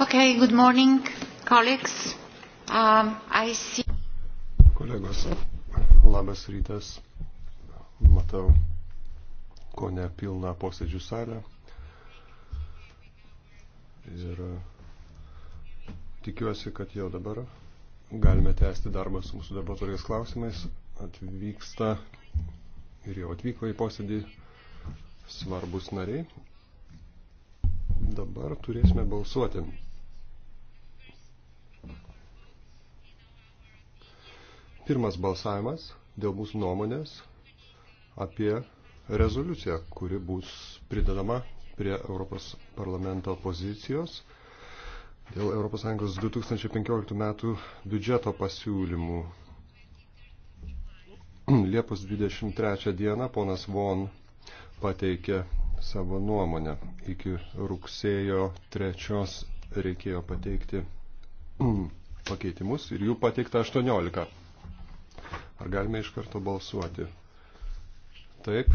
Okay, good morning, colleagues. Um, I see. Kolegos, labas rytas. Matau, ko ne pilną posėdžių salę. Ir e, tikiuosi, kad jau dabar galime tęsti darbą su mūsų darbotvarkės klausimais. Atvyksta ir jau atvyko į posėdį svarbus nariai dabar turėsime balsuoti. pirmas balsavimas dėl mūsų nuomonės apie rezoliuciją, kuri bus pridedama prie Europos parlamento pozicijos dėl ES 2015 metų biudžeto pasiūlymų. Liepos 23 dieną ponas Von pateikė savo nuomonę. Iki rugsėjo 3 reikėjo pateikti pakeitimus ir jų pateikta 18. Ar galime iš karto balsuoti? Taip.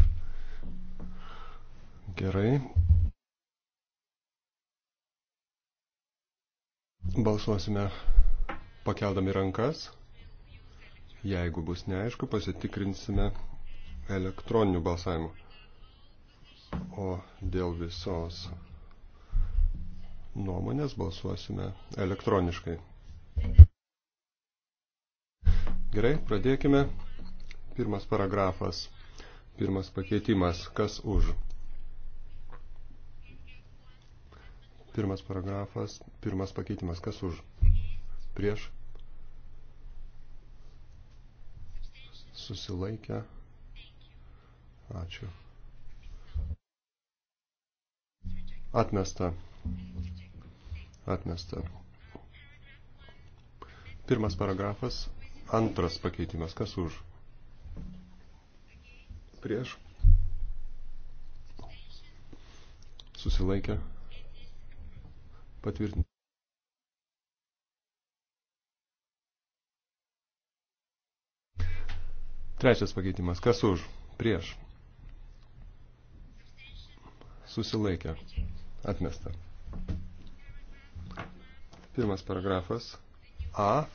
Gerai. Balsuosime pakeldami rankas. Jeigu bus neaišku, pasitikrinsime elektroniniu balsavimu. O dėl visos nuomonės balsuosime elektroniškai. Gerai, pradėkime. Pirmas paragrafas, pirmas pakeitimas, kas už. Pirmas paragrafas, pirmas pakeitimas, kas už. Prieš. Susilaikę. Ačiū. Atmesta. Atmesta. Pirmas paragrafas, Antras pakeitimas. Kas už? Prieš. Susilaikę. Patvirtinti. Trečias pakeitimas. Kas už? Prieš. Susilaikę. Atmesta. Pirmas paragrafas. A.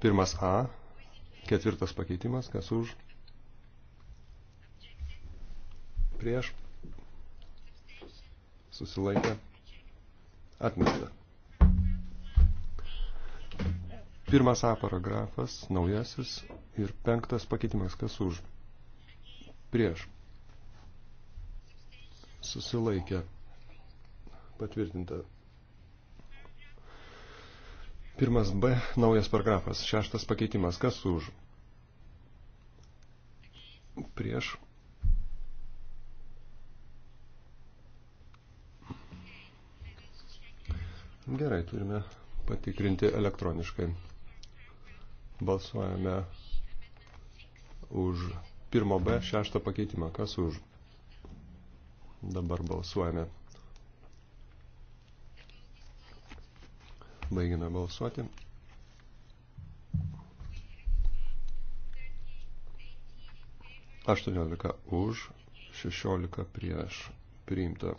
Pirmas A, ketvirtas pakeitimas, kas už, prieš, susilaikę, atmesta. Pirmas A paragrafas, naujasis ir penktas pakeitimas, kas už, prieš, susilaikę, patvirtinta. Pirmas B, naujas paragrafas, šeštas pakeitimas. Kas už? Prieš. Gerai, turime patikrinti elektroniškai. Balsuojame už pirmo B šeštą pakeitimą. Kas už? Dabar balsuojame. Baigime balsuoti. Aštuoniolika už, šešiolika prieš priimta.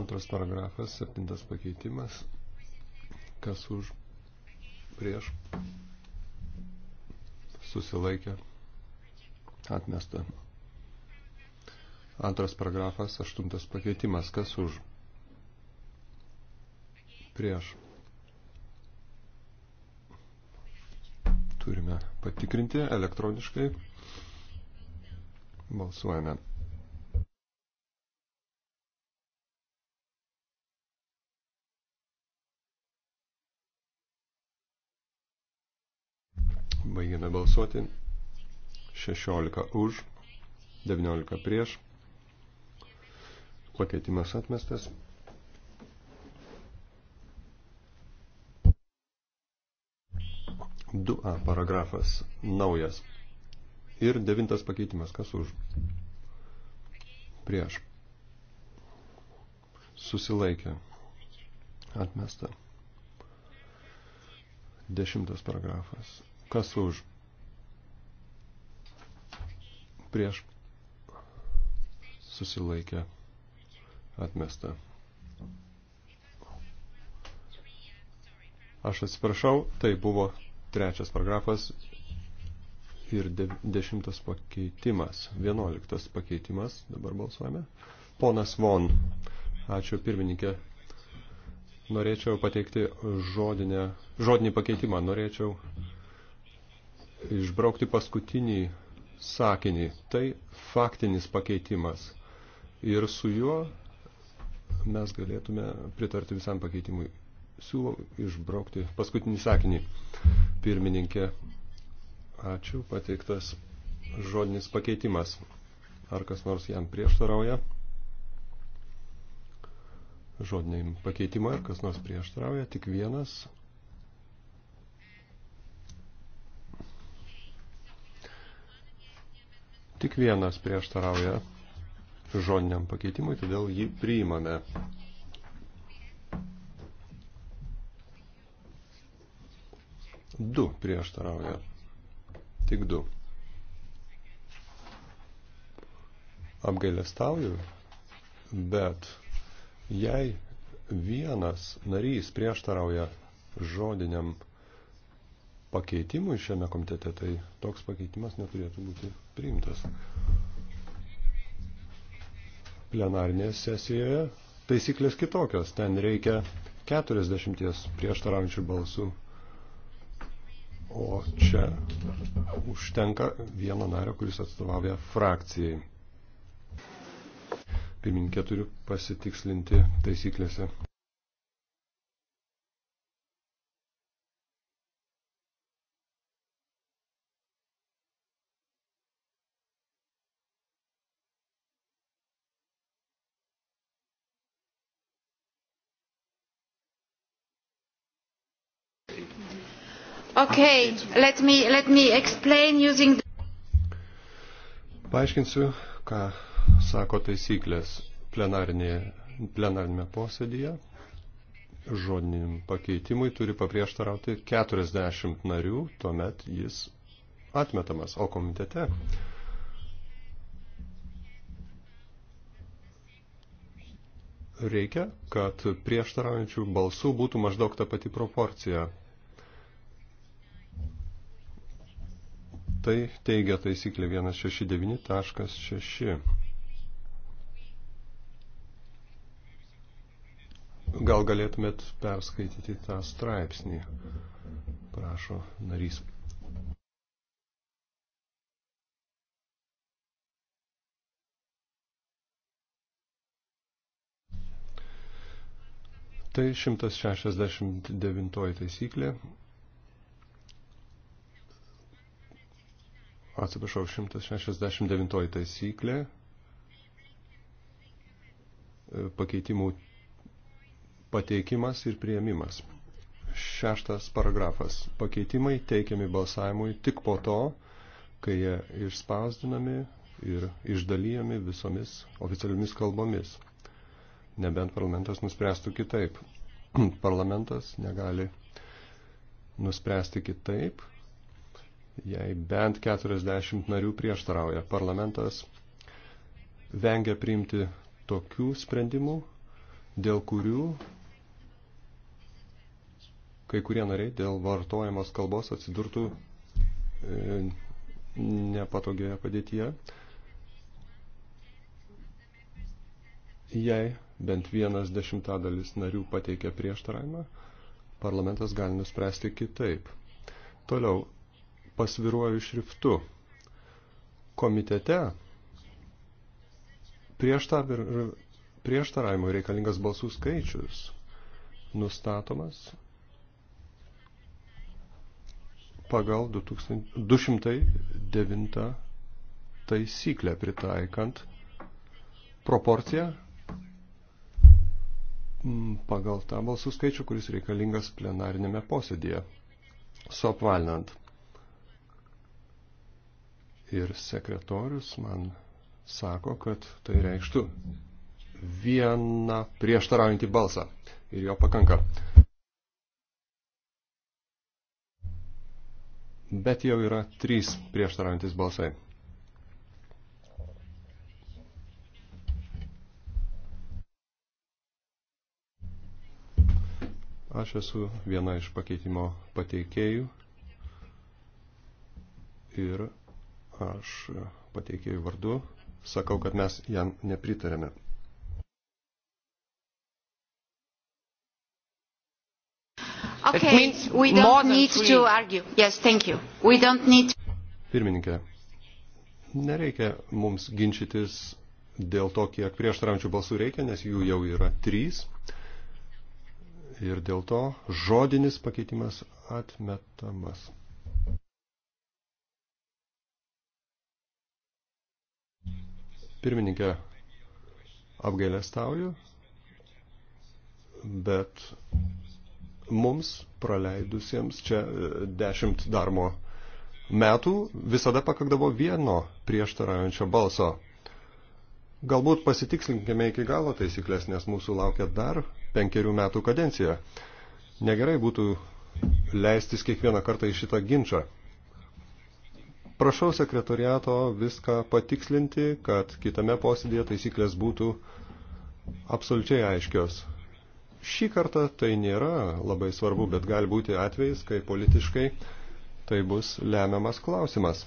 Antras paragrafas, septintas pakeitimas. Kas už prieš susilaikė atmestą. Antras paragrafas, aštuntas pakeitimas. Kas už? Prieš. Turime patikrinti elektroniškai. Balsuojame. Baigėme balsuoti. 16 už, 19 prieš. Pakeitimas atmestas. Du A paragrafas naujas. Ir devintas pakeitimas. Kas už? Prieš. Susilaikė. Atmesta. Dešimtas paragrafas. Kas už? prieš susilaikę Atmesta. Aš atsiprašau, tai buvo trečias paragrafas ir de, dešimtas pakeitimas, vienuoliktas pakeitimas, dabar balsuojame. Ponas Von, ačiū pirmininkė, norėčiau pateikti žodinę, žodinį pakeitimą, norėčiau išbraukti paskutinį sakinį, tai faktinis pakeitimas ir su juo mes galėtume pritarti visam pakeitimui. Siūlau išbraukti paskutinį sakinį. Pirmininkė, ačiū, pateiktas žodinis pakeitimas. Ar kas nors jam prieštarauja? Žodiniai pakeitimai, ar kas nors prieštarauja? Tik vienas. Tik vienas prieštarauja žodiniam pakeitimui, todėl jį priimame. Du prieštarauja. Tik du. Apgailestauju, bet jei vienas narys prieštarauja žodiniam pakeitimui šiame komitete, tai toks pakeitimas neturėtų būti priimtas plenarinėje sesijoje taisyklės kitokios. Ten reikia 40 prieštaraujančių balsų, o čia užtenka vieno nario, kuris atstovauja frakcijai. Pirminkė turiu pasitikslinti taisyklėse. Okay, let me, let me explain using... Paaiškinsiu, ką sako taisyklės plenarinėme posėdėje. Žodiniam pakeitimui turi paprieštarauti 40 narių, tuomet jis atmetamas, o komitete reikia, kad prieštaraujančių balsų būtų maždaug ta pati proporcija Tai teigia taisyklė 169.6. Gal galėtumėt perskaityti tą straipsnį, prašo narys. Tai 169 taisyklė, atsiprašau, 169 taisyklė e, pakeitimų pateikimas ir prieimimas. Šeštas paragrafas. Pakeitimai teikiami balsavimui tik po to, kai jie išspausdinami ir išdalyjami visomis oficialiomis kalbomis. Nebent parlamentas nuspręstų kitaip. parlamentas negali nuspręsti kitaip, jei bent 40 narių prieštarauja. Parlamentas vengia priimti tokių sprendimų, dėl kurių kai kurie nariai dėl vartojamos kalbos atsidurtų e, nepatogioje padėtyje. Jei bent vienas dešimtadalis narių pateikia prieštaravimą, parlamentas gali nuspręsti kitaip. Toliau, pasviruoju šriftu. Komitete prieštaravimo reikalingas balsų skaičius nustatomas pagal 209 taisyklę pritaikant proporciją mm, pagal tą balsų skaičių, kuris reikalingas plenarinėme posėdėje, suapvalinant. Ir sekretorius man sako, kad tai reikštų vieną prieštaraujantį balsą. Ir jo pakanka. Bet jau yra trys prieštaraujantis balsai. Aš esu viena iš pakeitimo pateikėjų ir aš pateikėjų vardu sakau, kad mes jam nepritarėme. Okay, we don't need to argue. Yes, thank you. We don't need to... Pirmininkė, nereikia mums ginčytis dėl to, kiek prieštaraujančių balsų reikia, nes jų jau yra trys. Ir dėl to žodinis pakeitimas atmetamas. Pirmininkė, apgailę stauju, bet mums praleidusiems čia e, dešimt darbo metų visada pakakdavo vieno prieštaraujančio balso. Galbūt pasitikslinkime iki galo taisyklės, nes mūsų laukia dar penkerių metų kadencija. Negerai būtų leistis kiekvieną kartą į šitą ginčą. Prašau sekretoriato viską patikslinti, kad kitame posėdėje taisyklės būtų absoliučiai aiškios. Šį kartą tai nėra labai svarbu, bet gali būti atvejais, kai politiškai tai bus lemiamas klausimas.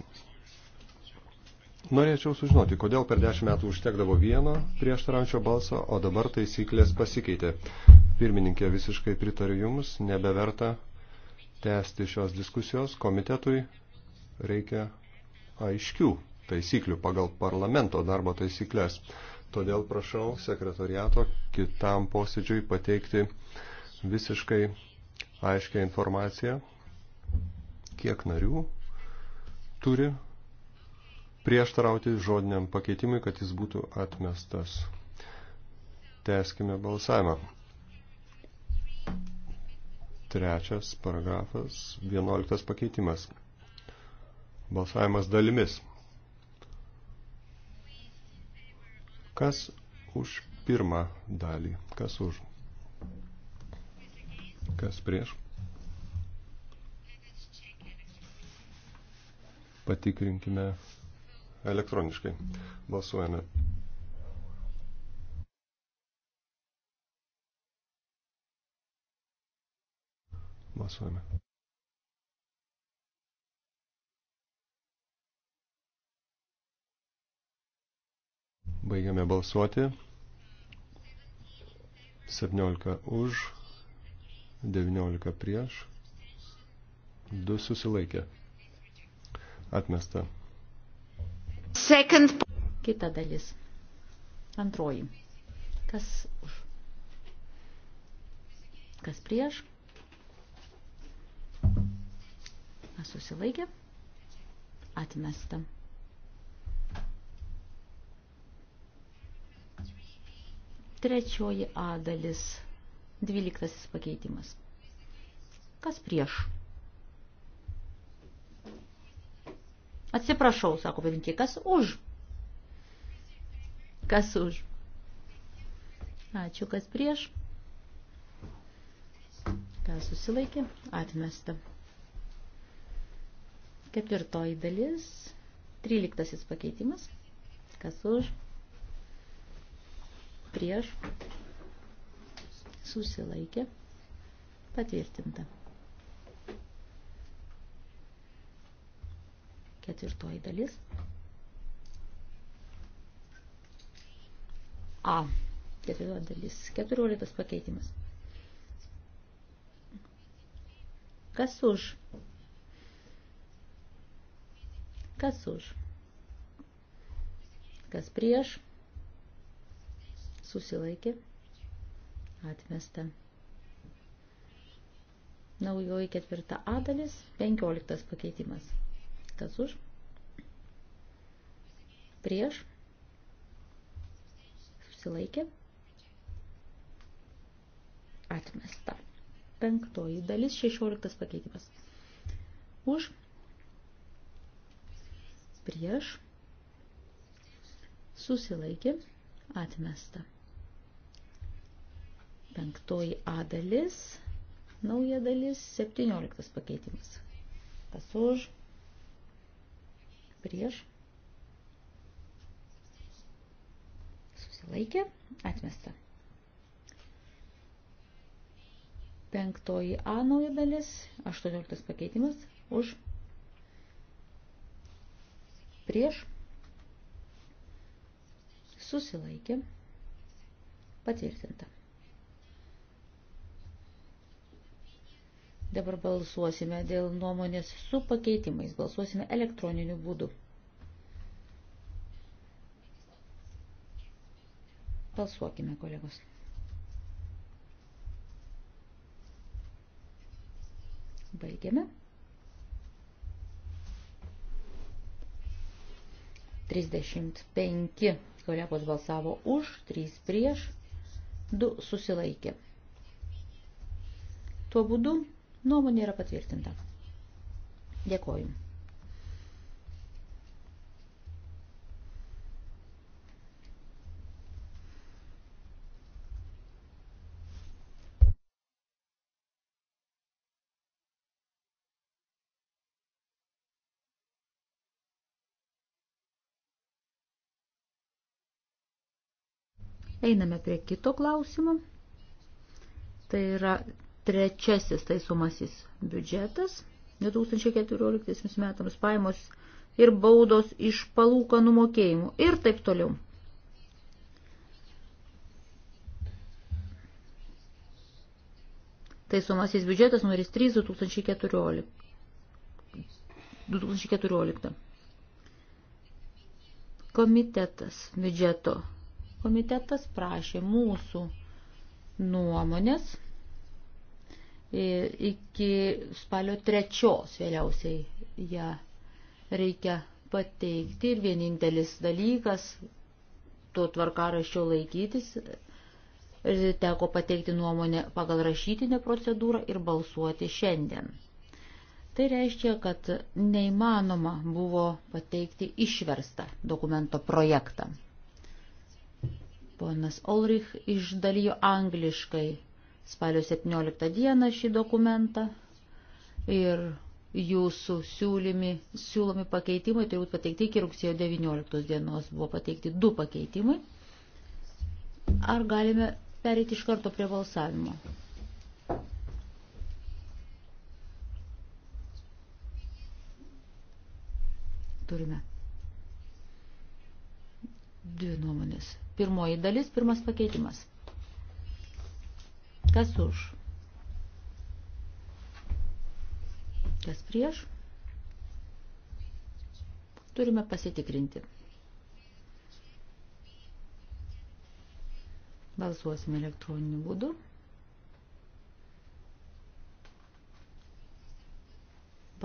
Norėčiau sužinoti, kodėl per dešimt metų užtekdavo vieno prieštarančio balso, o dabar taisyklės pasikeitė. Pirmininkė visiškai pritariu Jums, nebeverta tęsti šios diskusijos, komitetui reikia aiškių taisyklių pagal parlamento darbo taisyklės. Todėl prašau sekretoriato kitam posėdžiui pateikti visiškai aiškę informaciją, kiek narių turi prieštarauti žodiniam pakeitimui, kad jis būtų atmestas. Teskime balsavimą. Trečias paragrafas, vienuoliktas pakeitimas. Balsavimas dalimis. Kas už pirmą dalį? Kas už? Kas prieš? Patikrinkime elektroniškai. Balsuojame. Balsuojame. Baigiame balsuoti. 17 už, 19 prieš, 2 susilaikė. Atmesta. Second. Kita dalis. Antroji. Kas už? Kas prieš? Kas susilaikė? Atmesta. Trečioji A dalis. Dvyliktasis pakeitimas. Kas prieš? Atsiprašau, sako pirmininkė, kas už? Kas už? Ačiū, kas prieš. Kas susilaikė? Atmesta. Ketvirtoji dalis. Tryliktasis pakeitimas. Kas už? prieš, susilaikė, patvirtinta. Ketvirtoji dalis. A. Ketvirtoji dalis. Keturioliktas pakeitimas. Kas už? Kas už? Kas prieš? Kas prieš? susilaikė, atmesta. Naujoji ketvirta A dalis, penkioliktas pakeitimas. Kas už? Prieš. Susilaikė. Atmesta. Penktoji dalis, šešioliktas pakeitimas. Už. Prieš. Susilaikė. Atmesta. Penktoji A dalis, nauja dalis, 17 pakeitimas. Kas už, prieš, susilaikė, atmesta. Penktoji A nauja dalis, 18 pakeitimas, už, prieš, susilaikė, patvirtinta. Dabar balsuosime dėl nuomonės su pakeitimais. Balsuosime elektroniniu būdu. Balsuokime, kolegos. Baigiame. 35 kolegos balsavo už, 3 prieš, 2 susilaikė. Tuo būdu Nuomonė yra patvirtinta. Dėkoju. Einame prie kito klausimo. Tai yra trečiasis taisomasis biudžetas 2014 metams paėmos ir baudos iš palūkanų mokėjimų ir taip toliau. Taisomasis biudžetas numeris 3 2014. 2014. Komitetas, biudžeto komitetas prašė mūsų nuomonės iki spalio trečios vėliausiai ją reikia pateikti ir vienintelis dalykas to tvarkaraščio laikytis teko pateikti nuomonę pagal rašytinę procedūrą ir balsuoti šiandien. Tai reiškia, kad neįmanoma buvo pateikti išverstą dokumento projektą. Ponas Olrich išdalijo angliškai spalio 17 dieną šį dokumentą ir jūsų siūlymi, siūlomi pakeitimai turi būti pateikti iki rugsėjo 19 dienos. Buvo pateikti du pakeitimai. Ar galime perėti iš karto prie balsavimo? Turime dvi nuomonės. Pirmoji dalis, pirmas pakeitimas. Kas už? Kas prieš? Turime pasitikrinti. Balsuosime elektroniniu būdu.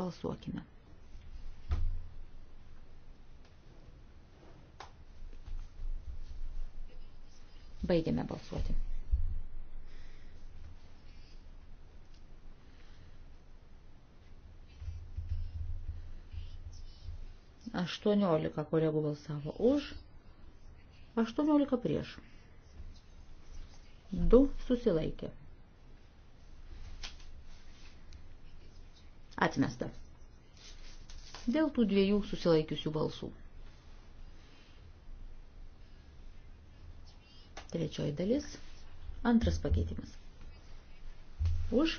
Balsuokime. Baigiame balsuoti. 18 kolegų balsavo už, 18 prieš. 2 susilaikė. Atmesta. Dėl tų dviejų susilaikiusių balsų. Trečioji dalis. Antras pakeitimas. Už.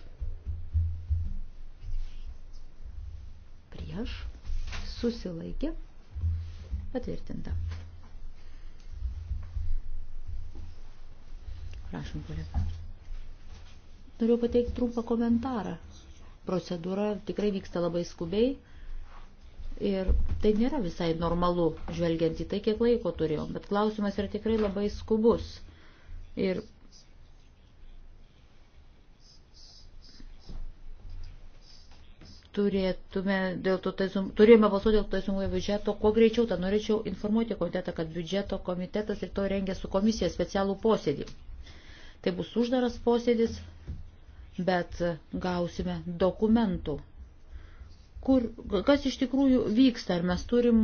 Prieš. Prieš susilaikė, patvirtinta. Prašom, kolega. Noriu pateikti trumpą komentarą. Procedūra tikrai vyksta labai skubiai ir tai nėra visai normalu, žvelgiant į tai, kiek laiko turėjom, bet klausimas yra tikrai labai skubus. Ir turėtume dėl to taisum, turėjome balsuoti dėl taisumų biudžeto, kuo greičiau tą norėčiau informuoti komitetą, kad biudžeto komitetas ir to rengia su komisija specialų posėdį. Tai bus uždaras posėdis, bet gausime dokumentų. Kur, kas iš tikrųjų vyksta, ar mes turim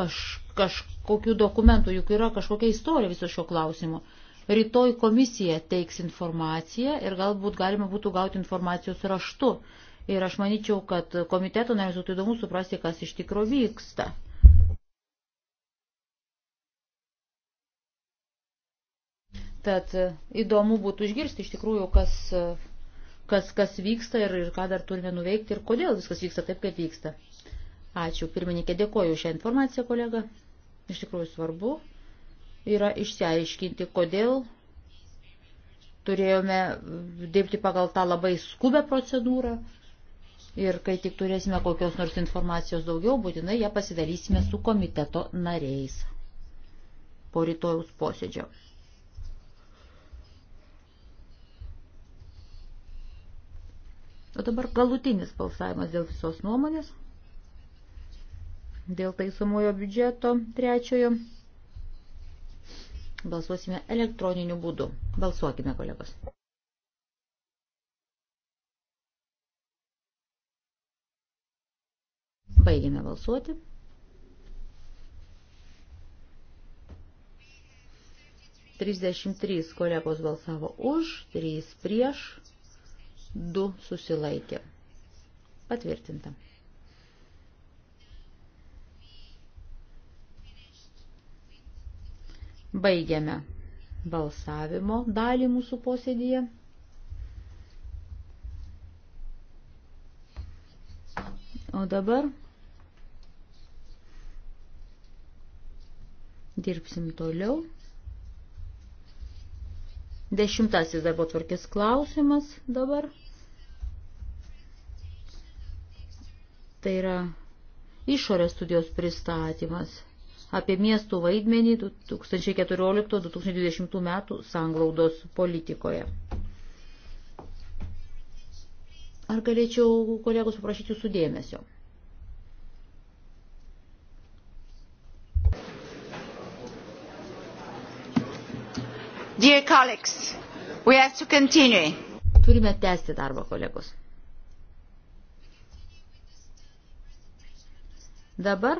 kaž, kažkokių dokumentų, juk yra kažkokia istorija viso šio klausimo. Rytoj komisija teiks informaciją ir galbūt galima būtų gauti informacijos raštu. Ir aš manyčiau, kad komiteto nariams būtų įdomu suprasti, kas iš tikro vyksta. Tad e, įdomu būtų išgirsti iš tikrųjų, kas, e, kas, kas vyksta ir, ir ką dar turime nuveikti ir kodėl viskas vyksta taip, kaip vyksta. Ačiū, pirmininkė, dėkoju šią informaciją, kolega. Iš tikrųjų svarbu yra išsiaiškinti, kodėl turėjome dirbti pagal tą labai skubę procedūrą ir kai tik turėsime kokios nors informacijos daugiau, būtinai ją pasidalysime su komiteto nariais po rytojaus posėdžio. O dabar galutinis balsavimas dėl visos nuomonės, dėl taisomojo biudžeto trečiojo. Balsuosime elektroniniu būdu. Balsuokime, kolegos. Baigėme balsuoti. Trisdešimt trys kolegos balsavo už, trys prieš, du susilaikė. Patvirtinta. Baigiame balsavimo dalį mūsų posėdėje. O dabar Dirbsim toliau. Dešimtasis darbo tvarkės klausimas dabar. Tai yra išorės studijos pristatymas apie miestų vaidmenį 2014-2020 metų sanglaudos politikoje. Ar galėčiau kolegos paprašyti jūsų dėmesio? Dear colleagues, we have to continue. Turime tęsti darbą, kolegos. Dabar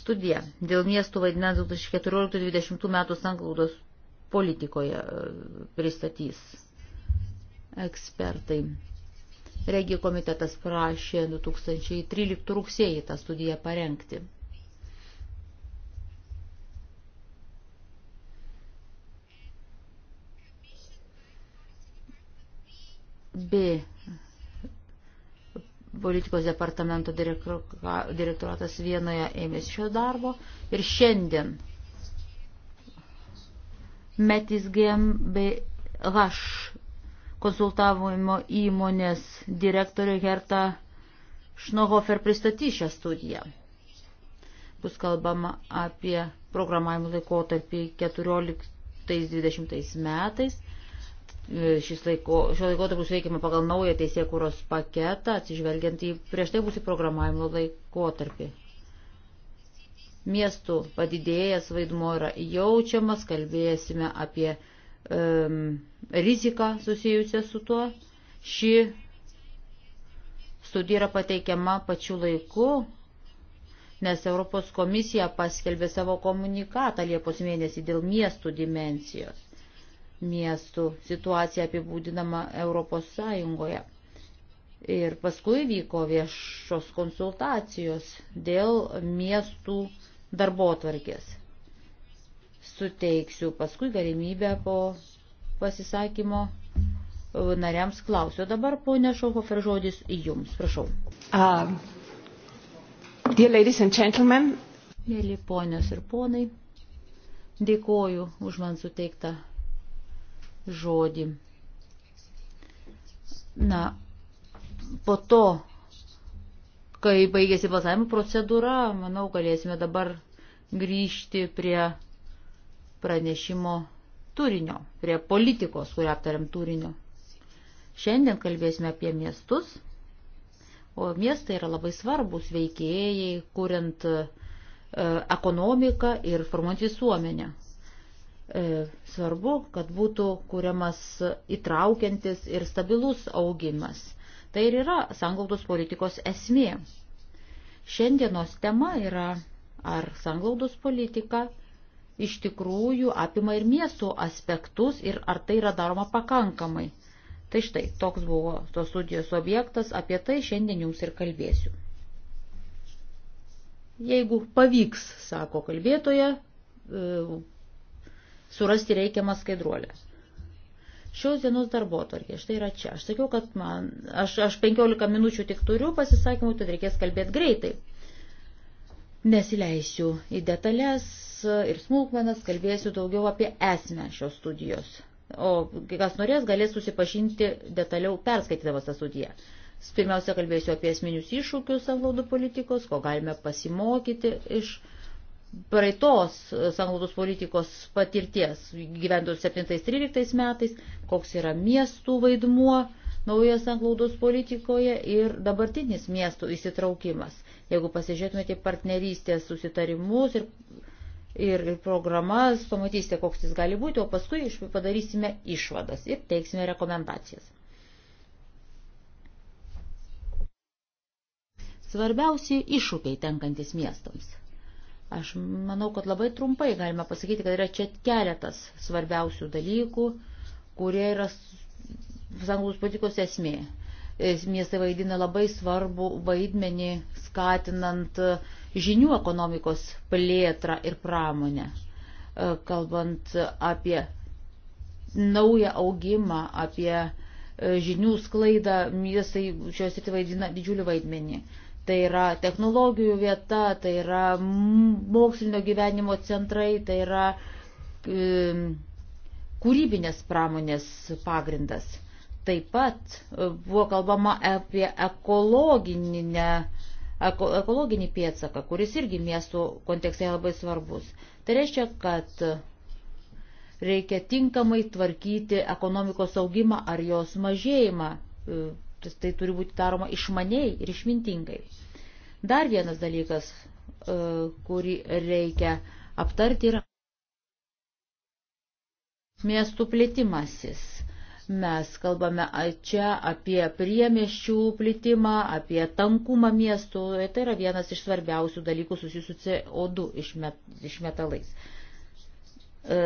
studija dėl miestų vaidmens 2014-2020 metų sanglaudos politikoje e, pristatys ekspertai. Regijų komitetas prašė 2013 rugsėjį tą studiją parengti. B politikos departamento direktoratas vienoje ėmėsi šio darbo ir šiandien Metis GmbH konsultavimo įmonės direktorių Herta Šnohofer pristatys šią studiją. Bus kalbama apie programavimo laikotarpį 14-20 metais šis laiko, šio laikotarpis veikiama pagal naują teisėkūros paketą, atsižvelgiant į prieš tai būsį programavimo laikotarpį. Miestų padidėjęs vaidmo yra jaučiamas, kalbėsime apie um, riziką susijusią su tuo. Ši studija yra pateikiama pačiu laiku, nes Europos komisija paskelbė savo komunikatą Liepos mėnesį dėl miestų dimensijos miestų situacija apibūdinama Europos Sąjungoje. Ir paskui vyko viešos konsultacijos dėl miestų darbo tvarkės. Suteiksiu paskui galimybę po pasisakymo nariams klausiu. Dabar, ponė Šauhofer, žodis jums. Prašau. Uh, dear ladies and gentlemen. Mėly ponios ir ponai, dėkoju už man suteiktą žodį. Na, po to, kai baigėsi balsavimo procedūra, manau, galėsime dabar grįžti prie pranešimo turinio, prie politikos, kurią aptariam turinio. Šiandien kalbėsime apie miestus, o miestai yra labai svarbus veikėjai, kuriant e, ekonomiką ir formuojant visuomenę. E, svarbu, kad būtų kuriamas įtraukiantis ir stabilus augimas. Tai ir yra sanglaudos politikos esmė. Šiandienos tema yra, ar sanglaudos politika iš tikrųjų apima ir miestų aspektus ir ar tai yra daroma pakankamai. Tai štai, toks buvo tos studijos objektas, apie tai šiandien jums ir kalbėsiu. Jeigu pavyks, sako kalbėtoja, e, surasti reikiamą skaidruolę. Šios dienos darbo tvarkė, štai yra čia. Aš sakiau, kad man, aš, aš 15 minučių tik turiu pasisakymų, tad reikės kalbėti greitai. Nesileisiu į detalės ir smulkmenas, kalbėsiu daugiau apie esmę šios studijos. O kas norės, galės susipažinti detaliau perskaitydamas tą studiją. Pirmiausia, kalbėsiu apie esminius iššūkius savo politikos, ko galime pasimokyti iš. Iš praeitos sanglaudos politikos patirties gyventojų 7-13 metais, koks yra miestų vaidmuo naujoje sanglaudos politikoje ir dabartinis miestų įsitraukimas. Jeigu pasižiūrėtumėte partnerystės susitarimus ir, ir, ir programas, pamatysite, koks jis gali būti, o paskui padarysime išvadas ir teiksime rekomendacijas. Svarbiausi iššūkiai tenkantis miestams. Aš manau, kad labai trumpai galima pasakyti, kad yra čia keletas svarbiausių dalykų, kurie yra sanglaus politikos esmė. Miestai vaidina labai svarbu vaidmenį skatinant e, žinių ekonomikos plėtrą ir pramonę. E, kalbant apie naują augimą, apie e, žinių sklaidą, miestai šios ir vaidina didžiulį vaidmenį tai yra technologijų vieta, tai yra mokslinio gyvenimo centrai, tai yra kūrybinės pramonės pagrindas. Taip pat e, buvo kalbama apie ekologinę, ekologinį pėtsaką, kuris irgi miestų kontekste labai svarbus. Tai reiškia, kad reikia tinkamai tvarkyti ekonomikos augimą ar jos mažėjimą e, tai turi būti daroma išmaniai ir išmintingai. Dar vienas dalykas, e, kurį reikia aptarti, yra miestų plėtimasis. Mes kalbame čia apie priemieščių plitimą, apie tankumą miestų. E, tai yra vienas iš svarbiausių dalykų susijusių CO2 išmetalais. E,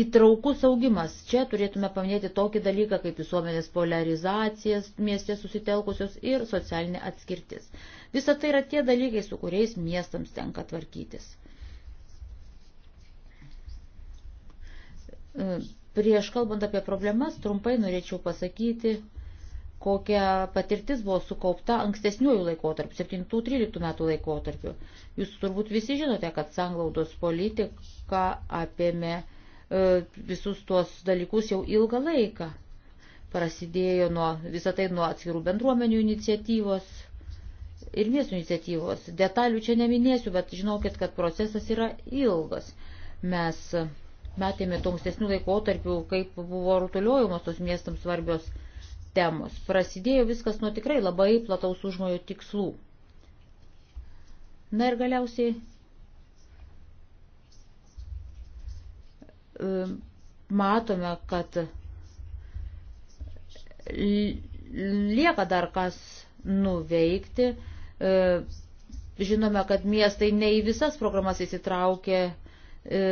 Įtraukus augimas. Čia turėtume paminėti tokį dalyką kaip visuomenės polarizacijas, miestė susitelkusios ir socialinė atskirtis. Visa tai yra tie dalykai, su kuriais miestams tenka tvarkytis. E, prieš kalbant apie problemas, trumpai norėčiau pasakyti, kokia patirtis buvo sukaupta ankstesniųjų laikotarpių, 7-13 metų laikotarpių. Jūs turbūt visi žinote, kad sanglaudos politika apėmė E, visus tuos dalykus jau ilgą laiką. Prasidėjo nuo, visą tai nuo atskirų bendruomenių iniciatyvos ir miestų iniciatyvos. Detalių čia neminėsiu, bet žinokit, kad procesas yra ilgas. Mes matėme tų ankstesnių laikotarpių, kaip buvo rutuliojamos tos miestams svarbios temos. Prasidėjo viskas nuo tikrai labai plataus užmojo tikslų. Na ir galiausiai matome, kad lieka dar kas nuveikti. E, žinome, kad miestai ne į visas programas įsitraukė, e,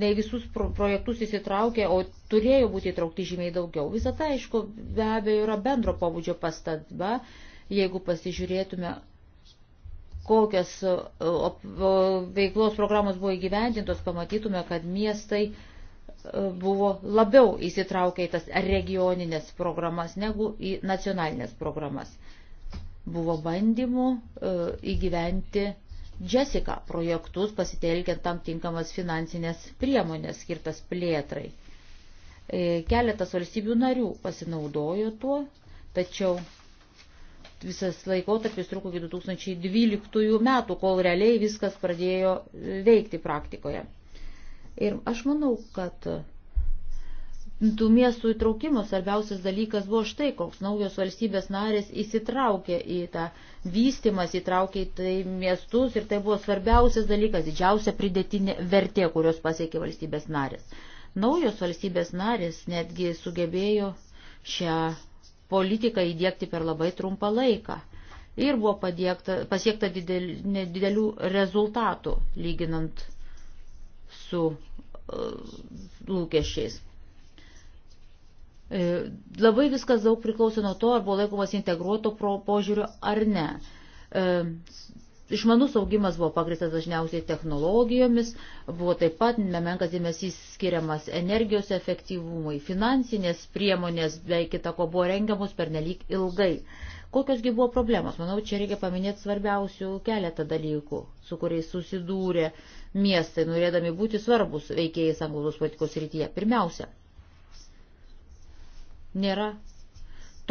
ne į visus projektus įsitraukė, o turėjo būti įtraukti žymiai daugiau. Visą tai, aišku, be abejo yra bendro pabudžio pastaba, jeigu pasižiūrėtume kokias veiklos programos buvo įgyvendintos, pamatytume, kad miestai uh, buvo labiau įsitraukę į tas regioninės programas negu į nacionalinės programas. Buvo bandymų e, įgyventi Jessica projektus, pasitelkiant tam tinkamas finansinės priemonės skirtas plėtrai. E, keletas valstybių narių pasinaudojo tuo, tačiau visas laikotarpis truko iki 2012 metų, kol realiai viskas pradėjo veikti praktikoje. Ir aš manau, kad tų miestų įtraukimo svarbiausias dalykas buvo štai, koks naujos valstybės narės įsitraukė į tą vystimas, įtraukė į tai miestus ir tai buvo svarbiausias dalykas, didžiausia pridėtinė vertė, kurios pasiekė valstybės narės. Naujos valstybės narės netgi sugebėjo šią politiką įdėkti per labai trumpą laiką. Ir buvo padėkta, pasiekta didel, didelių rezultatų, lyginant su e, lūkesčiais. E, labai viskas daug priklauso nuo to, ar buvo laikomas integruoto požiūrio ar ne. E, išmanus augimas buvo pagristas dažniausiai technologijomis, buvo taip pat nemenkas dėmesys skiriamas energijos efektyvumui, finansinės priemonės bei kita ko buvo rengiamus per nelik ilgai. Kokiosgi buvo problemos? Manau, čia reikia paminėti svarbiausių keletą dalykų, su kuriais susidūrė miestai, norėdami būti svarbus veikėjai sanglaudos politikos rytyje. Pirmiausia, nėra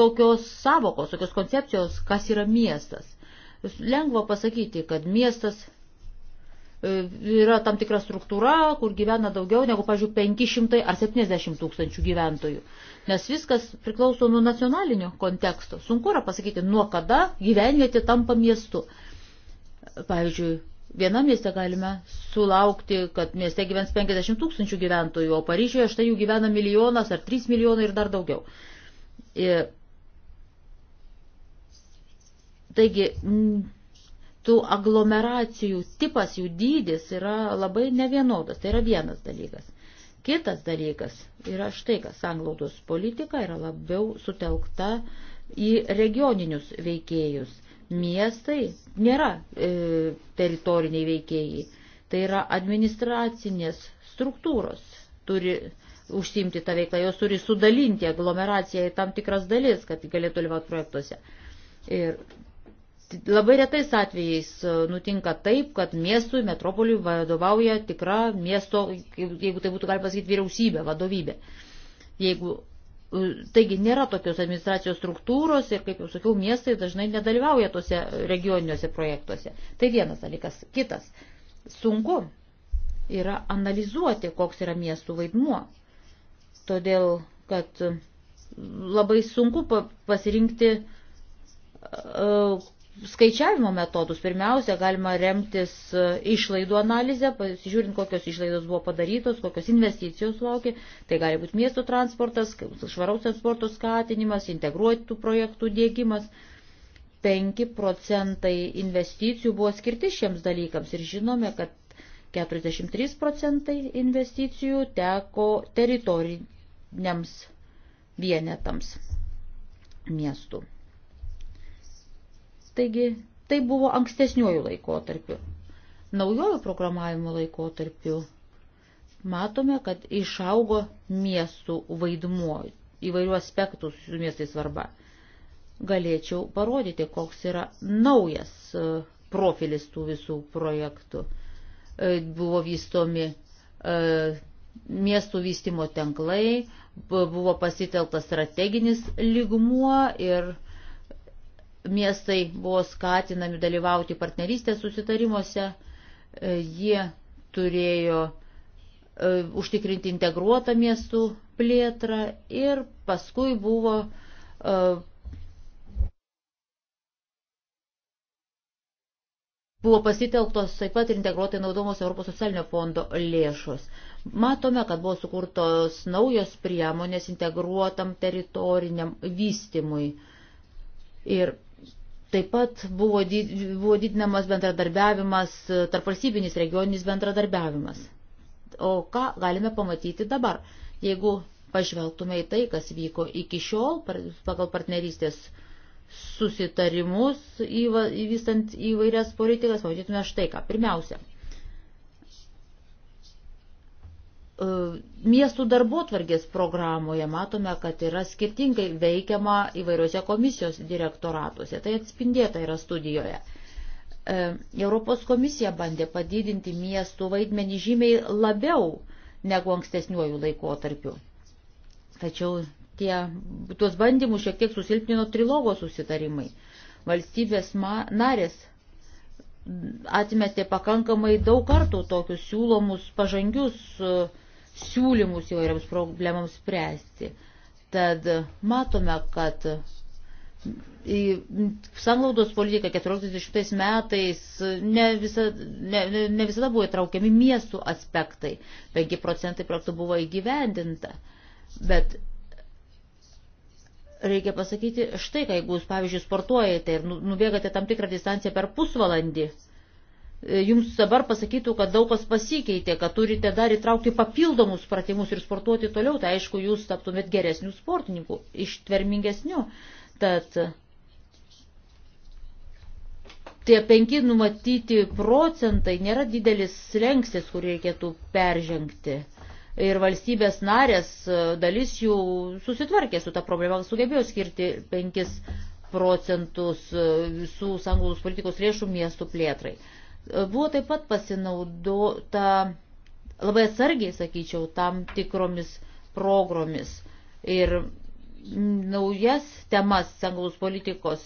tokios savokos, tokios koncepcijos, kas yra miestas. Lengva pasakyti, kad miestas e, yra tam tikra struktūra, kur gyvena daugiau negu, pažiūrėjau, 500 ar 70 tūkstančių gyventojų. Nes viskas priklauso nuo nacionalinio konteksto. Sunku yra pasakyti, nuo kada gyvenvietė tampa miestu. Pavyzdžiui, vienam mieste galime sulaukti, kad mieste gyvens 50 tūkstančių gyventojų, o Paryžiuje štai jų gyvena milijonas ar 3 milijonai ir dar daugiau. Ir taigi, tų aglomeracijų tipas, jų dydis yra labai nevienodas. Tai yra vienas dalykas. Kitas dalykas yra štai, kas anglaudos politika yra labiau sutelkta į regioninius veikėjus Miestai nėra e, teritoriniai veikėjai, tai yra administracinės struktūros turi užsimti tą veiklą, jos turi sudalinti aglomeraciją į tam tikras dalis, kad galėtų dalyvauti projektuose. Ir labai retais atvejais e, nutinka taip, kad miestui, metropoliui vadovauja tikra miesto, jeigu tai būtų galima pasakyti, vyriausybė, vadovybė. Jeigu Taigi nėra tokios administracijos struktūros ir, kaip jau sakiau, miestai dažnai nedalyvauja tose regioniniuose projektuose. Tai vienas dalykas. Kitas. Sunku yra analizuoti, koks yra miestų vaidmuo. Todėl, kad labai sunku pasirinkti, skaičiavimo metodus. Pirmiausia, galima remtis e, išlaidų analizę, pasižiūrint, kokios išlaidos buvo padarytos, kokios investicijos laukia. Tai gali būti miesto transportas, švaraus transporto skatinimas, integruotų projektų dėgymas. 5 procentai investicijų buvo skirti šiems dalykams ir žinome, kad 43 procentai investicijų teko teritoriniams vienetams miestų. Taigi tai buvo ankstesniuoju laikotarpiu. Naujojų programavimo laikotarpiu matome, kad išaugo miestų vaidmuo įvairių aspektų su miestai svarba. Galėčiau parodyti, koks yra naujas e, profilis tų visų projektų. E, buvo vystomi e, miestų vystimo tenklai, buvo pasiteltas strateginis ligmuo ir miestai buvo skatinami dalyvauti partnerystės susitarimuose, e, jie turėjo e, užtikrinti integruotą miestų plėtrą ir paskui buvo e, buvo pasitelktos taip pat ir integruotai naudomos Europos socialinio fondo lėšos. Matome, kad buvo sukurtos naujos priemonės integruotam teritoriniam vystimui. Ir Taip pat buvo, did, buvo didinamas bendradarbiavimas, e, tarpvalstybinis regioninis bendradarbiavimas. O ką galime pamatyti dabar? Jeigu pažvelgtume į tai, kas vyko iki šiol pagal partnerystės susitarimus įvystant įvairias politikas, matytume štai ką. Pirmiausia, E, miestų darbotvarkės programoje matome, kad yra skirtingai veikiama įvairiuose komisijos direktoratuose. Tai atspindėta yra studijoje. E, Europos komisija bandė padidinti miestų vaidmenį žymiai labiau negu ankstesniuoju laikotarpiu. Tačiau tie, tuos bandymus šiek tiek susilpnino trilogo susitarimai. Valstybės ma, narės atmetė pakankamai daug kartų tokius siūlomus pažangius uh, siūlymus įvairiams problemams spręsti. Tad matome, kad sanglaudos politika 40 metais ne, visa, ne, ne visada buvo įtraukiami miestų aspektai. 5 procentai projektų buvo įgyvendinta. Bet reikia pasakyti štai, kai jūs, pavyzdžiui, sportuojate ir nu, nubėgate tam tikrą distanciją per pusvalandį, E, jums dabar pasakytų, kad daug kas pasikeitė, kad turite dar įtraukti papildomus pratimus ir sportuoti toliau, tai aišku, jūs taptumėt geresnių sportininkų, ištvermingesnių. Tad tie penki numatyti procentai nėra didelis slengstis, kurį reikėtų peržengti. Ir valstybės narės e, dalis jų susitvarkė su tą problemą, sugebėjo skirti penkis procentus e, visų sanglaudos politikos lėšų miestų plėtrai. Buvo taip pat pasinaudota labai atsargiai, sakyčiau, tam tikromis progromis. Ir naujas temas sangaus politikos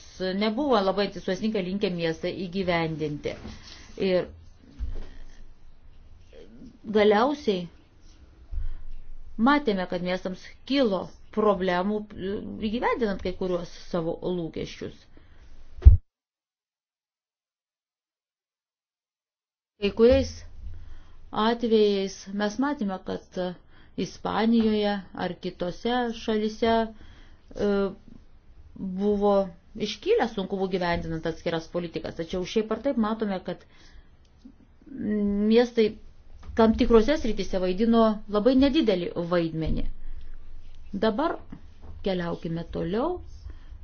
nebuvo labai tisuosninkai linkę miestą įgyvendinti. Ir galiausiai matėme, kad miestams kilo problemų įgyvendinant kai kuriuos savo lūkesčius. Kai kuriais atvejais mes matėme, kad Ispanijoje ar kitose šalise e, buvo iškylę sunkumų gyvendinant atskiras politikas, tačiau šiaip ar taip matome, kad miestai tam tikrose srityse vaidino labai nedidelį vaidmenį. Dabar keliaukime toliau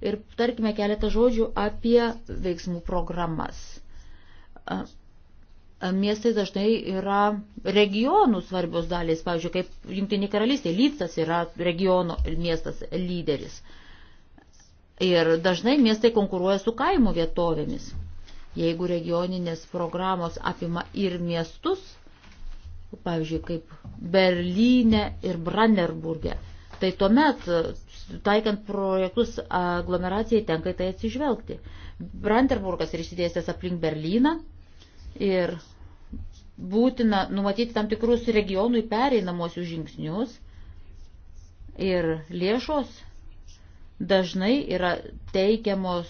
ir tarkime keletą žodžių apie veiksmų programas miestai dažnai yra regionų svarbios dalys, pavyzdžiui, kaip Junktinė karalystė, Lydsas yra regiono miestas lyderis. Ir dažnai miestai konkuruoja su kaimo vietovėmis. Jeigu regioninės programos apima ir miestus, pavyzdžiui, kaip Berlyne ir Brandenburgė, tai tuomet, taikant projektus aglomeracijai, tenka tai atsižvelgti. Brandenburgas ir išsidėstęs aplink Berlyną, Ir būtina numatyti tam tikrus regionui pereinamosius žingsnius. Ir lėšos dažnai yra teikiamos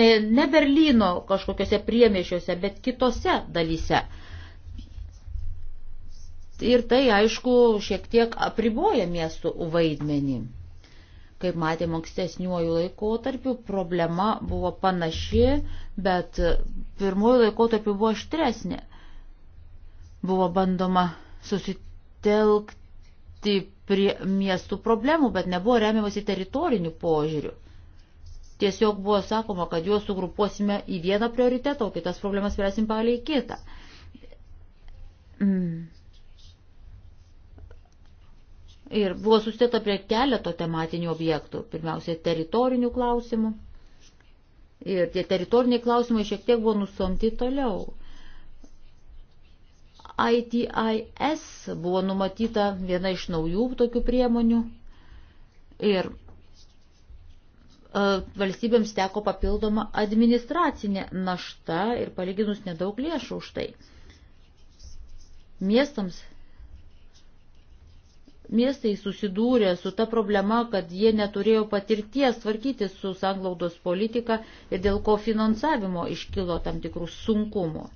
ne, ne Berlyno kažkokiuose priemiešiuose, bet kitose dalyse. Ir tai, aišku, šiek tiek apriboja miestų vaidmenį. Kaip matėme ankstesniuoju laikotarpiu, problema buvo panaši, bet pirmuoju laikotarpiu buvo aštresnė. Buvo bandoma susitelkti prie miestų problemų, bet nebuvo remiamasi teritoriniu požiūriu. Tiesiog buvo sakoma, kad juos sugrupuosime į vieną prioritetą, o kitas problemas spręsim palei kitą. Mm Ir buvo sustėta prie keleto tematinių objektų. Pirmiausia, teritorinių klausimų. Ir tie teritoriniai klausimai šiek tiek buvo nusomti toliau. ITIS buvo numatyta viena iš naujų tokių priemonių. Ir e, valstybėms teko papildoma administracinė našta ir palyginus nedaug lėšų už tai. Miestams miestai susidūrė su ta problema, kad jie neturėjo patirties tvarkyti su sanglaudos politika ir dėl ko finansavimo iškilo tam tikrų sunkumų.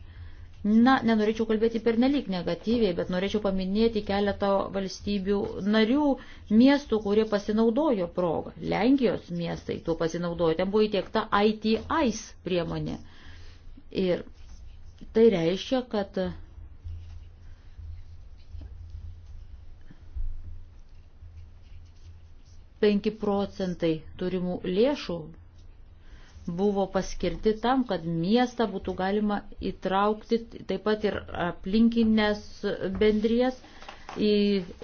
Na, nenorėčiau kalbėti per nelik negatyviai, bet norėčiau paminėti keletą valstybių narių miestų, kurie pasinaudojo progą. Lenkijos miestai tuo pasinaudojo, ten buvo įtiekta IT ICE priemonė. Ir tai reiškia, kad 5 procentai turimų lėšų buvo paskirti tam, kad miestą būtų galima įtraukti taip pat ir aplinkinės bendrijas į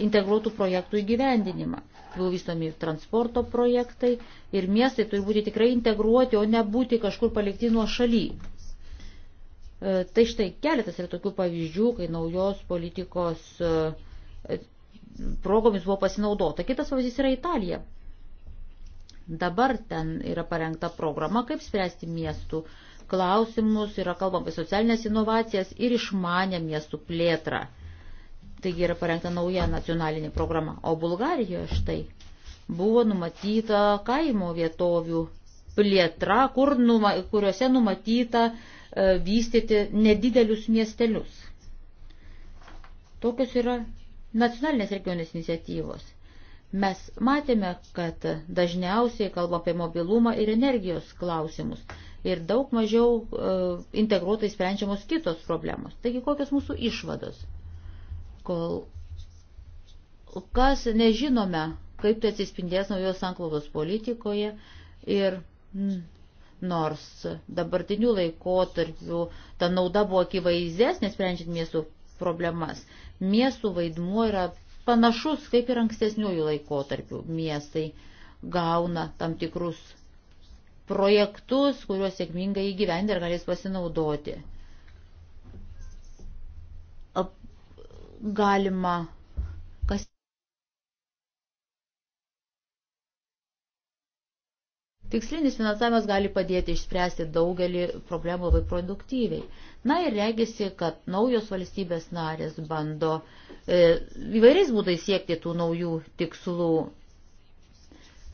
integruotų projektų įgyvendinimą. Buvo vystomi transporto projektai ir miestai turi būti tikrai integruoti, o nebūti kažkur palikti nuo šaly. E, tai štai keletas yra tokių pavyzdžių, kai naujos politikos uh, progomis buvo pasinaudota. Kitas pavyzdys yra Italija. Dabar ten yra parengta programa, kaip spręsti miestų klausimus, yra kalbama apie socialinės inovacijas ir išmanę miestų plėtrą. Taigi yra parengta nauja nacionalinė programa. O Bulgarijoje štai buvo numatyta kaimo vietovių plėtra, kur numa, kuriuose numatyta e, vystyti nedidelius miestelius. Tokios yra nacionalinės regioninės iniciatyvos. Mes matėme, kad dažniausiai kalba apie mobilumą ir energijos klausimus ir daug mažiau e, integruotai sprendžiamos kitos problemos. Taigi kokios mūsų išvados? Kol kas nežinome, kaip tai atsispindės naujos sanklaudos politikoje ir mm, nors dabartiniu laikotarpiu ta nauda buvo akivaizdesnė sprendžiant miestų problemas, Miestų vaidmuo yra panašus kaip ir ankstesniųjų laikotarpių. Miestai gauna tam tikrus projektus, kuriuos sėkmingai įgyvendė ir galės pasinaudoti. Galima Tikslinis finansavimas gali padėti išspręsti daugelį problemų labai produktyviai. Na ir regisi, kad naujos valstybės narės bando e, įvairiais būdais siekti tų naujų tikslų.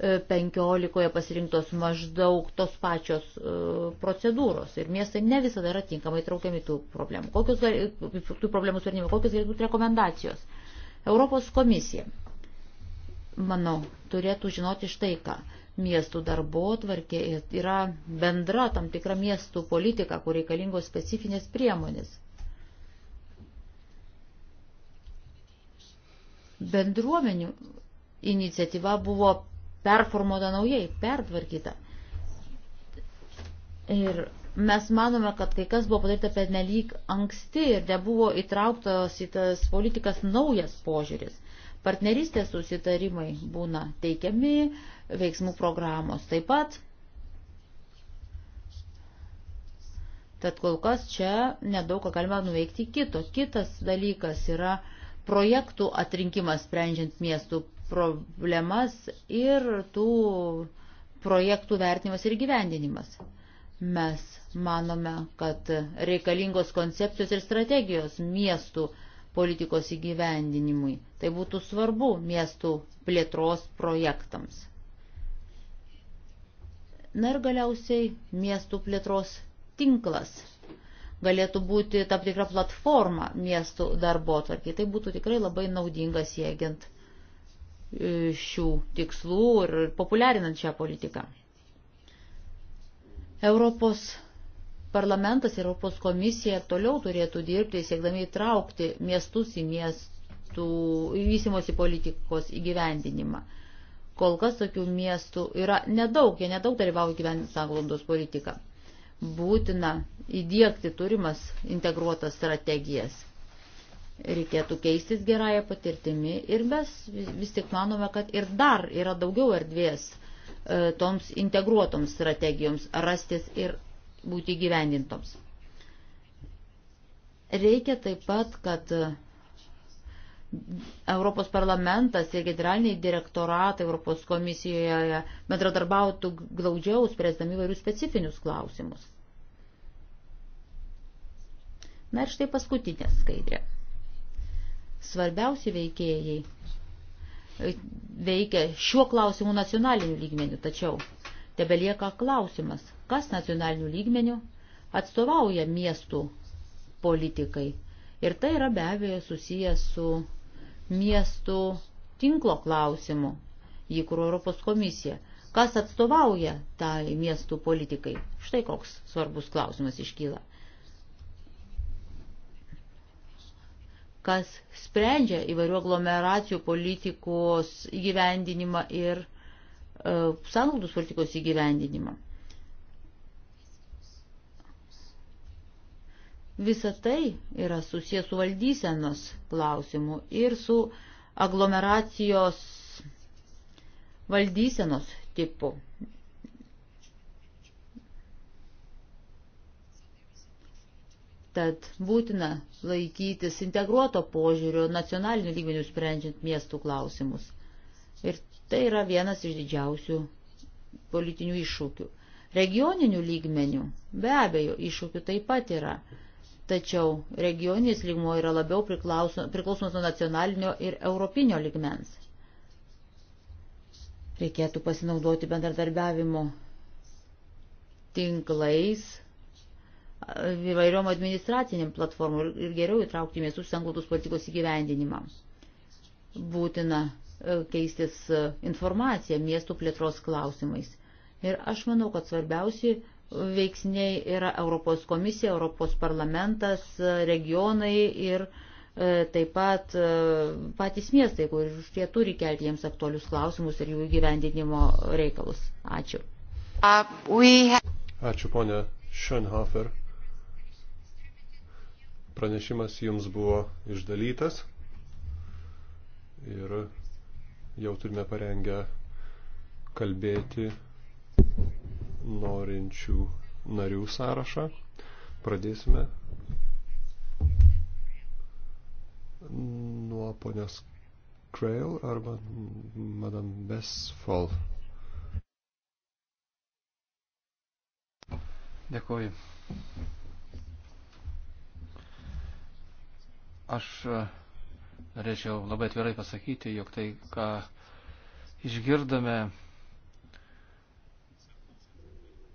E, 15 pasirinktos maždaug tos pačios e, procedūros ir miestai ne visada yra tinkamai traukiami tų problemų. Kokios, tų problemų sprendimai, kokios galėtų būti rekomendacijos? Europos komisija, manau, turėtų žinoti štai ką Miestų darbo tvarkė yra bendra tam tikra miestų politika, kur reikalingos specifinės priemonės. Bendruomenių iniciatyva buvo performuota naujai, pertvarkyta. Ir mes manome, kad kai kas buvo padaryta per nelyg anksti ir nebuvo įtrauktas į tas politikas naujas požiūris. Partnerystės susitarimai būna teikiami, veiksmų programos taip pat. Tad kol kas čia nedaug ką galima nuveikti kito. Kitas dalykas yra projektų atrinkimas sprendžiant miestų problemas ir tų projektų vertinimas ir gyvendinimas. Mes manome, kad reikalingos koncepcijos ir strategijos miestų politikos įgyvendinimui. Tai būtų svarbu miestų plėtros projektams. Na ir galiausiai miestų plėtros tinklas galėtų būti tam tikra platforma miestų darbo atvarkiai. Tai būtų tikrai labai naudinga siekiant e, šių tikslų ir populiarinant šią politiką. Europos parlamentas ir Europos komisija toliau turėtų dirbti, siekdami įtraukti miestus į miestų įvystymosi politikos įgyvendinimą. Kol kas tokių miestų yra nedaug, jie nedaug dalyvauja gyvenant sanglaudos politiką. Būtina įdėkti turimas integruotas strategijas. Reikėtų keistis gerąją patirtimi ir mes vis tik manome, kad ir dar yra daugiau erdvės e, toms integruotoms strategijoms rastis ir būti gyvendintoms. Reikia taip pat, kad Europos parlamentas ir generaliniai direktoratai Europos komisijoje bendradarbiautų glaudžiau, spręsdami vairius specifinius klausimus. Na ir štai paskutinė skaidrė. Svarbiausi veikėjai e, veikia šiuo klausimu nacionaliniu lygmeniu, tačiau tebelieka klausimas, kas nacionaliniu lygmeniu atstovauja miestų politikai. Ir tai yra be abejo susijęs su miestų tinklo klausimu, jį kur Europos komisija. Kas atstovauja tai miestų politikai? Štai koks svarbus klausimas iškyla. Kas sprendžia įvairių aglomeracijų politikos įgyvendinimą ir e, sanglaudos politikos įgyvendinimą? Visa tai yra susijęs su valdysenos klausimu ir su aglomeracijos valdysenos tipu. Tad būtina laikytis integruoto požiūrio nacionalinių lygmenių sprendžiant miestų klausimus. Ir tai yra vienas iš didžiausių politinių iššūkių. Regioninių lygmenių be abejo iššūkių taip pat yra tačiau regioninis lygmo yra labiau priklausomas nuo nacionalinio ir europinio lygmens. Reikėtų pasinaudoti bendradarbiavimo tinklais įvairiom administraciniam platformom ir geriau įtraukti miestų sanglaudos politikos įgyvendinimą. Būtina e, keistis e, informacija miestų plėtros klausimais. Ir aš manau, kad svarbiausiai veiksniai yra Europos komisija, Europos parlamentas, regionai ir e, taip pat e, patys miestai, kur tie turi kelti jiems aktualius klausimus ir jų gyvendinimo reikalus. Ačiū. Ačiū ponė Schönhofer. Pranešimas jums buvo išdalytas ir jau turime parengę kalbėti norinčių narių sąrašą. Pradėsime nuo ponios Krail arba Madame Besfall. Dėkuoju. Aš e, norėčiau labai atvirai pasakyti, jog tai, ką išgirdome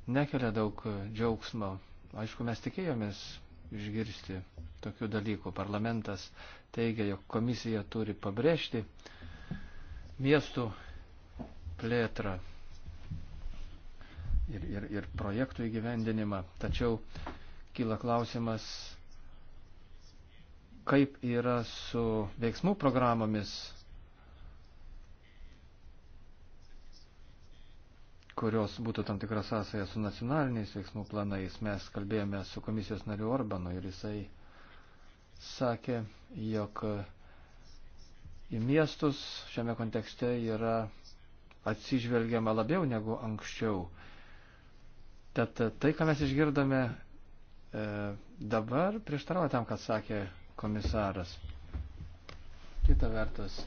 nekelia daug e, džiaugsmo. Aišku, mes tikėjomės išgirsti tokių dalykų. Parlamentas teigia, jog komisija turi pabrėžti miestų plėtrą ir, ir, ir projektų įgyvendinimą. Tačiau kyla klausimas, kaip yra su veiksmų programomis kurios būtų tam tikra sąsaja su nacionaliniais veiksmų planais. Mes kalbėjome su komisijos nariu Orbanu ir jisai sakė, jog į miestus šiame kontekste yra atsižvelgiama labiau negu anksčiau. Tad tai, ką mes išgirdome e, dabar, prieštarauja tam, kad sakė komisaras. Kita vertus,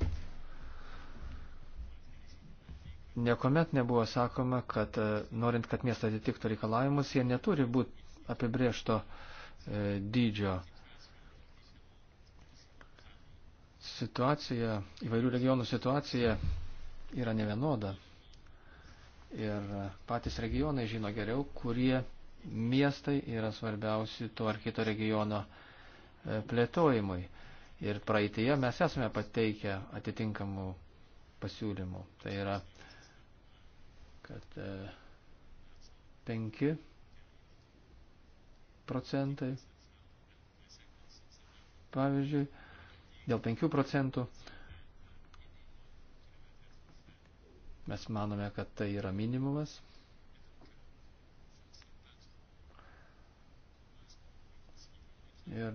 Niekuomet nebuvo sakoma, kad e, norint, kad miestas atitiktų reikalavimus, jie neturi būti apibriešto e, dydžio. Situacija, įvairių regionų situacija yra nevienoda. Ir e, patys regionai žino geriau, kurie miestai yra svarbiausi to ar kito regiono e, plėtojimui. Ir praeitėje mes esame pateikę atitinkamų pasiūlymų. Tai yra kad 5 e, procentai, pavyzdžiui, dėl 5 procentų mes manome, kad tai yra minimumas. Ir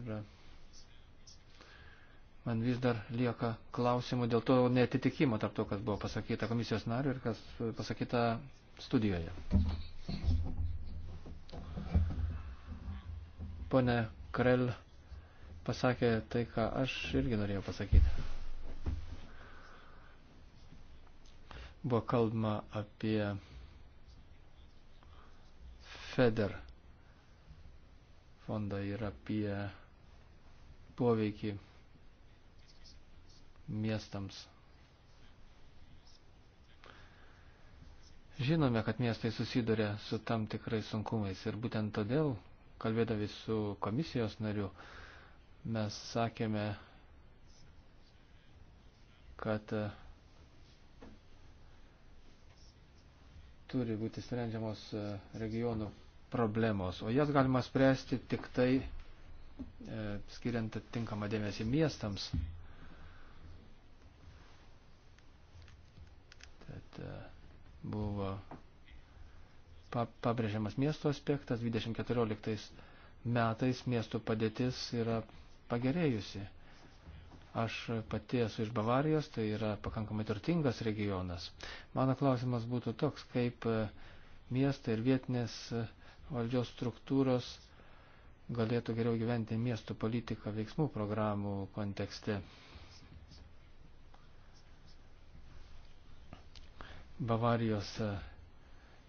man vis dar lieka klausimų dėl to netitikimo tarp to, kas buvo pasakyta komisijos nariu ir kas pasakyta studijoje. Pone Krell pasakė tai, ką aš irgi norėjau pasakyti. Buvo kalbama apie FEDER fondą ir apie poveikį miestams. Žinome, kad miestai susiduria su tam tikrais sunkumais ir būtent todėl, kalbėdami su komisijos nariu, mes sakėme, kad e, turi būti sprendžiamos e, regionų problemos, o jas galima spręsti tik tai e, skiriant tinkamą dėmesį miestams. E, buvo pabrėžiamas miesto aspektas, 2014 metais miestų padėtis yra pagerėjusi. Aš pati esu iš Bavarijos, tai yra pakankamai turtingas regionas. Mano klausimas būtų toks, kaip e, miestai ir vietinės e, valdžios struktūros galėtų geriau gyventi miestų politiką veiksmų programų kontekste. Bavarijos e,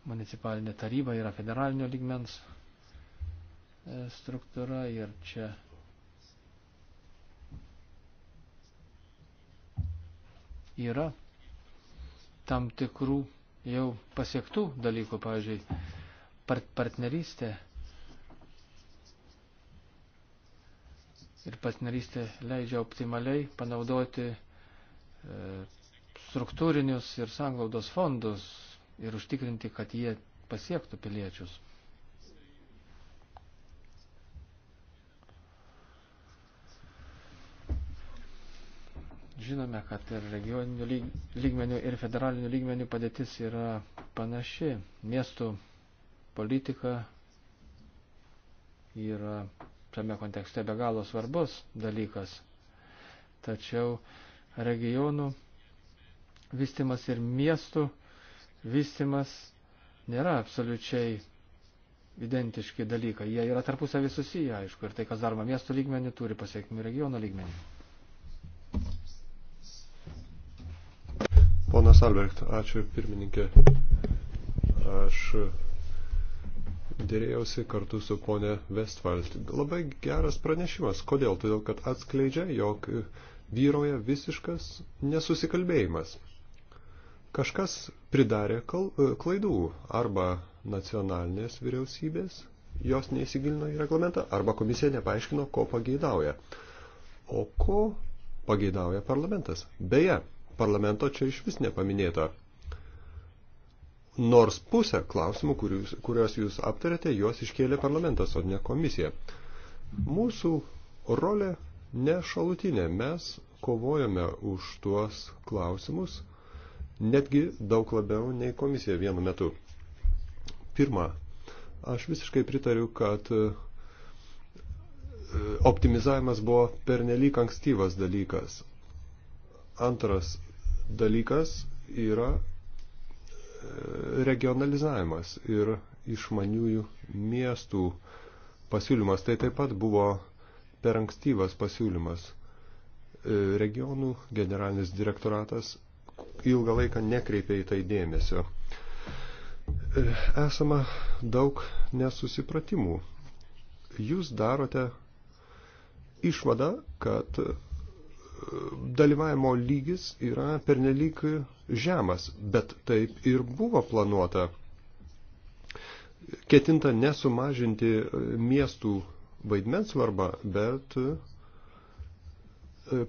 municipalinė taryba yra federalinio ligmens e, struktūra ir čia yra tam tikrų jau pasiektų dalykų, pavyzdžiui, partnerystė ir partnerystė leidžia optimaliai panaudoti e, struktūrinius ir sanglaudos fondus ir užtikrinti, kad jie pasiektų piliečius. Žinome, kad ir regioninių lygmenių, ir federalinių lygmenių padėtis yra panaši. Miestų politika yra tame kontekste be galo svarbus dalykas. Tačiau regionų vystimas ir miestų vystimas nėra absoliučiai identiški dalykai. Jie yra tarpusavį susiję, aišku, ir tai, kas daroma miestų lygmenį, turi pasiekmių regiono lygmenį. Ponas Albrecht, ačiū pirmininkė. Aš dėrėjausi kartu su ponė Westfalt. Labai geras pranešimas. Kodėl? Todėl, kad atskleidžia, jog vyroja visiškas nesusikalbėjimas. Kažkas pridarė e, klaidų arba nacionalinės vyriausybės, jos neįsigilino į reglamentą, arba komisija nepaaiškino, ko pageidauja. O ko pageidauja parlamentas? Beje, parlamento čia iš vis nepaminėta. Nors pusę klausimų, kuriuos, kuriuos jūs aptarėte, juos iškėlė parlamentas, o ne komisija. Mūsų rolė ne šalutinė. Mes kovojame už tuos klausimus, netgi daug labiau nei komisija vienu metu. Pirma, aš visiškai pritariu, kad e, optimizavimas buvo pernelyg ankstyvas dalykas. Antras dalykas yra e, regionalizavimas ir išmaniųjų miestų pasiūlymas. Tai taip pat buvo per ankstyvas pasiūlymas. E, regionų generalinis direktoratas ilgą laiką nekreipė į tai dėmesio. E, esama daug nesusipratimų. Jūs darote išvadą, kad e, dalyvavimo lygis yra pernelyg žemas, bet taip ir buvo planuota. Ketinta nesumažinti e, miestų vaidmens svarbą, bet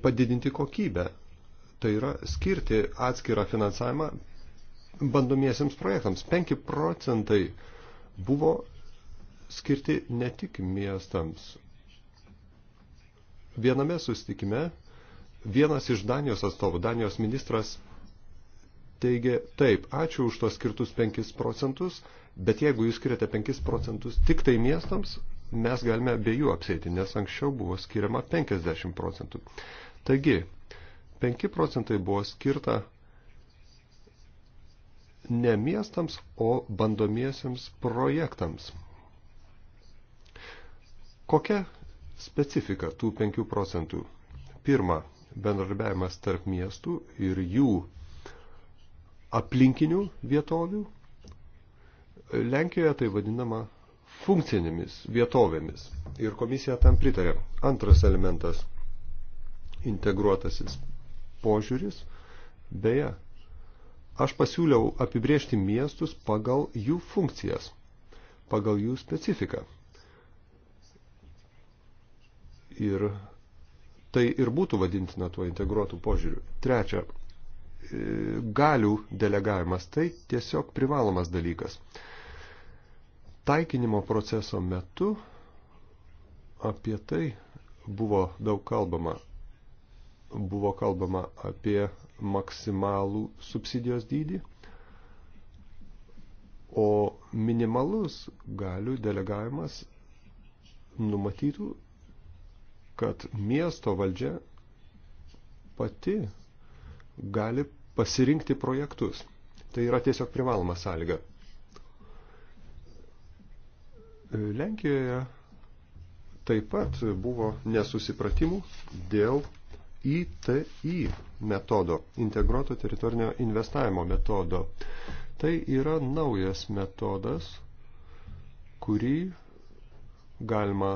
padidinti kokybę. Tai yra skirti atskirą finansavimą bandomiesiems projektams. 5 procentai buvo skirti ne tik miestams. Viename sustikime vienas iš Danijos atstovų, Danijos ministras, teigė taip, ačiū už tos skirtus 5 procentus, bet jeigu jūs skiriate 5 procentus tik tai miestams, mes galime be jų apsėti, nes anksčiau buvo skiriama 50 procentų. Taigi, 5 procentai buvo skirta ne miestams, o bandomiesiems projektams. Kokia specifika tų 5 procentų? Pirma, bendradarbiavimas tarp miestų ir jų aplinkinių vietovių. Lenkijoje tai vadinama funkcinėmis vietovėmis ir komisija tam pritarė. Antras elementas – integruotasis požiūris. Beje, aš pasiūliau apibriežti miestus pagal jų funkcijas, pagal jų specifiką. Ir tai ir būtų vadintina tuo integruotų požiūriu. Trečia, e, galių delegavimas tai tiesiog privalomas dalykas. Taikinimo proceso metu apie tai buvo daug kalbama buvo kalbama apie maksimalų subsidijos dydį, o minimalus galių delegavimas numatytų, kad miesto valdžia pati gali pasirinkti projektus. Tai yra tiesiog privaloma sąlyga. Lenkijoje taip pat buvo nesusipratimų dėl ITI metodo, integruoto teritorinio investavimo metodo. Tai yra naujas metodas, kurį galima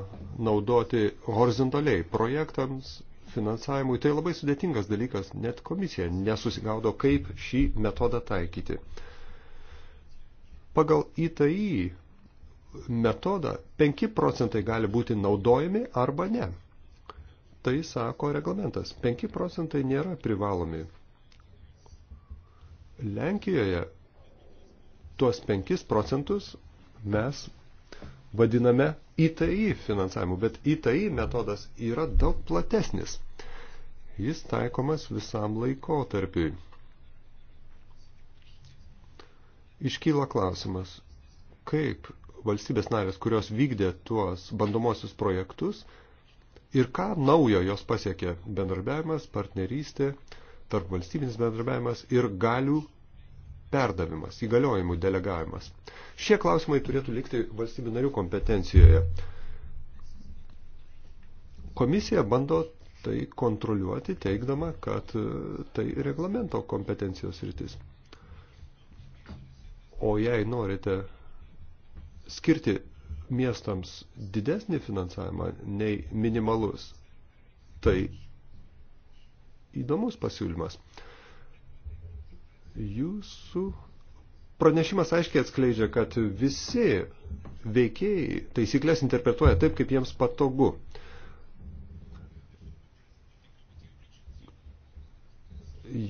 naudoti horizontaliai projektams, finansavimui. Tai labai sudėtingas dalykas, net komisija nesusigaudo, kaip šį metodą taikyti. Pagal ITI metodą 5 procentai gali būti naudojami arba ne. Tai sako reglamentas. 5 procentai nėra privalomi. Lenkijoje tuos 5 procentus mes vadiname ITI finansavimu, bet ITI metodas yra daug platesnis. Jis taikomas visam laikotarpiui. Iškyla klausimas, kaip valstybės narės, kurios vykdė tuos bandomosius projektus, ir ką naujo jos pasiekė bendradarbiavimas, partnerystė, tarp valstybinis bendradarbiavimas ir galių perdavimas, įgaliojimų delegavimas. Šie klausimai turėtų likti valstybių narių kompetencijoje. Komisija bando tai kontroliuoti, teikdama, kad e, tai reglamento kompetencijos rytis. O jei norite skirti miestams didesnį finansavimą nei minimalus. Tai įdomus pasiūlymas. Jūsų pranešimas aiškiai atskleidžia, kad visi veikėjai taisyklės interpretuoja taip, kaip jiems patogu.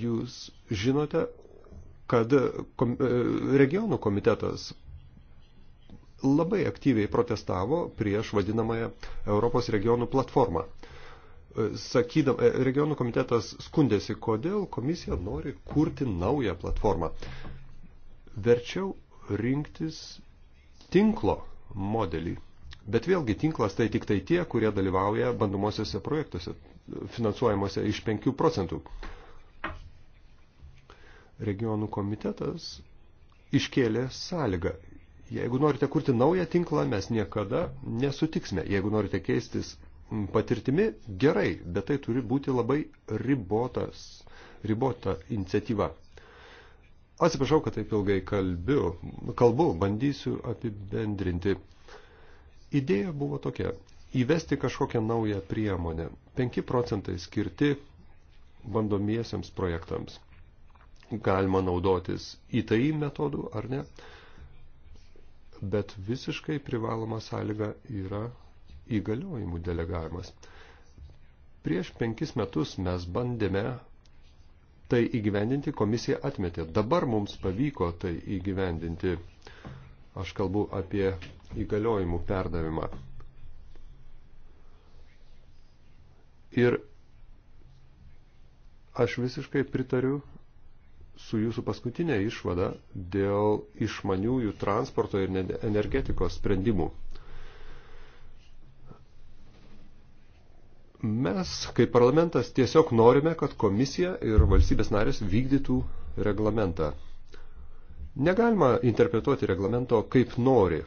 Jūs žinote, kad kom, e, regionų komitetas labai aktyviai protestavo prieš vadinamąją Europos regionų platformą. E, sakydam, e, regionų komitetas skundėsi, kodėl komisija nori kurti naują platformą. Verčiau rinktis tinklo modelį. Bet vėlgi tinklas tai tik tai tie, kurie dalyvauja bandomosiuose projektuose, finansuojamuose iš 5 procentų. Regionų komitetas iškėlė sąlygą Jeigu norite kurti naują tinklą, mes niekada nesutiksime. Jeigu norite keistis patirtimi, gerai, bet tai turi būti labai ribotas, ribota iniciatyva. Atsiprašau, kad taip ilgai kalbiu, kalbu, bandysiu apibendrinti. Idėja buvo tokia – įvesti kažkokią naują priemonę. 5 procentai skirti bandomiesiams projektams. Galima naudotis ITI metodų, ar ne? bet visiškai privaloma sąlyga yra įgaliojimų delegavimas. Prieš penkis metus mes bandėme tai įgyvendinti, komisija atmetė. Dabar mums pavyko tai įgyvendinti. Aš kalbu apie įgaliojimų perdavimą. Ir aš visiškai pritariu su jūsų paskutinė išvada dėl išmaniųjų transporto ir energetikos sprendimų. Mes, kaip parlamentas, tiesiog norime, kad komisija ir valstybės narės vykdytų reglamentą. Negalima interpretuoti reglamento kaip nori.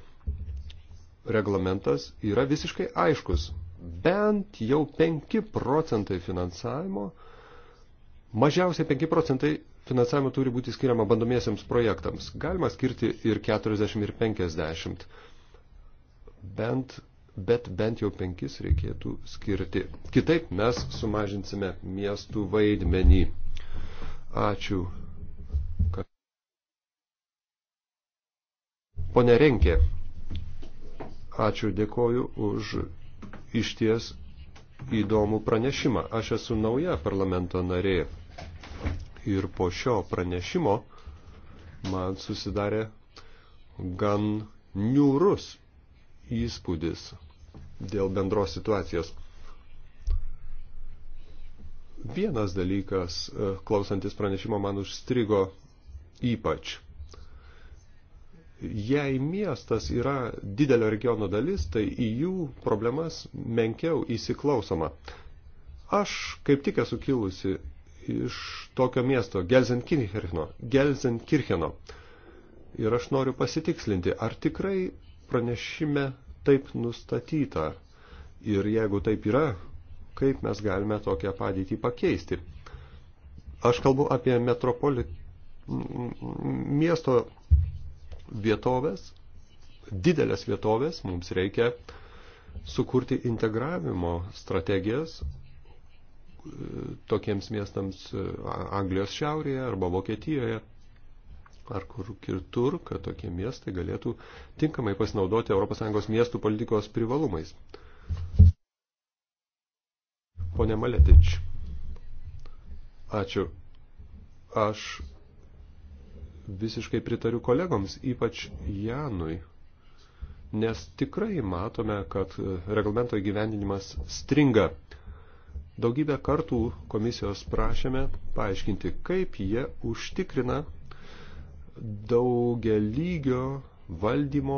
Reglamentas yra visiškai aiškus. Bent jau 5 procentai finansavimo mažiausiai 5 procentai finansavimo turi būti skiriama bandomiesiams projektams. Galima skirti ir 40, ir 50. Bent, bet bent jau 5 reikėtų skirti. Kitaip mes sumažinsime miestų vaidmenį. Ačiū. Pone Renkė, ačiū dėkoju už išties įdomų pranešimą. Aš esu nauja parlamento narė ir po šio pranešimo man susidarė gan niūrus įspūdis dėl bendros situacijos. Vienas dalykas, e, klausantis pranešimo, man užstrigo ypač. Jei miestas yra didelio regiono dalis, tai į jų problemas menkiau įsiklausoma. Aš kaip tik esu kilusi iš tokio miesto, Gelsenkircheno. Gelsenkircheno. Ir aš noriu pasitikslinti, ar tikrai pranešime taip nustatyta. Ir jeigu taip yra, kaip mes galime tokią padėtį pakeisti. Aš kalbu apie metropoli miesto vietovės, didelės vietovės, mums reikia sukurti integravimo strategijas, tokiems miestams e, Anglijos šiaurėje arba Vokietijoje ar kur kitur, kad tokie miestai galėtų tinkamai pasinaudoti ES miestų politikos privalumais. Pone Maletič, ačiū. Aš visiškai pritariu kolegoms, ypač Janui, nes tikrai matome, kad e, reglamento įgyvendinimas stringa. Daugybę kartų komisijos prašėme paaiškinti, kaip jie užtikrina daugelygio valdymo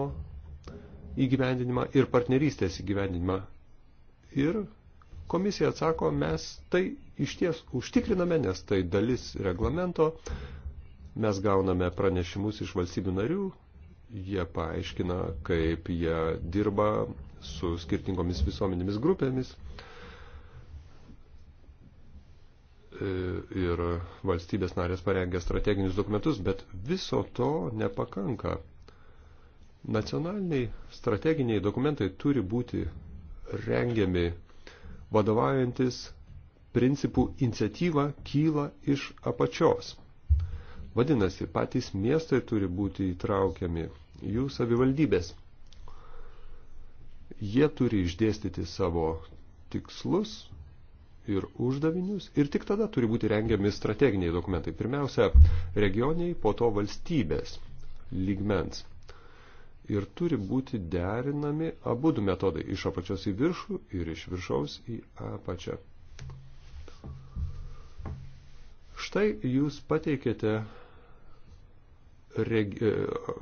įgyvendinimą ir partnerystės įgyvendinimą. Ir komisija atsako, mes tai iš ties užtikriname, nes tai dalis reglamento, mes gauname pranešimus iš valstybių narių, jie paaiškina, kaip jie dirba su skirtingomis visuomenėmis grupėmis. E, ir valstybės narės parengė strateginius dokumentus, bet viso to nepakanka. Nacionaliniai strateginiai dokumentai turi būti rengiami vadovaujantis principų iniciatyva kyla iš apačios. Vadinasi, patys miestai turi būti įtraukiami, jų savivaldybės. Jie turi išdėstyti savo tikslus, ir uždavinius ir tik tada turi būti rengiami strateginiai dokumentai. Pirmiausia, regioniai, po to valstybės lygmens. Ir turi būti derinami abu du metodai iš apačios į viršų ir iš viršaus į apačią. Štai jūs pateikėte regi... E,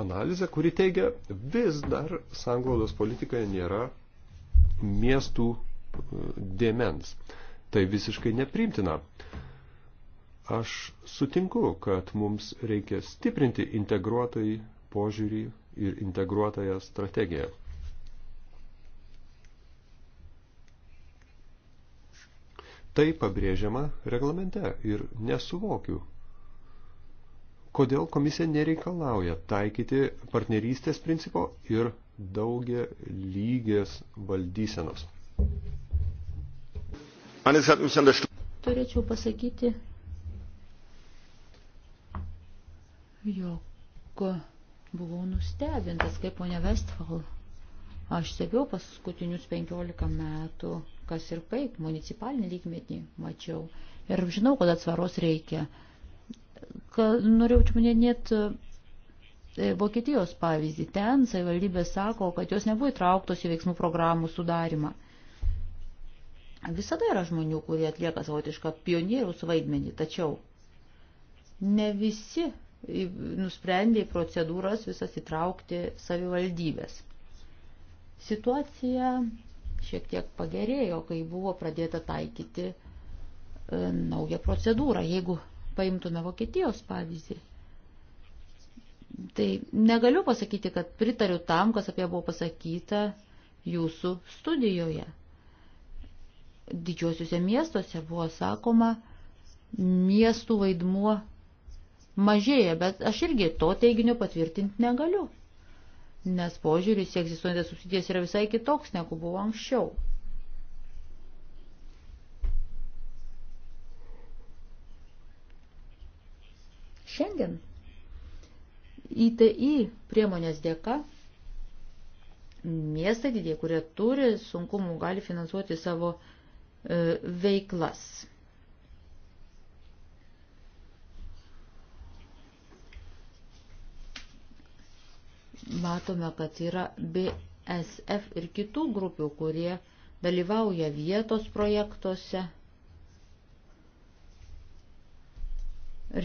analizę, kuri teigia, vis dar sanglaudos politikoje nėra miestų dėmens. Tai visiškai neprimtina. Aš sutinku, kad mums reikia stiprinti integruotai požiūrį ir integruotąją strategiją. Tai pabrėžiama reglamente ir nesuvokiu, kodėl komisija nereikalauja taikyti partnerystės principo ir daugia lygės valdysenos. Turėčiau pasakyti, jog buvau nustebintas, kaip ponia Westfall. Aš stebiau paskutinius 15 metų, kas ir kaip, municipalinį lygmetį mačiau. Ir žinau, kad atsvaros reikia. Kad, norėjau čia minėti e, Vokietijos pavyzdį. Ten savivaldybė sako, kad jos nebuvo įtrauktos į veiksmų programų sudarimą. Visada yra žmonių, kurie atlieka savotišką pionieriaus vaidmenį, tačiau ne visi nusprendė į procedūras visas įtraukti savivaldybės. Situacija šiek tiek pagerėjo, kai buvo pradėta taikyti e, naują procedūrą. Jeigu paimtume Vokietijos pavyzdį, tai negaliu pasakyti, kad pritariu tam, kas apie buvo pasakyta jūsų studijoje didžiosiuose miestuose buvo sakoma, miestų vaidmuo mažėja, bet aš irgi to teiginio patvirtinti negaliu, nes požiūris į egzistuojančias subsidijas yra visai kitoks, negu buvo anksčiau. Šiandien ITI priemonės dėka miestai didė, kurie turi sunkumų, gali finansuoti savo uh, E, veiklas. Matome, kad yra BSF ir kitų grupių, kurie dalyvauja vietos projektuose,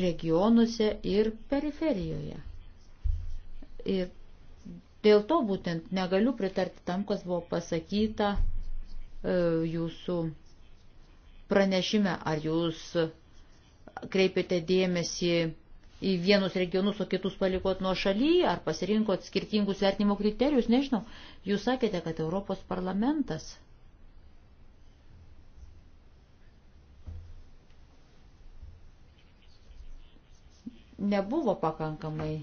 regionuose ir periferijoje. Ir dėl to būtent negaliu pritarti tam, kas buvo pasakyta e, jūsų pranešime, ar jūs kreipėte dėmesį į vienus regionus, o kitus palikot nuo šaly, ar pasirinkot skirtingus vertinimo kriterijus, nežinau. Jūs sakėte, kad Europos parlamentas. Nebuvo pakankamai,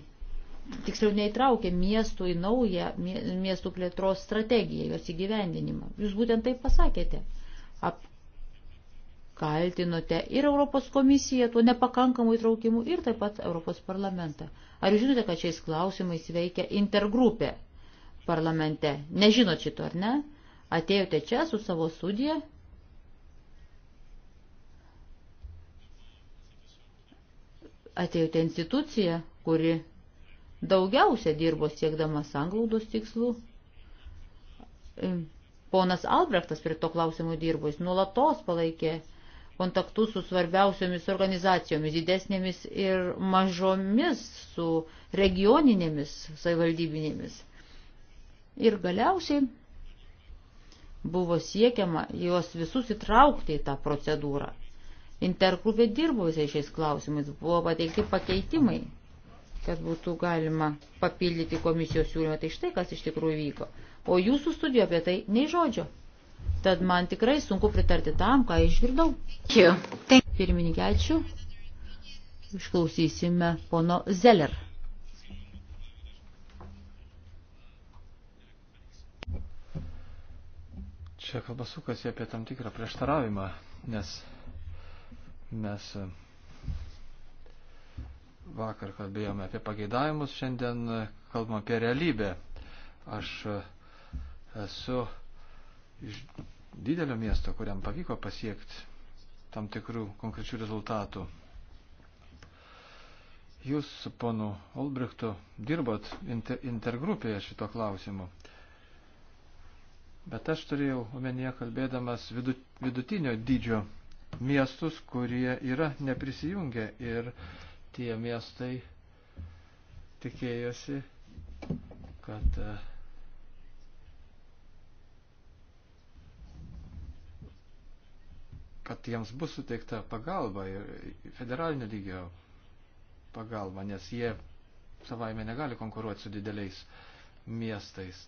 tiksliau neįtraukė miestų į naują miestų plėtros strategiją, jos įgyvendinimą. Jūs būtent tai pasakėte. Ap, kaltinote ir Europos komisiją tuo nepakankamu įtraukimu ir taip pat Europos parlamentą. Ar žinote, kad šiais klausimais veikia intergrupė parlamente? Nežinot šito, ar ne? Atėjote čia su savo studija? Atėjote instituciją, kuri daugiausia dirbo siekdama sanglaudos tikslų. Ponas Albrechtas prie to klausimų dirbo, jis nuolatos palaikė kontaktus su svarbiausiomis organizacijomis, didesnėmis ir mažomis, su regioninėmis savivaldybinėmis. Ir galiausiai buvo siekiama juos visus įtraukti į tą procedūrą. Intergrupė dirbo visais šiais klausimais, buvo pateikti pakeitimai, kad būtų galima papildyti komisijos siūlymą. Tai štai kas iš tikrųjų vyko. O jūsų studijo apie tai nei žodžio. Tad man tikrai sunku pritarti tam, ką išgirdau. Pirmininkė, ačiū. Išklausysime pono Zeller. Čia kalba sukasi apie tam tikrą prieštaravimą, nes mes e, vakar kalbėjome apie pageidavimus, šiandien kalbam apie realybę. Aš e, esu iš didelio miesto, kuriam pavyko pasiekti tam tikrų konkrečių rezultatų. Jūs su ponu Olbrechtu dirbot inter, intergrupėje šito klausimu. Bet aš turėjau omenyje kalbėdamas vidutinio dydžio miestus, kurie yra neprisijungę ir tie miestai tikėjosi, kad uh, kad jiems bus suteikta pagalba ir federalinio lygio pagalba, nes jie savaime negali konkuruoti su dideliais miestais.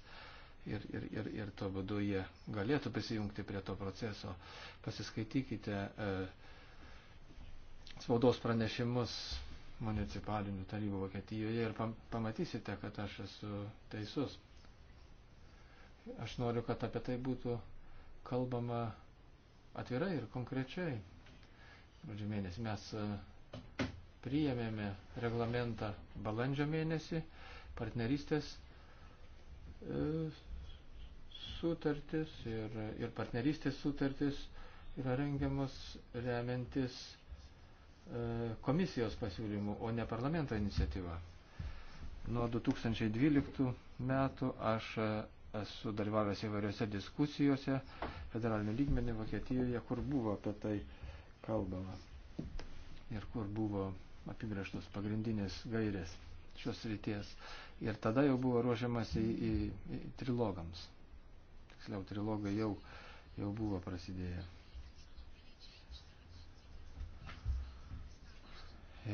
Ir, ir, ir, ir tuo būdu jie galėtų prisijungti prie to proceso. Pasiskaitykite e, spaudos pranešimus municipalinių tarybų Vokietijoje ir pamatysite, kad aš esu teisus. Aš noriu, kad apie tai būtų kalbama atvirai ir konkrečiai. Pradžio mėnesį mes e, priėmėme reglamentą balandžio mėnesį, partnerystės e, sutartis ir, ir partnerystės sutartis yra rengiamas remiantis e, komisijos pasiūlymų, o ne parlamento iniciatyva. Nuo 2012 metų aš e, esu dalyvavęs įvairiose diskusijose federalinių lygmenį Vokietijoje, kur buvo apie tai kalbama ir kur buvo apibrieštos pagrindinės gairės šios ryties. Ir tada jau buvo ruošiamas į, į, į trilogams. Tiksliau, trilogai jau, jau buvo prasidėję.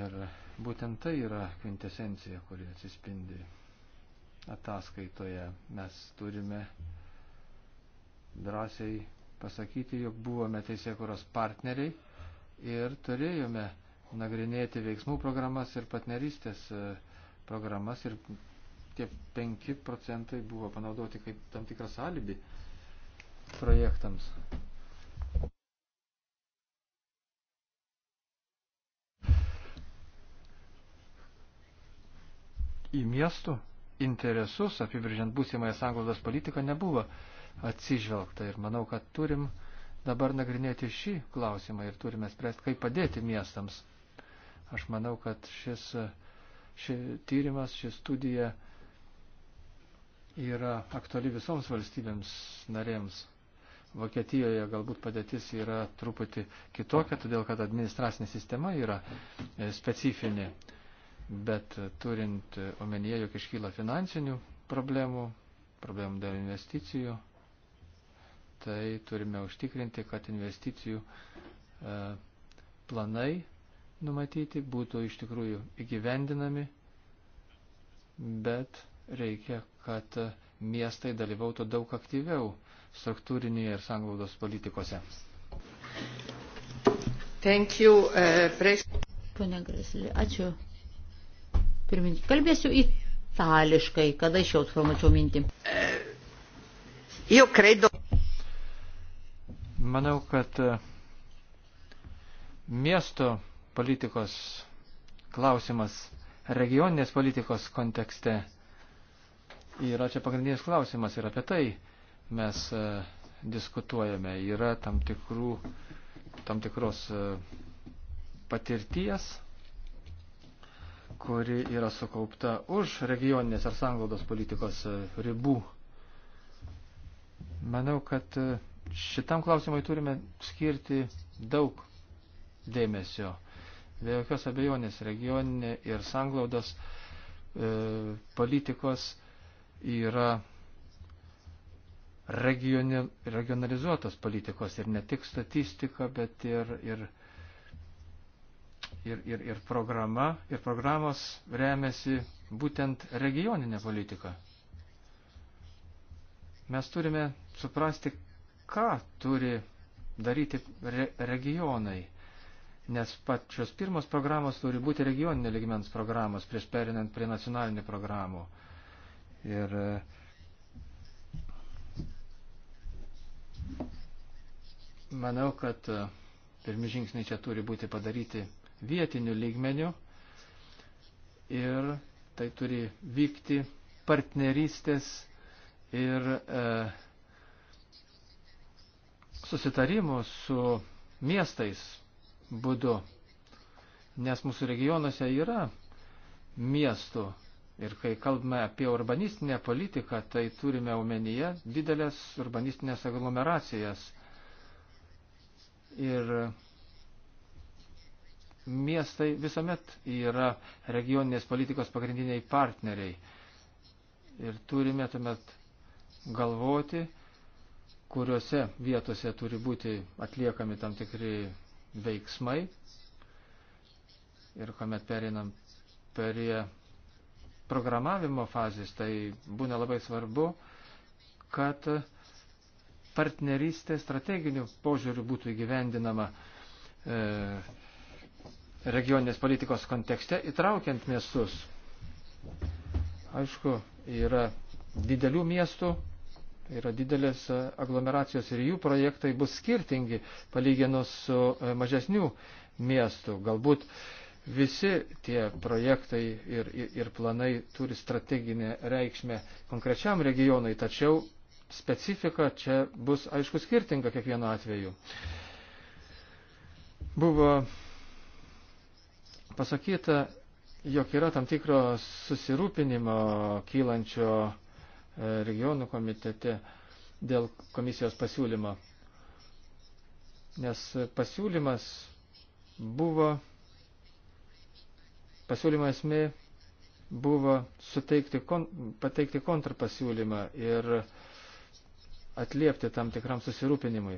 Ir būtent tai yra kvintesencija, kuri atsispindi ataskaitoje. Mes turime drąsiai pasakyti, jog buvome teisėkuros partneriai ir turėjome nagrinėti veiksmų programas ir partnerystės e, programas ir tie 5 procentai buvo panaudoti kaip tam tikras alibi projektams. į miestų interesus, apibrėžiant būsimąją sąnglaudos politiką, nebuvo atsižvelgta. Ir manau, kad turim dabar nagrinėti šį klausimą ir turime spręsti, kaip padėti miestams. Aš manau, kad šis, šis tyrimas, ši studija yra aktuali visoms valstybėms narėms. Vokietijoje galbūt padėtis yra truputį kitokia, todėl kad administracinė sistema yra e, specifinė bet turint omenyje, jog iškyla finansinių problemų, problemų dėl investicijų, tai turime užtikrinti, kad investicijų e, planai numatyti būtų iš tikrųjų įgyvendinami, bet reikia, kad miestai dalyvautų daug aktyviau struktūrinėje ir sanglaudos politikose. Thank you, uh, Pone Grasilė, ačiū Pirmininkė, kalbėsiu itališkai, kada iš jau formačiau mintį. Jau eh, kreido. Manau, kad eh, miesto politikos klausimas regioninės politikos kontekste yra čia pagrindinis klausimas ir apie tai mes eh, diskutuojame. Yra tam, tikrų, tam tikros patirties kuri yra sukaupta už regioninės ar sanglaudos politikos e, ribų. Manau, kad e, šitam klausimui turime skirti daug dėmesio. Be jokios abejonės regioninė ir sanglaudos e, politikos yra regioni, regionalizuotos politikos ir ne tik statistika, bet ir, ir ir, ir, ir programa, ir programos remiasi būtent regioninė politika. Mes turime suprasti, ką turi daryti re, regionai, nes pačios pirmos programos turi būti regioninė ligmens programos prieš perinant prie nacionalinių programų. Ir e, manau, kad e, pirmi žingsniai čia turi būti padaryti vietiniu lygmeniu ir tai turi vykti partnerystės ir e, susitarimų su miestais būdu, nes mūsų regionuose yra miestų ir kai kalbame apie urbanistinę politiką, tai turime omenyje didelės urbanistinės aglomeracijas. Ir miestai visuomet yra regioninės politikos pagrindiniai partneriai. Ir turime tuomet galvoti, kuriuose vietose turi būti atliekami tam tikri veiksmai. Ir kuomet perinam prie programavimo fazės, tai būna labai svarbu, kad partnerystė strateginių požiūrių būtų įgyvendinama e, regioninės politikos kontekste, įtraukiant miestus. Aišku, yra didelių miestų, yra didelės e, aglomeracijos ir jų projektai bus skirtingi palyginus su e, mažesnių miestų. Galbūt visi tie projektai ir, ir, ir planai turi strateginę reikšmę konkrečiam regionui, tačiau specifika čia bus aišku skirtinga kiekvienu atveju. Buvo pasakyta, jog yra tam tikro susirūpinimo kylančio e, regionų komitete dėl komisijos pasiūlymo. Nes pasiūlymas buvo, pasiūlymo esmė buvo suteikti, kon, pateikti kontrapasiūlymą ir atliepti tam tikram susirūpinimui.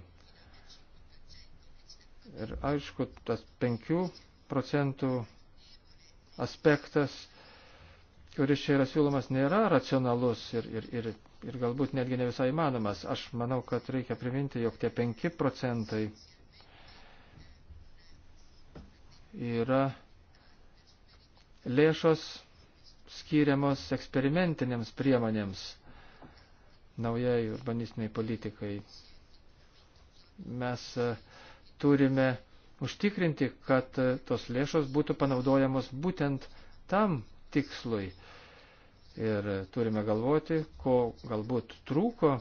Ir aišku, tas penkių procentų aspektas, kuris čia yra siūlomas, nėra racionalus ir, ir, ir, ir galbūt netgi ne visai įmanomas. Aš manau, kad reikia priminti, jog tie 5 procentai yra lėšos skiriamos eksperimentinėms priemonėms, naujai urbanistiniai politikai. Mes e, turime uh, užtikrinti, kad tos lėšos būtų panaudojamos būtent tam tikslui. Ir turime galvoti, ko galbūt trūko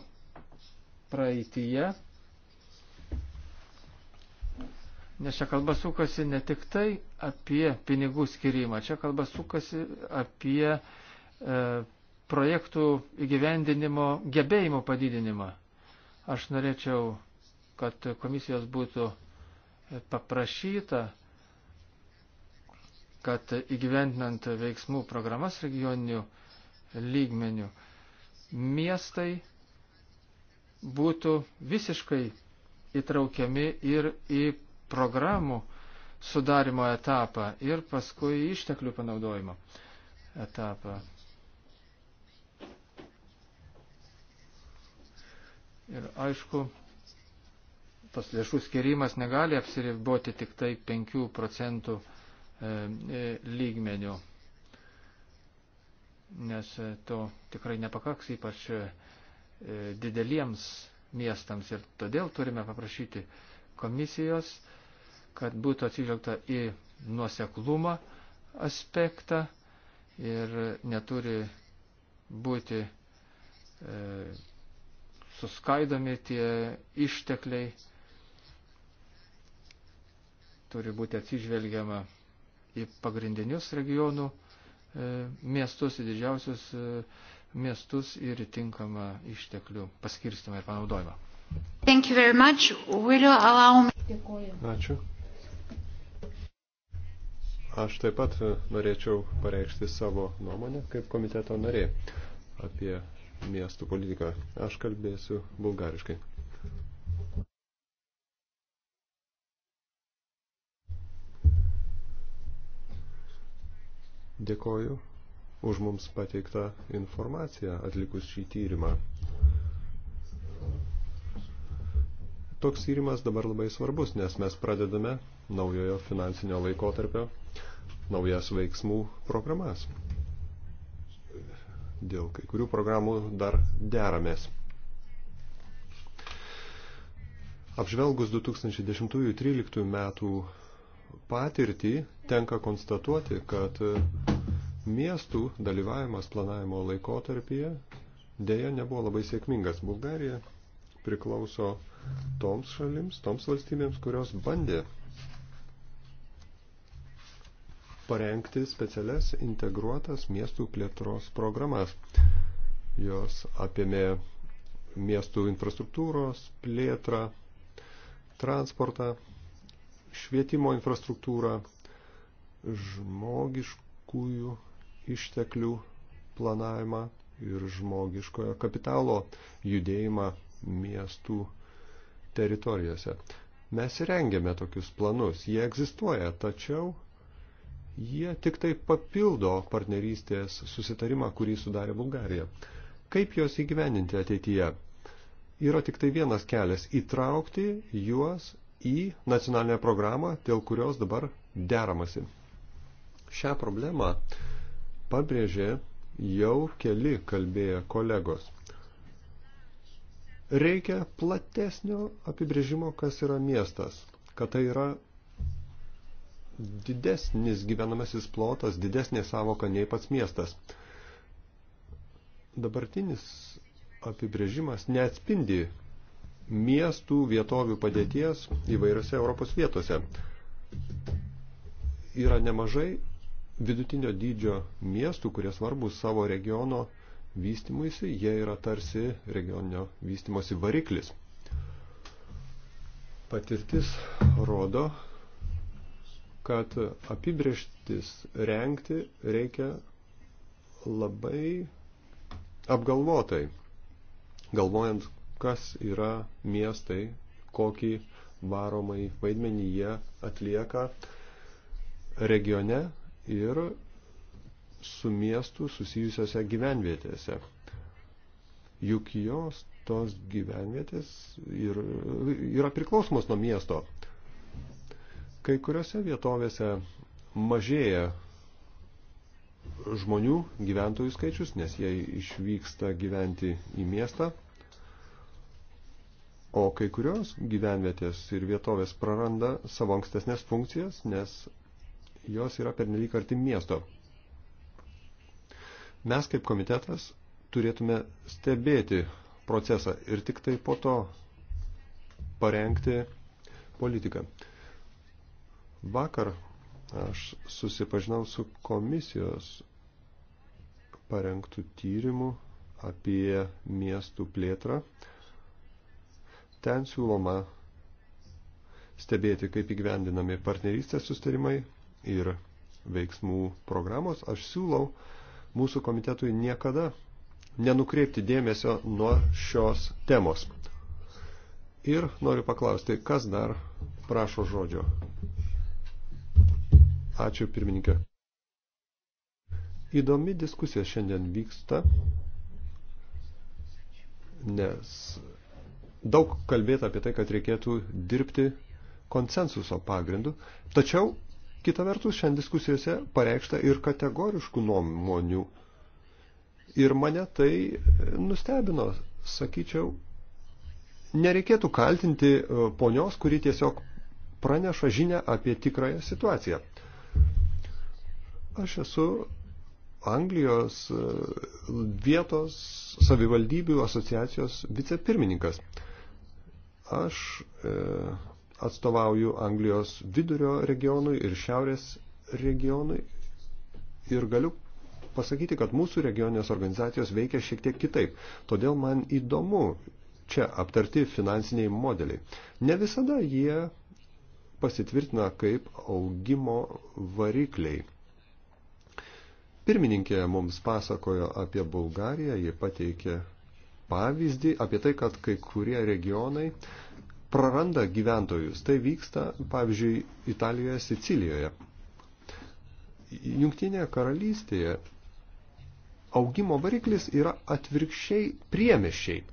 praeitįje, nes čia kalba sukasi ne tik tai apie pinigų skirimą, čia kalba sukasi apie e, projektų įgyvendinimo gebėjimo padidinimą. Aš norėčiau, kad komisijos būtų paprašyta, kad įgyventinant veiksmų programas regioninių lygmenių miestai būtų visiškai įtraukiami ir į programų sudarimo etapą ir paskui išteklių panaudojimo etapą. Ir aišku, tas lėšų skirimas negali apsiriboti tik tai 5 procentų e, e, lygmenių, nes e, to tikrai nepakaks ypač dideliems miestams ir todėl turime paprašyti komisijos, kad būtų atsižvelgta į nuoseklumą aspektą ir neturi būti e, suskaidomi tie ištekliai turi būti atsižvelgiama į pagrindinius regionų e, miestus, į didžiausius e, miestus ir tinkamą išteklių paskirstimą ir panaudojimą. Allow... Ačiū. Aš taip pat e, norėčiau pareikšti savo nuomonę kaip komiteto narė apie miestų politiką. Aš kalbėsiu bulgariškai. Dėkoju už mums pateiktą informaciją atlikus šį tyrimą. Toks tyrimas dabar labai svarbus, nes mes pradedame naujojo finansinio laikotarpio naujas veiksmų programas. Dėl kai kurių programų dar deramės. Apžvelgus 2010-2013 metų patirtį tenka konstatuoti, kad e, miestų dalyvavimas planavimo laikotarpyje dėja nebuvo labai sėkmingas. Bulgarija priklauso toms šalims, toms valstybėms, kurios bandė parengti specialias integruotas miestų plėtros programas. Jos apėmė miestų infrastruktūros plėtrą, transportą, švietimo infrastruktūrą, žmogiškųjų išteklių planavimą ir žmogiškojo kapitalo judėjimą miestų teritorijose. Mes rengiame tokius planus, jie egzistuoja, tačiau jie tik tai papildo partnerystės susitarimą, kurį sudarė Bulgarija. Kaip juos įgyvendinti ateityje? Yra tik tai vienas kelias - įtraukti juos į nacionalinę programą, dėl kurios dabar deramasi. Šią problemą pabrėžė jau keli kalbėję kolegos. Reikia platesnio apibrėžimo, kas yra miestas, kad tai yra didesnis gyvenamasis plotas, didesnė savoka nei pats miestas. Dabartinis apibrėžimas neatspindi miestų, vietovių padėties įvairiose Europos vietose. Yra nemažai vidutinio dydžio miestų, kurie svarbus savo regiono vystimuisi, jie yra tarsi regioninio vystimosi variklis. Patirtis rodo, kad apibrieštis renkti reikia labai apgalvotai, galvojant, kas yra miestai, kokį varomai vaidmenį jie atlieka regione ir su miestu susijusiose gyvenvietėse. Juk jos tos gyvenvietės ir, yra priklausomos nuo miesto. Kai kuriuose vietovėse mažėja žmonių gyventojų skaičius, nes jie išvyksta gyventi į miestą, O kai kurios gyvenvietės ir vietovės praranda savo ankstesnės funkcijas, nes jos yra pernelyg arti miesto. Mes kaip komitetas turėtume stebėti procesą ir tik tai po to parengti politiką. Vakar aš susipažinau su komisijos parengtų tyrimų apie miestų plėtrą Ten siūloma stebėti, kaip įgyvendinami partnerystės sustarimai ir veiksmų programos. Aš siūlau mūsų komitetui niekada nenukreipti dėmesio nuo šios temos. Ir noriu paklausti, kas dar prašo žodžio. Ačiū pirmininkė. Įdomi diskusija šiandien vyksta, nes Daug kalbėta apie tai, kad reikėtų dirbti konsensuso pagrindu, tačiau kita vertus šiandien diskusijose pareikšta ir kategoriškų nuomonių. Ir mane tai nustebino, sakyčiau, nereikėtų kaltinti e, ponios, kuri tiesiog praneša žinę apie tikrąją situaciją. Aš esu Anglijos e, vietos savivaldybių asociacijos vicepirmininkas. Aš e, atstovauju Anglijos vidurio regionui ir šiaurės regionui ir galiu pasakyti, kad mūsų regioninės organizacijos veikia šiek tiek kitaip. Todėl man įdomu čia aptarti finansiniai modeliai. Ne visada jie pasitvirtina kaip augimo varikliai. Pirmininkė mums pasakojo apie Bulgariją, ji pateikė pavyzdį apie tai, kad kai kurie regionai praranda gyventojus. Tai vyksta, pavyzdžiui, Italijoje, Sicilijoje. Jungtinėje karalystėje augimo variklis yra atvirkščiai priemešiai,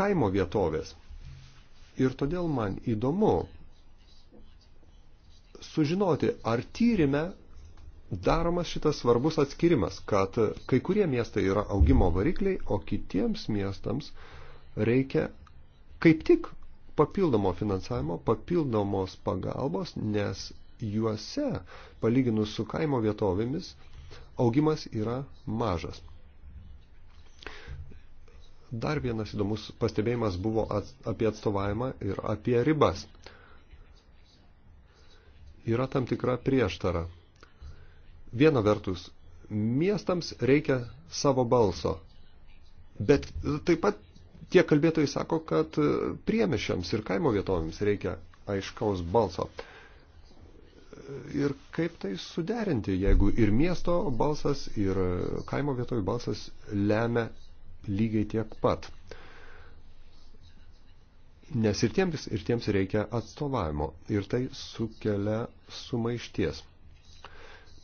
kaimo vietovės. Ir todėl man įdomu sužinoti, ar tyrime daromas šitas svarbus atskirimas, kad kai kurie miestai yra augimo varikliai, o kitiems miestams reikia kaip tik papildomo finansavimo, papildomos pagalbos, nes juose, palyginus su kaimo vietovėmis, augimas yra mažas. Dar vienas įdomus pastebėjimas buvo apie atstovavimą ir apie ribas. Yra tam tikra prieštara Viena vertus, miestams reikia savo balso, bet taip pat tie kalbėtojai sako, kad priemešiams ir kaimo vietovėms reikia aiškaus balso. Ir kaip tai suderinti, jeigu ir miesto balsas, ir kaimo vietovių balsas lemia lygiai tiek pat. Nes ir tiems, ir tiems reikia atstovavimo. Ir tai sukelia sumaišties.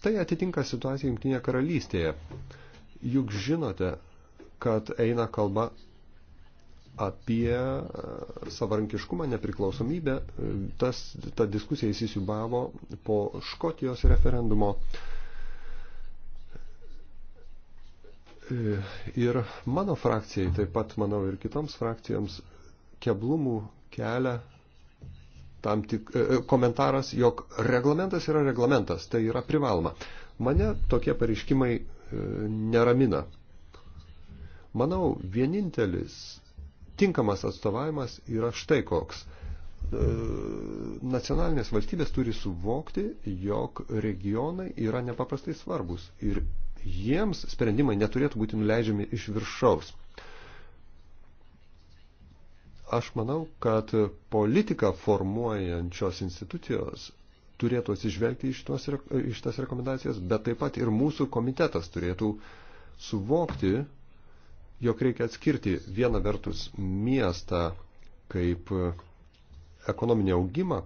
Tai atitinka situaciją Junktinėje karalystėje. Juk žinote, kad eina kalba apie e, savarankiškumą, nepriklausomybę. E, tas, ta diskusija įsisiubavo po Škotijos referendumo. E, ir mano frakcijai, taip pat manau ir kitoms frakcijoms, keblumų kelia tam tik e, e, komentaras, jog reglamentas yra reglamentas, tai yra privaloma. Mane tokie pareiškimai e, neramina. Manau, vienintelis tinkamas atstovavimas yra štai koks. Nacionalinės valstybės turi suvokti, jog regionai yra nepaprastai svarbus ir jiems sprendimai neturėtų būti nuleidžiami iš viršaus. Aš manau, kad politiką formuojančios institucijos turėtų atsižvelgti iš, tos, iš tas rekomendacijas, bet taip pat ir mūsų komitetas turėtų suvokti, jog reikia atskirti vieną vertus miestą kaip ekonominį augimą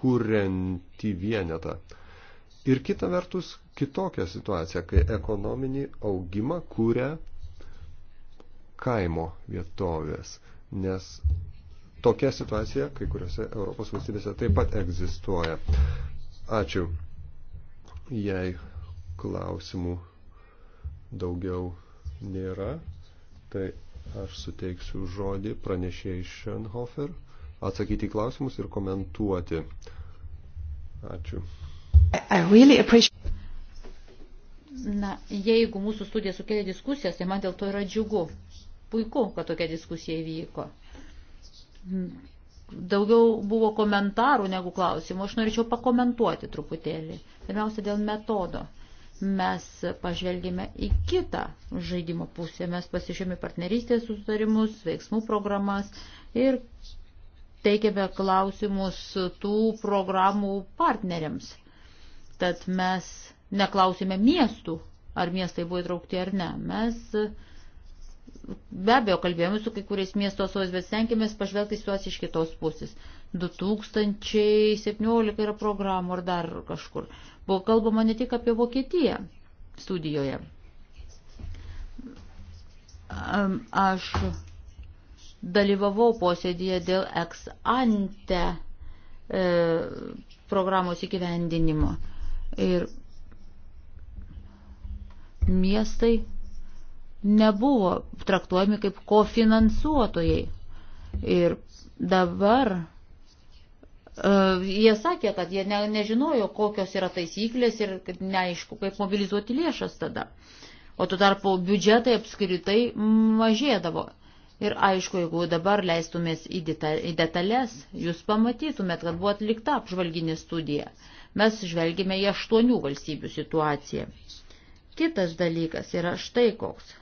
kurianti vienetą ir kita vertus kitokią situaciją, kai ekonominį augimą kūrė kaimo vietovės nes tokia situacija kai kuriuose Europos valstybėse taip pat egzistuoja. Ačiū. Jei klausimų daugiau nėra, tai aš suteiksiu žodį pranešėjai Schönhofer atsakyti į klausimus ir komentuoti. Ačiū. I really appreciate... Na, jeigu mūsų studija sukėlė diskusijas, tai man dėl to yra džiugu. Puiku, kad tokia diskusija įvyko. Daugiau buvo komentarų negu klausimų. Aš norėčiau pakomentuoti truputėlį. Pirmiausia, dėl metodo. Mes pažvelgėme į kitą žaidimo pusę. Mes pasižiūrėjome partnerystės sustarimus, veiksmų programas ir teikėme klausimus tų programų partneriams. Tad mes neklausėme miestų, ar miestai buvo įtraukti ar ne. Mes Be abejo, kalbėjome su kai kuriais miesto atstovais, bet stengiamės pažvelgti situaciją iš kitos pusės. 2017 yra programų ar dar kažkur. Buvo kalbama ne tik apie Vokietiją studijoje. Aš dalyvavau posėdėje dėl ex ante e, programos įgyvendinimo. Ir miestai nebuvo traktuojami kaip kofinansuotojai. Ir dabar uh, jie sakė, kad jie ne, nežinojo, kokios yra taisyklės ir neaišku, kaip mobilizuoti lėšas tada. O tuo tarpu biudžetai apskritai mažėdavo. Ir aišku, jeigu dabar leistumės į, deta, į detalės, jūs pamatytumėt, kad buvo atlikta apžvalginė studija. Mes žvelgime į aštuonių valstybių situaciją. Kitas dalykas yra štai koks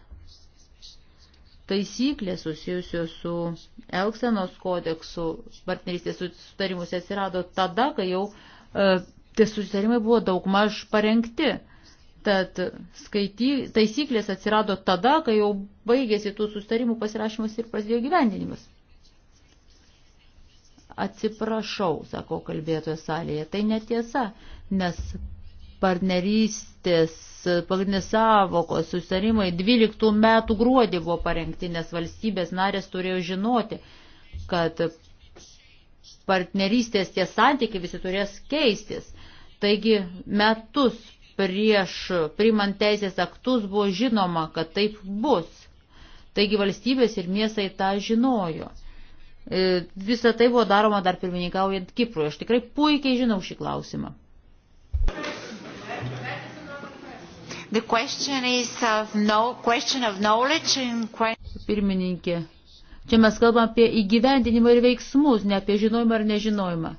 taisyklės susijusios su Elksenos kodeksu partnerystės sutarimus atsirado tada, kai jau e, tie susitarimai buvo daugmaž parengti. Tad skaity, taisyklės atsirado tada, kai jau baigėsi tų sustarimų pasirašymas ir prasidėjo gyvendinimas. Atsiprašau, sako kalbėtojas salėje, tai netiesa, nes partnerystės pagrindinės savokos susitarimai 12 metų gruodį buvo parengti, nes valstybės narės turėjo žinoti, kad partnerystės tie santykiai visi turės keistis. Taigi metus prieš primant teisės aktus buvo žinoma, kad taip bus. Taigi valstybės ir miestai tą žinojo. E, Visą tai buvo daroma dar pirmininkaujant Kiprui. Aš tikrai puikiai žinau šį klausimą. The question is of no, question of knowledge and question... Pirmininkė, čia mes kalbam apie įgyvendinimą ir veiksmus, ne apie žinojimą ar nežinojimą.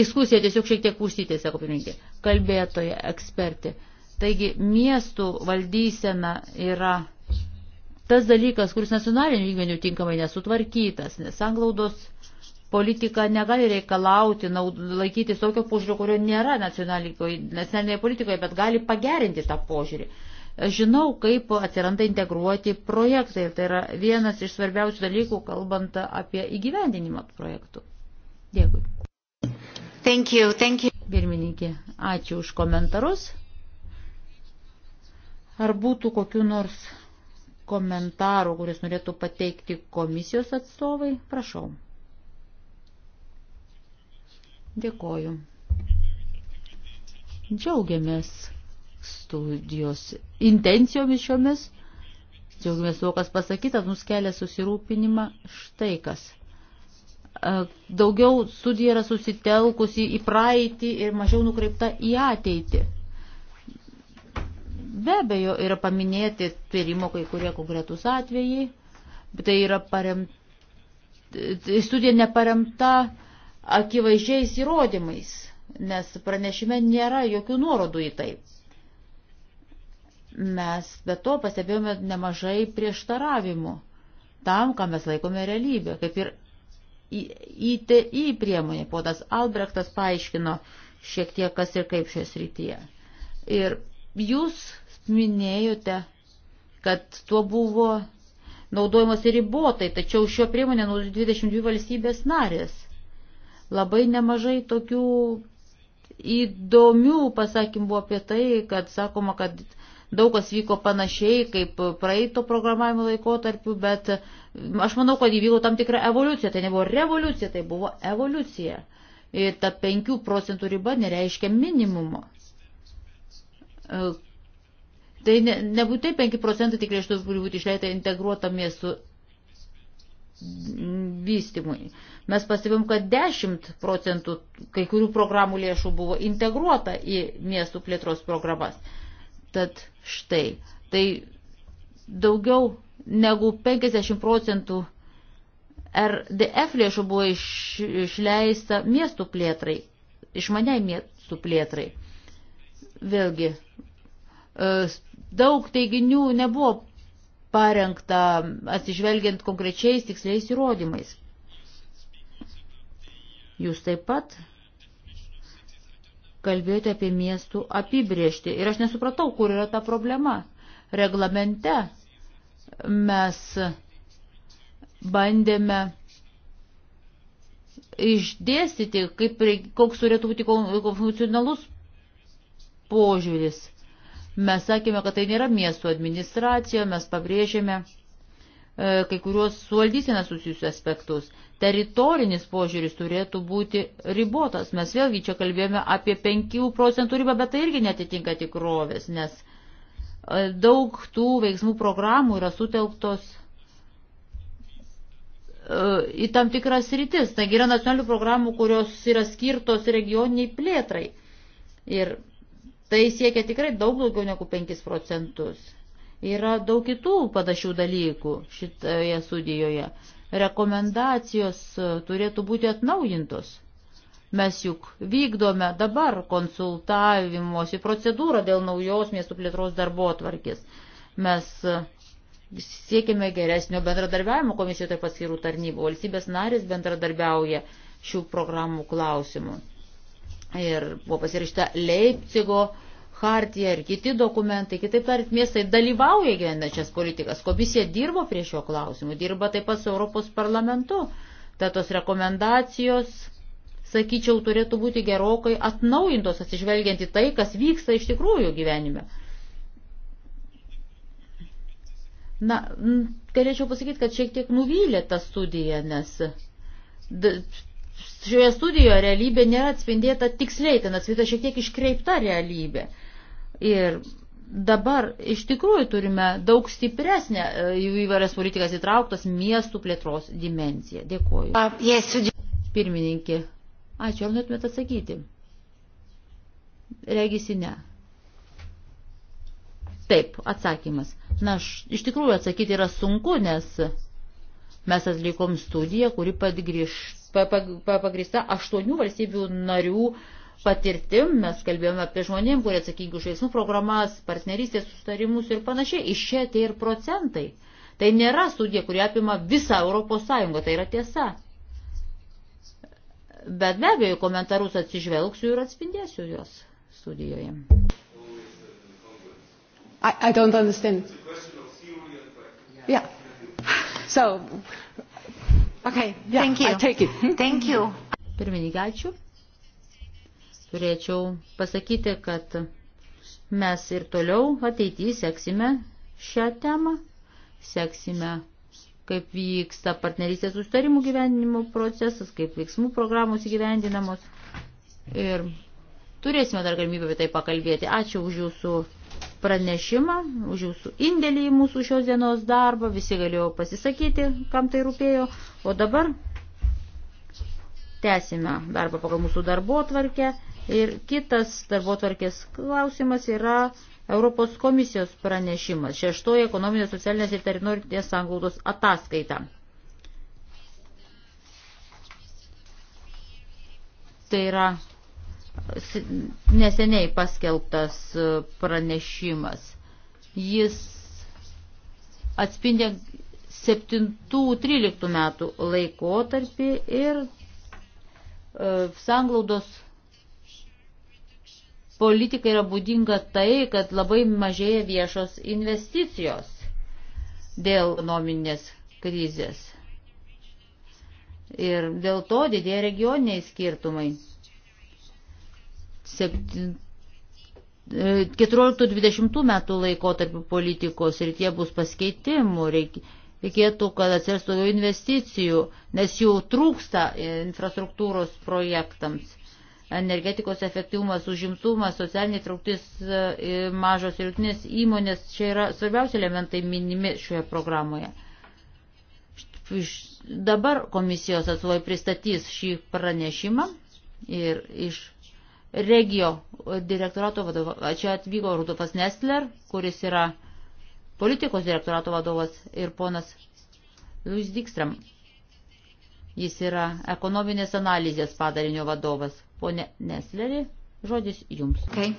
Diskusija tiesiog šiek tiek užsitė, sako pirmininkė, kalbėtoja, ekspertė. Taigi miestų valdysena yra tas dalykas, kuris nacionaliniu lygmeniu tinkamai nesutvarkytas, nes anglaudos politika negali reikalauti naud, laikytis tokio požiūrio, kurio nėra nacionalinėje politikoje, bet gali pagerinti tą požiūrį. Žinau, kaip atsiranda integruoti projektai. Tai yra vienas iš svarbiausių dalykų, kalbant apie įgyvendinimą projektų. Dėkui. Thank you, thank you. Pirmininkė, ačiū už komentarus. Ar būtų kokiu nors komentarų, kuris norėtų pateikti komisijos atstovai? Prašau. Dėkoju. Džiaugiamės studijos intencijomis šiomis. Džiaugiamės tuo, kas pasakyta, mums kelia susirūpinimą štai kas. Daugiau studija yra susitelkusi į praeitį ir mažiau nukreipta į ateitį. Be abejo, yra paminėti tyrimo kai kurie konkretus atvejai, bet tai yra paremta, tai studija neparemta akivaizdžiais įrodymais, nes pranešime nėra jokių nuorodų į tai. Mes be to pastebėjome nemažai prieštaravimų tam, ką mes laikome realybę, kaip ir ITI priemonė, podas Albrechtas paaiškino šiek tiek kas ir kaip šioje srityje. Ir jūs minėjote, kad tuo buvo naudojamas ir ribotai, tačiau šio priemonė naudoja 22 valstybės narės Labai nemažai tokių įdomių pasakymų buvo apie tai, kad sakoma, kad daug kas vyko panašiai kaip praeito programavimo laikotarpiu, bet aš manau, kad įvyko tam tikra evoliucija. Tai nebuvo revoliucija, tai buvo evoliucija. Ir ta 5 procentų riba nereiškia minimumo. E, tai ne, nebūtai 5 procentai tik lėštų turi būti išleita integruota miestų vystimui. Uh, Mes pastebėjom, kad 10 procentų kai kurių programų lėšų buvo integruota į miestų plėtros programas. Tad štai, tai daugiau negu 50 procentų RDF lėšų buvo iš, išleista miestų plėtrai, išmaniai miestų plėtrai. Vėlgi, e, daug teiginių nebuvo parengta atsižvelgiant konkrečiais tiksliais įrodymais. Jūs taip pat kalbėjote apie miestų apibriežtį ir aš nesupratau, kur yra ta problema. Reglamente mes bandėme išdėstyti, kaip, koks turėtų būti funkcionalus požiūris. Mes sakėme, kad tai nėra miesto administracija, mes pabrėžėme, E, kai kuriuos suvaldyseną susijusius aspektus. Teritorinis požiūris turėtų būti ribotas. Mes vėlgi čia kalbėjome apie 5 procentų ribą, bet tai irgi netitinka tikrovės, nes e, daug tų veiksmų programų yra sutelktos e, į tam tikras rytis. Taigi yra nacionalių programų, kurios yra skirtos regioniniai plėtrai. Ir tai siekia tikrai daug daugiau negu 5 procentus. Yra daug kitų panašių dalykų šitoje studijoje. Rekomendacijos e, turėtų būti atnaujintos. Mes juk vykdome dabar konsultavimuosi procedūrą dėl naujos miestų plėtros darbo atvarkės. Mes e, siekime geresnio bendradarbiavimo komisijoje tarp atskirų tarnybų. Valstybės narės bendradarbiauja šių programų klausimų. Ir buvo pasirašyta Leipcigo Hartija ir kiti dokumentai, kitaip tariant, miestai dalyvauja gyvenančias politikas. Komisija dirbo prie šio klausimų, dirba taip pat su Europos parlamentu. Tad tos rekomendacijos, sakyčiau, turėtų būti gerokai atnaujintos, atsižvelgiant į tai, kas vyksta iš tikrųjų gyvenime. Na, galėčiau pasakyti, kad šiek tiek nuvylė ta studija, nes šioje studijoje realybė nėra atspindėta tiksliai, ten atspindėta šiek tiek iškreipta realybė. Ir dabar iš tikrųjų turime daug stipresnę e, įvairias politikas įtrauktas miestų plėtros dimenciją. Dėkuoju. Pirmininkė, ačiū, ar norėtumėte atsakyti? Regisi ne. Taip, atsakymas. Na, aš, iš tikrųjų atsakyti yra sunku, nes mes atlikom studiją, kuri pagrįsta aštuonių valstybių narių patirtim, mes kalbėjome apie žmonėm, kurie atsakingi už veiksmų programas, partnerystės sustarimus ir panašiai, iš čia tie ir procentai. Tai nėra studija, kuri apima visą Europos Sąjungą, tai yra tiesa. Bet be abejo, komentarus atsižvelgsiu ir atspindėsiu juos studijoje. I, I don't understand. Yeah. So, okay, yeah, thank you. I take it. Thank you. Pirmininkė, ačiū. Turėčiau pasakyti, kad mes ir toliau ateityje seksime šią temą, seksime, kaip vyksta partnerystės sustarimų gyvenimo procesas, kaip veiksmų programos įgyvendinamos. Ir turėsime dar galimybę apie tai pakalbėti. Ačiū už jūsų pranešimą, už jūsų indėlį į mūsų šios dienos darbą. Visi galėjo pasisakyti, kam tai rūpėjo. O dabar tęsime darbą pagal mūsų darbo tvarkę. Ir kitas darbotvarkės klausimas yra Europos komisijos pranešimas, šeštoji ekonominės, socialinės ir teritorinės sanglaudos ataskaita. Tai yra neseniai paskelbtas e, pranešimas. Jis atspindė 7-13 metų laikotarpį ir e, sanglaudos politikai yra būdinga tai, kad labai mažėja viešos investicijos dėl ekonominės krizės. Ir dėl to didėja regioniniai skirtumai. 14-20 e, metų laikotarpių politikos ir tie bus paskeitimų. Reikėtų, kad atsirastų investicijų, nes jų trūksta infrastruktūros projektams energetikos efektyvumas, užimtumas, socialinė trauktis, e, mažos ir jūtinės įmonės, čia yra svarbiausi elementai minimi šioje programoje. Dabar komisijos atstovai pristatys šį pranešimą ir iš regio direktorato vadovo, čia atvyko Rudolfas Nestler, kuris yra politikos direktorato vadovas ir ponas Luis Dikstram, Jis yra ekonominės analizės padarinio vadovas. Pone Nesleri, žodis jums. Okay.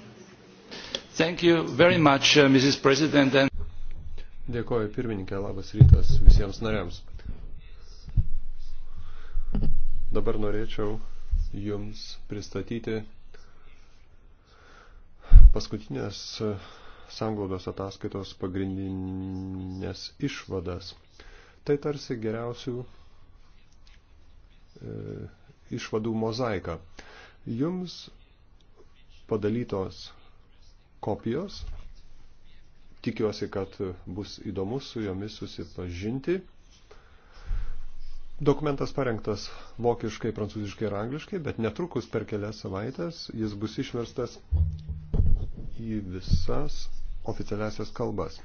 Thank you very much, uh, Mrs. President. And... Dėkoju pirmininkė, labas rytas visiems nariams. Dabar norėčiau Jums pristatyti paskutinės uh, sanglaudos ataskaitos pagrindinės išvadas. Tai tarsi geriausių E, išvadų mozaiką. Jums padalytos kopijos. Tikiuosi, kad bus įdomu su jomis susipažinti. Dokumentas parengtas vokiškai, prancūziškai ir angliškai, bet netrukus per kelias savaitės jis bus išverstas į visas oficialiasias kalbas.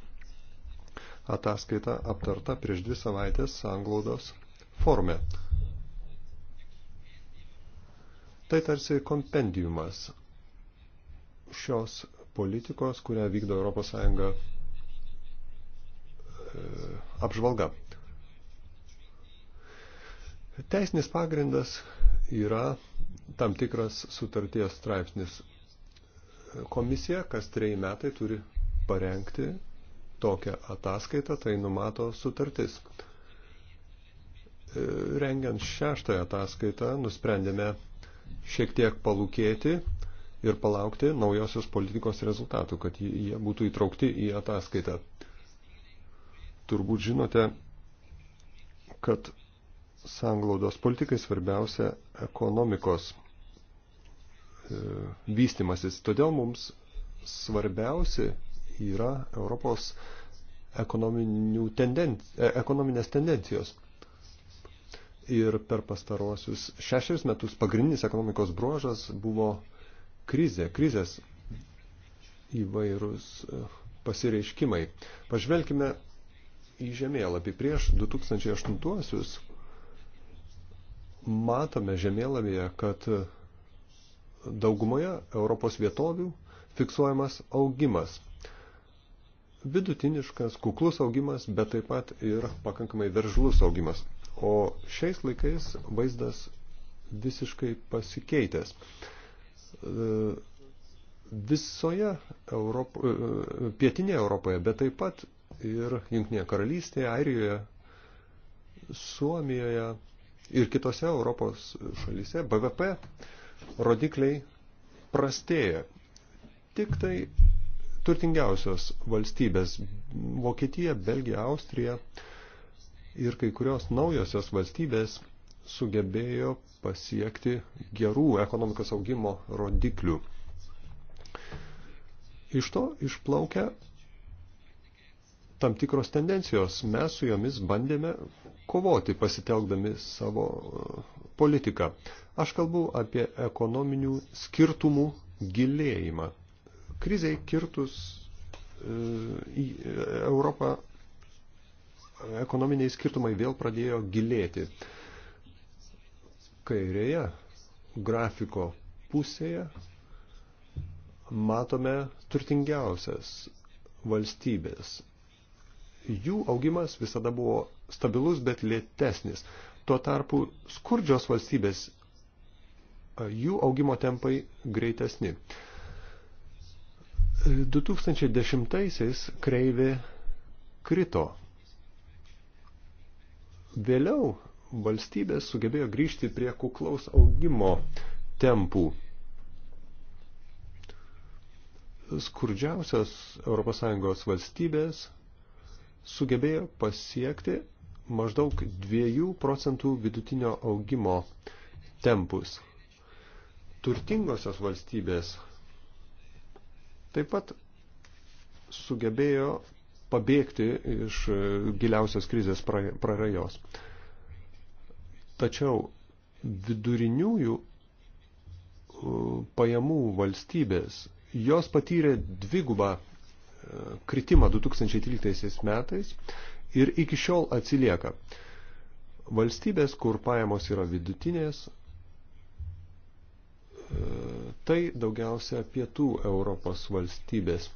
Ataskaita aptarta prieš dvi savaitės sanglaudos forme. Tai tarsi kompendiumas šios politikos, kurią vykdo ES e, apžvalga. Teisinis pagrindas yra tam tikras sutarties straipsnis. Komisija kas trejai metai turi parengti tokią ataskaitą, tai numato sutartis. E, rengiant šeštąją ataskaitą nusprendėme šiek tiek palūkėti ir palaukti naujosios politikos rezultatų, kad jie būtų įtraukti į ataskaitą. Turbūt žinote, kad sanglaudos politikai svarbiausia ekonomikos e, vystimasis. Todėl mums svarbiausi yra Europos e, ekonominės tendencijos ir per pastaruosius šešerius metus pagrindinis ekonomikos bruožas buvo krizė, krizės įvairūs e, pasireiškimai. Pažvelkime į žemėlapį. Prieš 2008-uosius matome žemėlapyje, kad daugumoje Europos vietovių fiksuojamas augimas. Vidutiniškas, kuklus augimas, bet taip pat ir pakankamai veržlus augimas. O šiais laikais vaizdas visiškai pasikeitęs. Visoje Europo, pietinėje Europoje, bet taip pat ir Junktinėje karalystėje, Airijoje, Suomijoje ir kitose Europos šalyse BVP rodikliai prastėja. Tik tai turtingiausios valstybės - Vokietija, Belgija, Austrija ir kai kurios naujosios valstybės sugebėjo pasiekti gerų ekonomikos augimo rodiklių. Iš to išplaukia tam tikros tendencijos. Mes su jomis bandėme kovoti, pasitelkdami savo uh, politiką. Aš kalbu apie ekonominių skirtumų gilėjimą. Krizei kirtus uh, į uh, Europą ekonominiai skirtumai vėl pradėjo gilėti. Kairėje grafiko pusėje matome turtingiausias valstybės. Jų augimas visada buvo stabilus, bet lėtesnis. Tuo tarpu skurdžios valstybės, jų augimo tempai greitesni. 2010-aisiais kreivė krito Vėliau valstybės sugebėjo grįžti prie kuklaus augimo tempų. Skurdžiausias ES valstybės sugebėjo pasiekti maždaug 2 procentų vidutinio augimo tempus. Turtingosios valstybės taip pat sugebėjo pabėgti iš e, giliausios krizės prarajos. Tačiau viduriniųjų e, pajamų valstybės, jos patyrė dvigubą e, kritimą 2013 metais ir iki šiol atsilieka. Valstybės, kur pajamos yra vidutinės, tai daugiausia pietų Europos valstybės.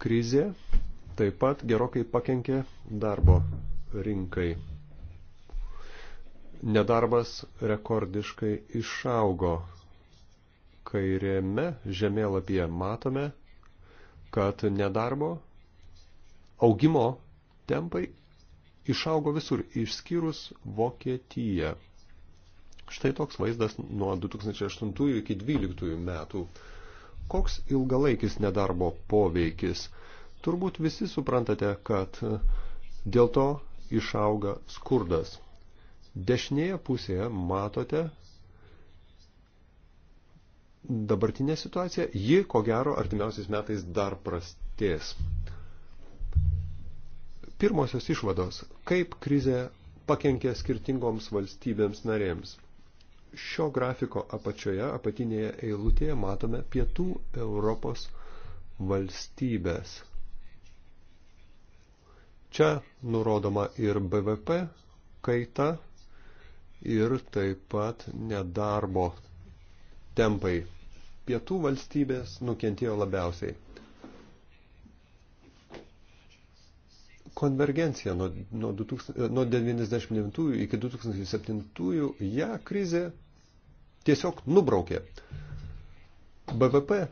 Krizė taip pat gerokai pakenkė darbo rinkai. Nedarbas rekordiškai išaugo. Kairėme žemėlapyje matome, kad nedarbo augimo tempai išaugo visur, išskyrus Vokietiją. Štai toks vaizdas nuo 2008 iki 2012 metų. Koks ilgalaikis nedarbo poveikis? Turbūt visi suprantate, kad dėl to išauga skurdas. Dešinėje pusėje matote dabartinę situaciją. Ji, ko gero, artimiausiais metais dar prastės. Pirmosios išvados. Kaip krizė pakenkė skirtingoms valstybėms narėms. Šio grafiko apačioje, apatinėje eilutėje matome pietų Europos valstybės. Čia nurodoma ir BVP kaita ir taip pat nedarbo tempai. Pietų valstybės nukentėjo labiausiai. Konvergencija nuo, nuo, 2000, e, nuo 99 iki 2007 ją krizė tiesiog nubraukė. BVP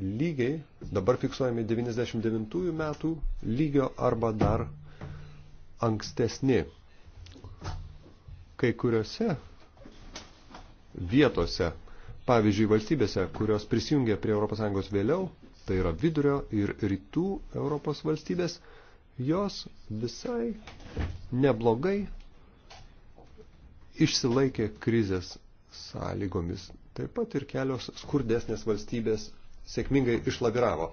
lygiai dabar fiksuojami 99 metų lygio arba dar ankstesni. Kai kuriuose vietose, pavyzdžiui, valstybėse, kurios prisijungė prie ES vėliau, tai yra vidurio ir rytų Europos valstybės, jos visai neblogai išsilaikė krizės sąlygomis. Taip pat ir kelios skurdesnės valstybės sėkmingai išlaviravo.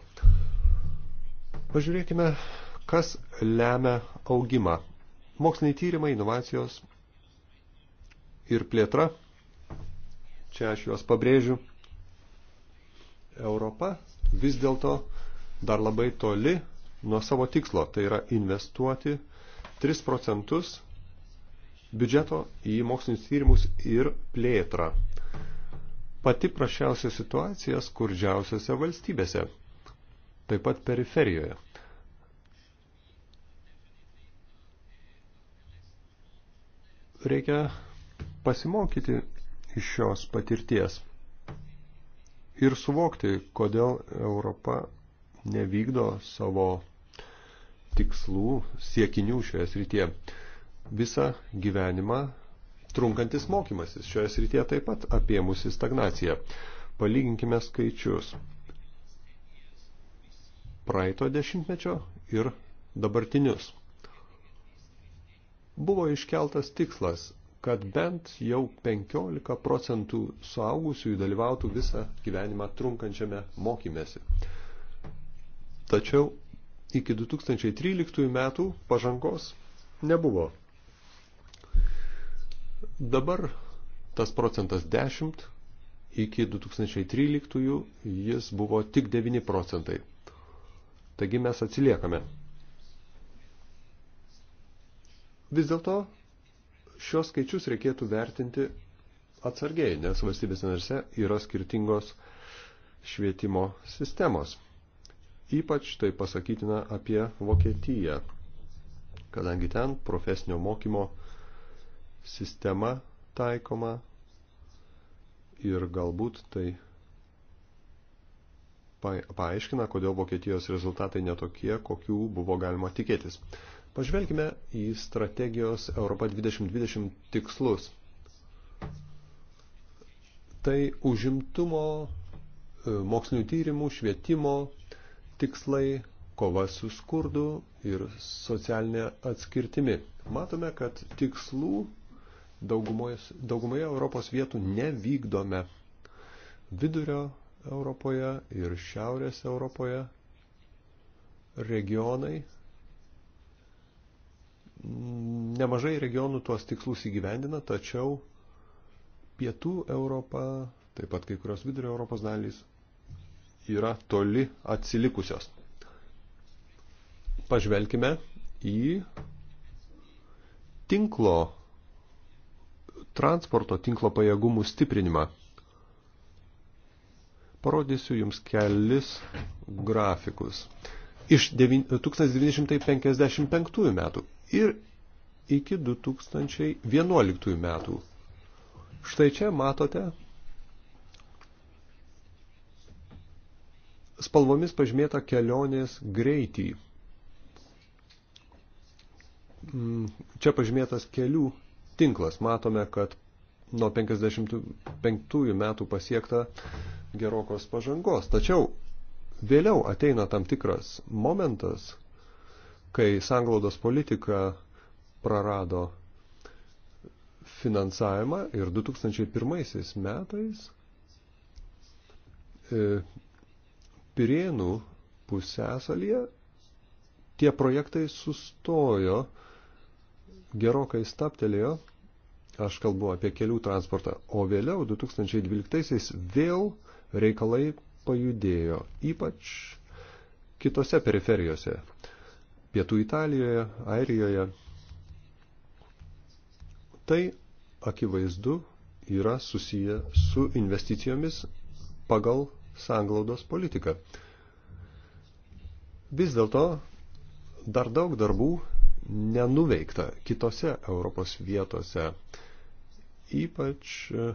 Pažiūrėkime, kas lemia augimą. Moksliniai tyrimai, inovacijos ir plėtra. Čia aš juos pabrėžiu. Europa vis dėlto dar labai toli nuo savo tikslo, tai yra investuoti 3 procentus biudžeto į mokslinius tyrimus ir plėtrą pati prašiausia situacija skurdžiausiose valstybėse, taip pat periferijoje. Reikia pasimokyti iš šios patirties ir suvokti, kodėl Europa nevykdo savo tikslų, siekinių šioje srityje. Visą gyvenimą trunkantis mokymasis. Šioje srityje taip pat apie mūsų stagnaciją. Palyginkime skaičius praeito dešimtmečio ir dabartinius. Buvo iškeltas tikslas, kad bent jau 15 procentų suaugusiųjų dalyvautų visą gyvenimą trunkančiame mokymėsi. Tačiau iki 2013 metų pažangos nebuvo. Dabar tas procentas 10 iki 2013 jis buvo tik 9 procentai. Taigi mes atsiliekame. Vis dėlto šios skaičius reikėtų vertinti atsargiai, nes valstybės narse yra skirtingos švietimo sistemos. Ypač tai pasakytina apie Vokietiją, kadangi ten profesinio mokymo sistema taikoma ir galbūt tai paaiškina, kodėl Vokietijos rezultatai netokie, kokių buvo galima tikėtis. Pažvelgime į strategijos Europa 2020 tikslus. Tai užimtumo, e, mokslinių tyrimų, švietimo tikslai, kova su skurdu ir socialinė atskirtimi. Matome, kad tikslų daugumoje, daugumoje Europos vietų nevykdome. Vidurio Europoje ir Šiaurės Europoje regionai, nemažai regionų tuos tikslus įgyvendina, tačiau pietų Europa, taip pat kai kurios vidurio Europos dalys, yra toli atsilikusios. Pažvelkime į tinklo transporto tinklo pajėgumų stiprinimą. Parodysiu jums kelis grafikus. Iš 1955 metų ir iki 2011 metų. Štai čia matote spalvomis pažymėta kelionės greitį. Mm, čia pažymėtas kelių tinklas. Matome, kad nuo 55 metų pasiekta gerokos pažangos. Tačiau vėliau ateina tam tikras momentas, kai sanglaudos politika prarado finansavimą ir 2001 metais e, Pirėnų pusėsalyje tie projektai sustojo gerokai staptelėjo, aš kalbu apie kelių transportą, o vėliau 2012 vėl reikalai pajudėjo, ypač kitose periferijose, pietų Italijoje, Airijoje. Tai akivaizdu yra susiję su investicijomis pagal sanglaudos politiką. Vis dėlto dar daug darbų nenuveikta kitose Europos vietose, ypač e,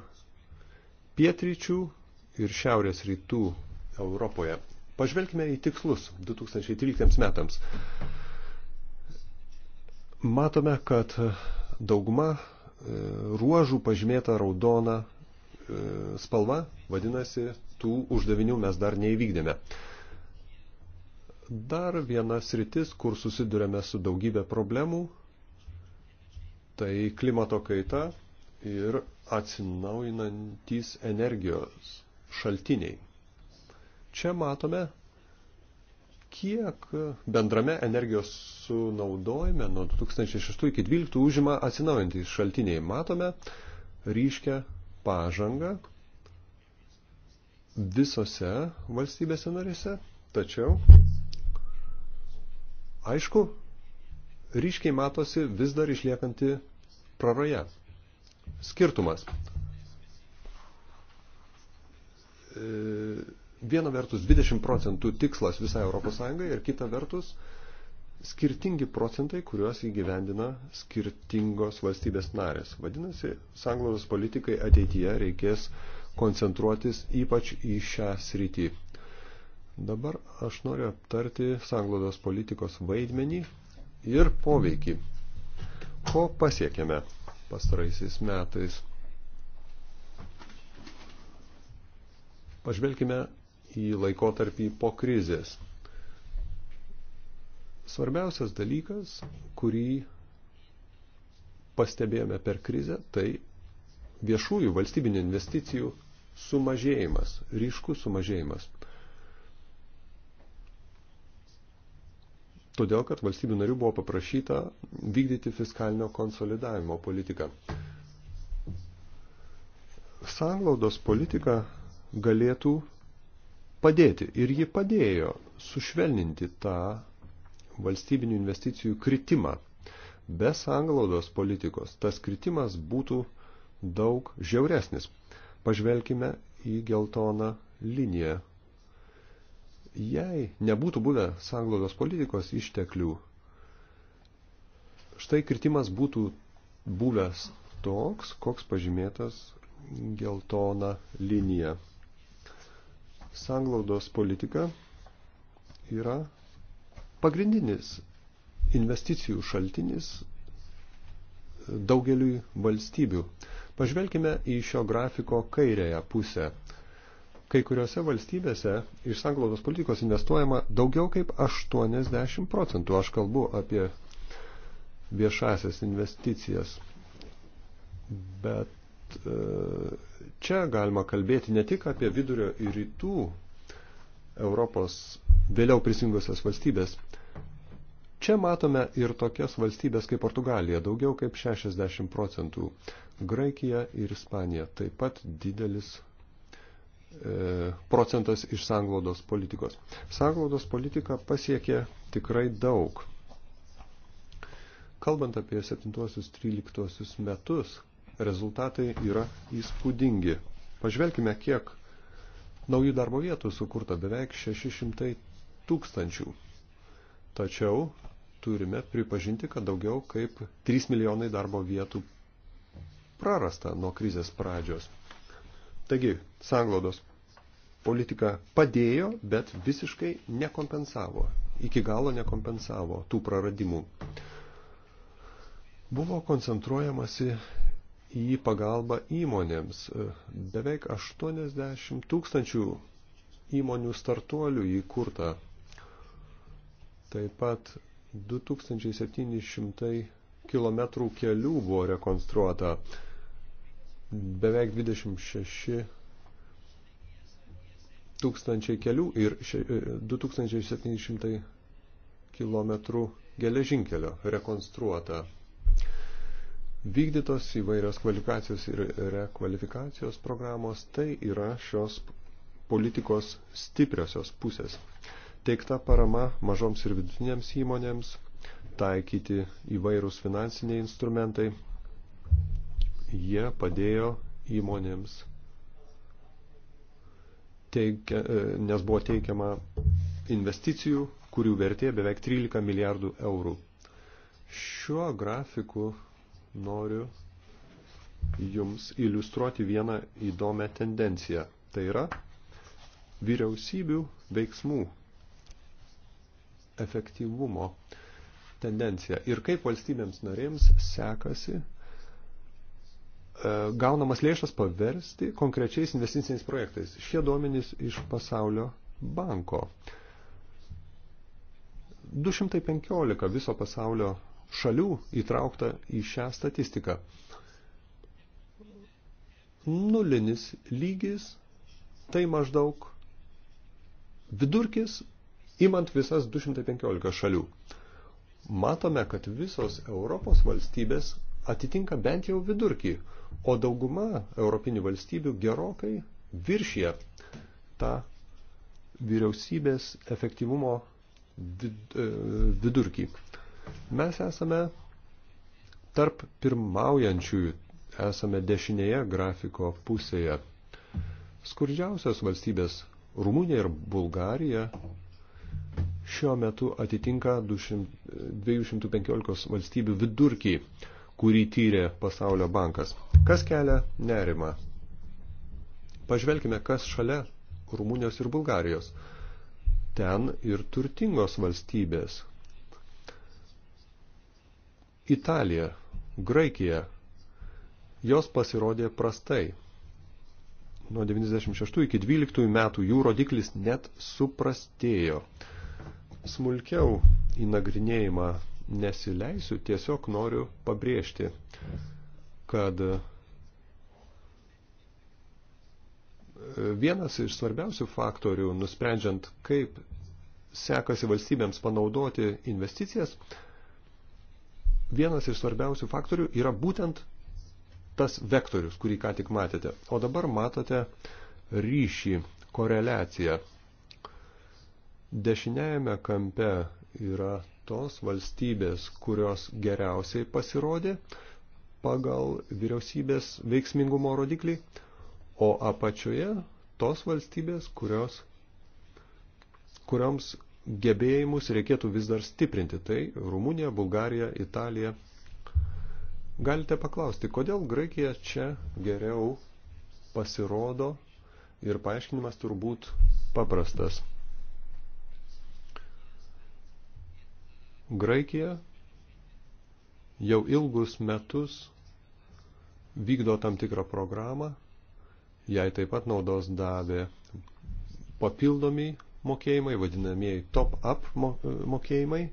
pietryčių ir šiaurės rytų Europoje. Pažvelkime į tikslus 2013 metams. Matome, kad dauguma e, ruožų pažymėta raudona e, spalva, vadinasi, tų uždavinių mes dar neįvykdėme. Dar vienas rytis, kur susidurėme su daugybė problemų, tai klimato kaita ir atsinaujinantis energijos šaltiniai. Čia matome, kiek bendrame energijos sunaudojime nuo 2006 iki 2012 užima atsinaujantys šaltiniai. Matome ryškę pažangą visose valstybėse narėse, tačiau aišku, ryškiai matosi vis dar išliekanti praraja. Skirtumas. E, viena vertus 20 procentų tikslas visai Europos Sąjungai ir kita vertus skirtingi procentai, kuriuos įgyvendina skirtingos valstybės narės. Vadinasi, sanglaudos politikai ateityje reikės koncentruotis ypač į šią sritį. Dabar aš noriu aptarti sanglaudos politikos vaidmenį ir poveikį. Ko pasiekėme pastaraisiais metais? Pažvelkime į laikotarpį po krizės. Svarbiausias dalykas, kurį pastebėjome per krizę, tai viešųjų valstybinių investicijų sumažėjimas, ryškus sumažėjimas. todėl kad valstybių narių buvo paprašyta vykdyti fiskalinio konsolidavimo politiką. Sanglaudos politika galėtų padėti ir ji padėjo sušvelninti tą valstybinių investicijų kritimą. Be sanglaudos politikos tas kritimas būtų daug žiauresnis. Pažvelkime į geltoną liniją jei nebūtų buvę sanglaudos politikos išteklių, štai kritimas būtų buvęs toks, koks pažymėtas geltona linija. Sanglaudos politika yra pagrindinis investicijų šaltinis daugeliui valstybių. Pažvelkime į šio grafiko kairėją pusę. Kai kuriuose valstybėse iš sanglaudos politikos investuojama daugiau kaip 80 procentų. Aš kalbu apie viešasias investicijas. Bet e, čia galima kalbėti ne tik apie vidurio ir rytų Europos vėliau prisijungusias valstybės. Čia matome ir tokias valstybės kaip Portugalija, daugiau kaip 60 procentų, Graikija ir Ispanija, taip pat didelis E, procentas iš sanglaudos politikos. Sanglaudos politika pasiekė tikrai daug. Kalbant apie 7-13 metus, rezultatai yra įspūdingi. Pažvelkime, kiek naujų darbo vietų sukurta beveik 600 tūkstančių. Tačiau turime pripažinti, kad daugiau kaip 3 milijonai darbo vietų prarasta nuo krizės pradžios. Taigi, sanglaudos politika padėjo, bet visiškai nekompensavo, iki galo nekompensavo tų praradimų. Buvo koncentruojamasi į pagalbą įmonėms. Beveik 80 tūkstančių įmonių startuolių įkurta. Taip pat 2700 km kelių buvo rekonstruota beveik 26 tūkstančiai kelių ir 2700 e, km geležinkelio rekonstruota. Vykdytos įvairios kvalifikacijos ir rekvalifikacijos programos tai yra šios politikos stipriosios pusės. Teikta parama mažoms ir vidutinėms įmonėms, taikyti įvairūs finansiniai instrumentai, Jie padėjo įmonėms, teikia, e, nes buvo teikiama investicijų, kurių vertė beveik 13 milijardų eurų. Šiuo grafiku noriu jums iliustruoti vieną įdomią tendenciją. Tai yra vyriausybių veiksmų efektyvumo tendencija ir kaip valstybėms narėms sekasi E, gaunamas lėšas paversti konkrečiais investiciniais projektais. Šie duomenys iš pasaulio banko. 215 viso pasaulio šalių įtraukta į šią statistiką. Nulinis lygis tai maždaug vidurkis imant visas 215 šalių. Matome, kad visos Europos valstybės atitinka bent jau vidurkį, o dauguma europinių valstybių gerokai viršė tą vyriausybės efektyvumo vid, e, vidurkį. Mes esame tarp pirmaujančiųjų, esame dešinėje grafiko pusėje. Skurdžiausios valstybės Rumunija ir Bulgarija šiuo metu atitinka 215 valstybių vidurkį kurį tyrė Pasaulio bankas. Kas kelia nerimą? Pažvelkime, kas šalia Rumunijos ir Bulgarijos. Ten ir turtingos valstybės. Italija, Graikija, jos pasirodė prastai. Nuo 96 iki 12 metų jų rodiklis net suprastėjo. Smulkiau į nagrinėjimą nesileisiu, tiesiog noriu pabrėžti, kad vienas iš svarbiausių faktorių, nusprendžiant, kaip sekasi valstybėms panaudoti investicijas, vienas iš svarbiausių faktorių yra būtent tas vektorius, kurį ką tik matėte. O dabar matote ryšį, koreliaciją. Dešiniajame kampe yra tos valstybės, kurios geriausiai pasirodė pagal vyriausybės veiksmingumo rodiklį, o apačioje tos valstybės, kurios, kurioms gebėjimus reikėtų vis dar stiprinti. Tai Rumunija, Bulgarija, Italija. Galite paklausti, kodėl Graikija čia geriau pasirodo ir paaiškinimas turbūt paprastas. Graikija jau ilgus metus vykdo tam tikrą programą, jai taip pat naudos davė papildomi mokėjimai, vadinamieji top-up mokėjimai, e,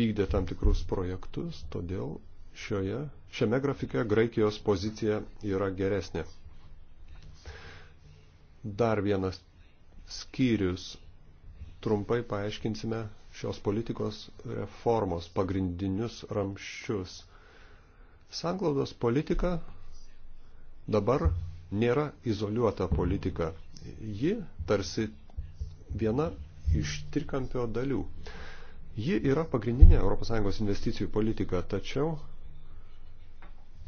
vykdė tam tikrus projektus, todėl šioje, šiame grafike Graikijos pozicija yra geresnė. Dar vienas skyrius trumpai paaiškinsime šios politikos reformos pagrindinius ramščius. Sanglaudos politika dabar nėra izoliuota politika. Ji tarsi viena iš trikampio dalių. Ji yra pagrindinė ES investicijų politika, tačiau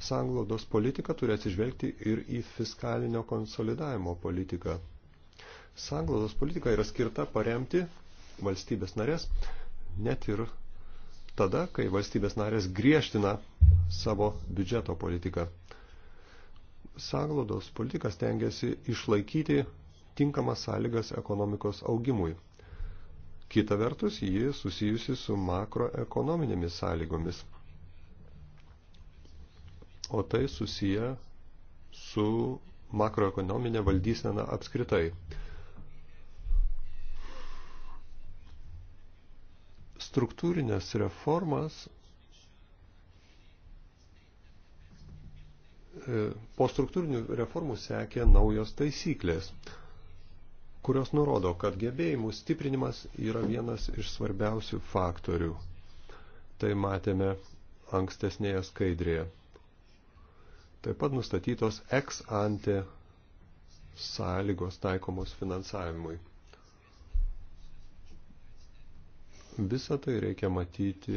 sanglaudos politika turi atsižvelgti ir į fiskalinio konsolidavimo politiką. Sanglaudos politika yra skirta paremti valstybės narės, net ir tada, kai valstybės narės griežtina savo biudžeto politiką. Sanglaudos politika stengiasi išlaikyti tinkamas sąlygas ekonomikos augimui. Kita vertus, ji susijusi su makroekonominėmis sąlygomis. O tai susiję su makroekonominė valdysena apskritai. struktūrinės reformas e, po struktūrinių reformų sekė naujos taisyklės, kurios nurodo, kad gebėjimų stiprinimas yra vienas iš svarbiausių faktorių. Tai matėme ankstesnėje skaidrėje. Taip pat nustatytos ex ante sąlygos taikomos finansavimui. Visą tai reikia matyti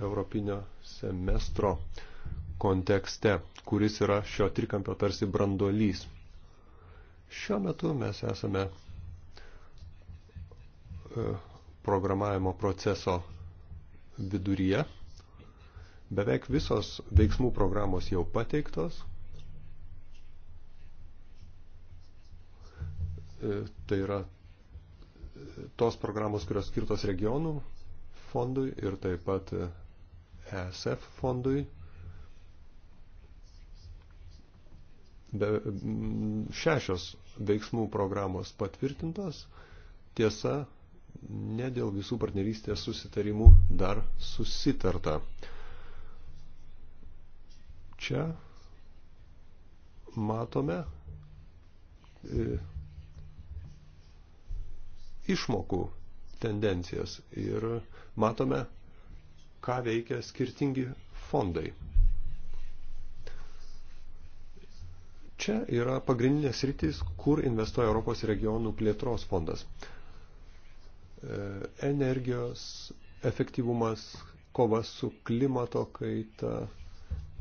Europinio semestro kontekste, kuris yra šio trikampio tarsi branduolys. Šiuo metu mes esame e, programavimo proceso viduryje. Beveik visos veiksmų programos jau pateiktos. E, tai yra tos programos, kurios skirtos regionų fondui ir taip pat ESF e fondui. Be, mm, šešios veiksmų programos patvirtintos, tiesa, ne dėl visų partnerystės susitarimų dar susitarta. Čia matome e, išmokų tendencijas ir matome, ką veikia skirtingi fondai. Čia yra pagrindinės rytis, kur investuoja Europos regionų plėtros fondas. E, energijos efektyvumas, kova su klimato kaita,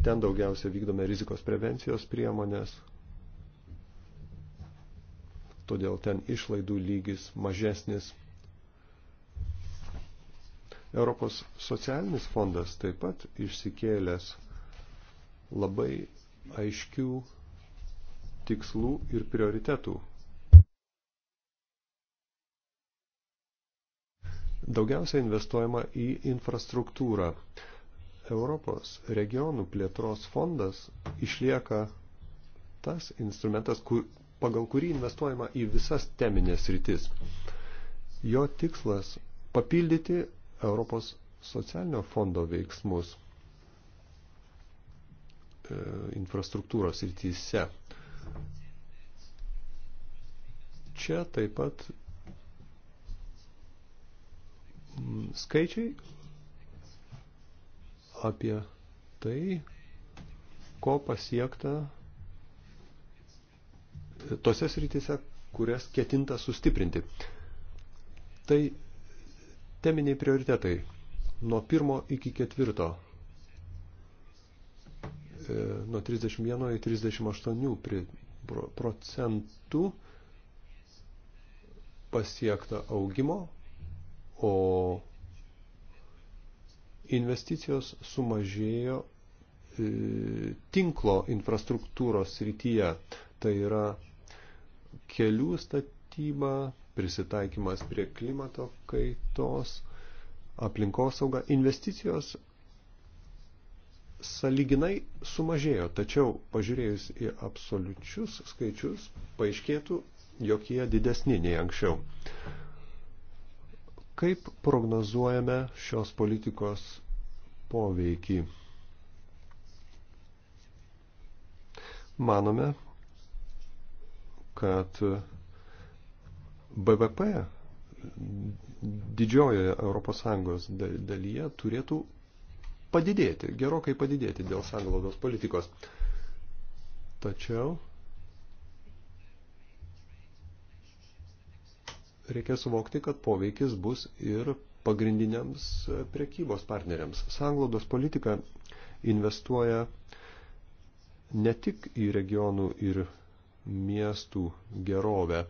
ten daugiausia vykdome rizikos prevencijos priemonės, todėl ten išlaidų lygis mažesnis. Europos socialinis fondas taip pat išsikėlęs labai aiškių tikslų ir prioritetų. Daugiausia investuojama į infrastruktūrą. Europos regionų plėtros fondas išlieka tas instrumentas, kur, pagal kurį investuojama į visas teminės rytis. Jo tikslas – papildyti Europos socialinio fondo veiksmus e, infrastruktūros rytise. Čia taip pat mm, skaičiai apie tai, ko pasiekta tose srityse, kurias ketinta sustiprinti. Tai teminiai prioritetai nuo pirmo iki ketvirto, e, nuo 31 iki 38 procentų pasiekta augimo, o investicijos sumažėjo e, tinklo infrastruktūros srityje, tai yra kelių statyba, prisitaikymas prie klimato kaitos, aplinkosauga, investicijos saliginai sumažėjo, tačiau pažiūrėjus į absoliučius skaičius, paaiškėtų, jog jie didesni nei anksčiau. Kaip prognozuojame šios politikos poveikį? Manome, kad BVP didžiojoje ES dalyje turėtų padidėti, gerokai padidėti dėl sanglaudos politikos. Tačiau reikia suvokti, kad poveikis bus ir pagrindiniams prekybos partneriams. Sanglaudos politika investuoja ne tik į regionų ir miestų gerovę.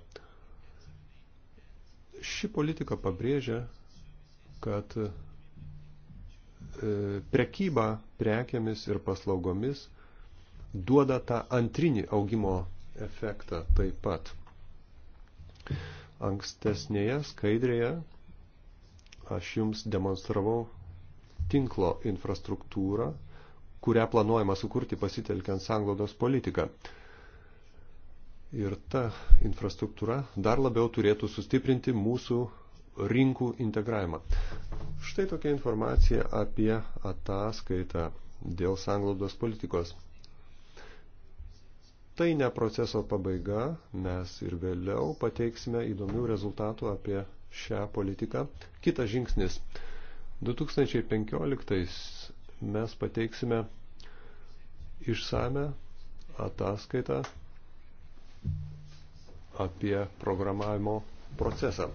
Ši politika pabrėžia, kad e, prekyba prekiamis ir paslaugomis duoda tą antrinį augimo efektą taip pat. Ankstesnėje skaidrėje aš jums demonstravau tinklo infrastruktūrą, kurią planuojama sukurti pasitelkiant sanglaudos politiką. Ir ta infrastruktūra dar labiau turėtų sustiprinti mūsų rinkų integravimą. Štai tokia informacija apie ataskaitą dėl sanglaudos politikos. Tai ne proceso pabaiga, mes ir vėliau pateiksime įdomių rezultatų apie šią politiką. Kitas žingsnis. 2015 mes pateiksime išsame ataskaitą apie programavimo procesą.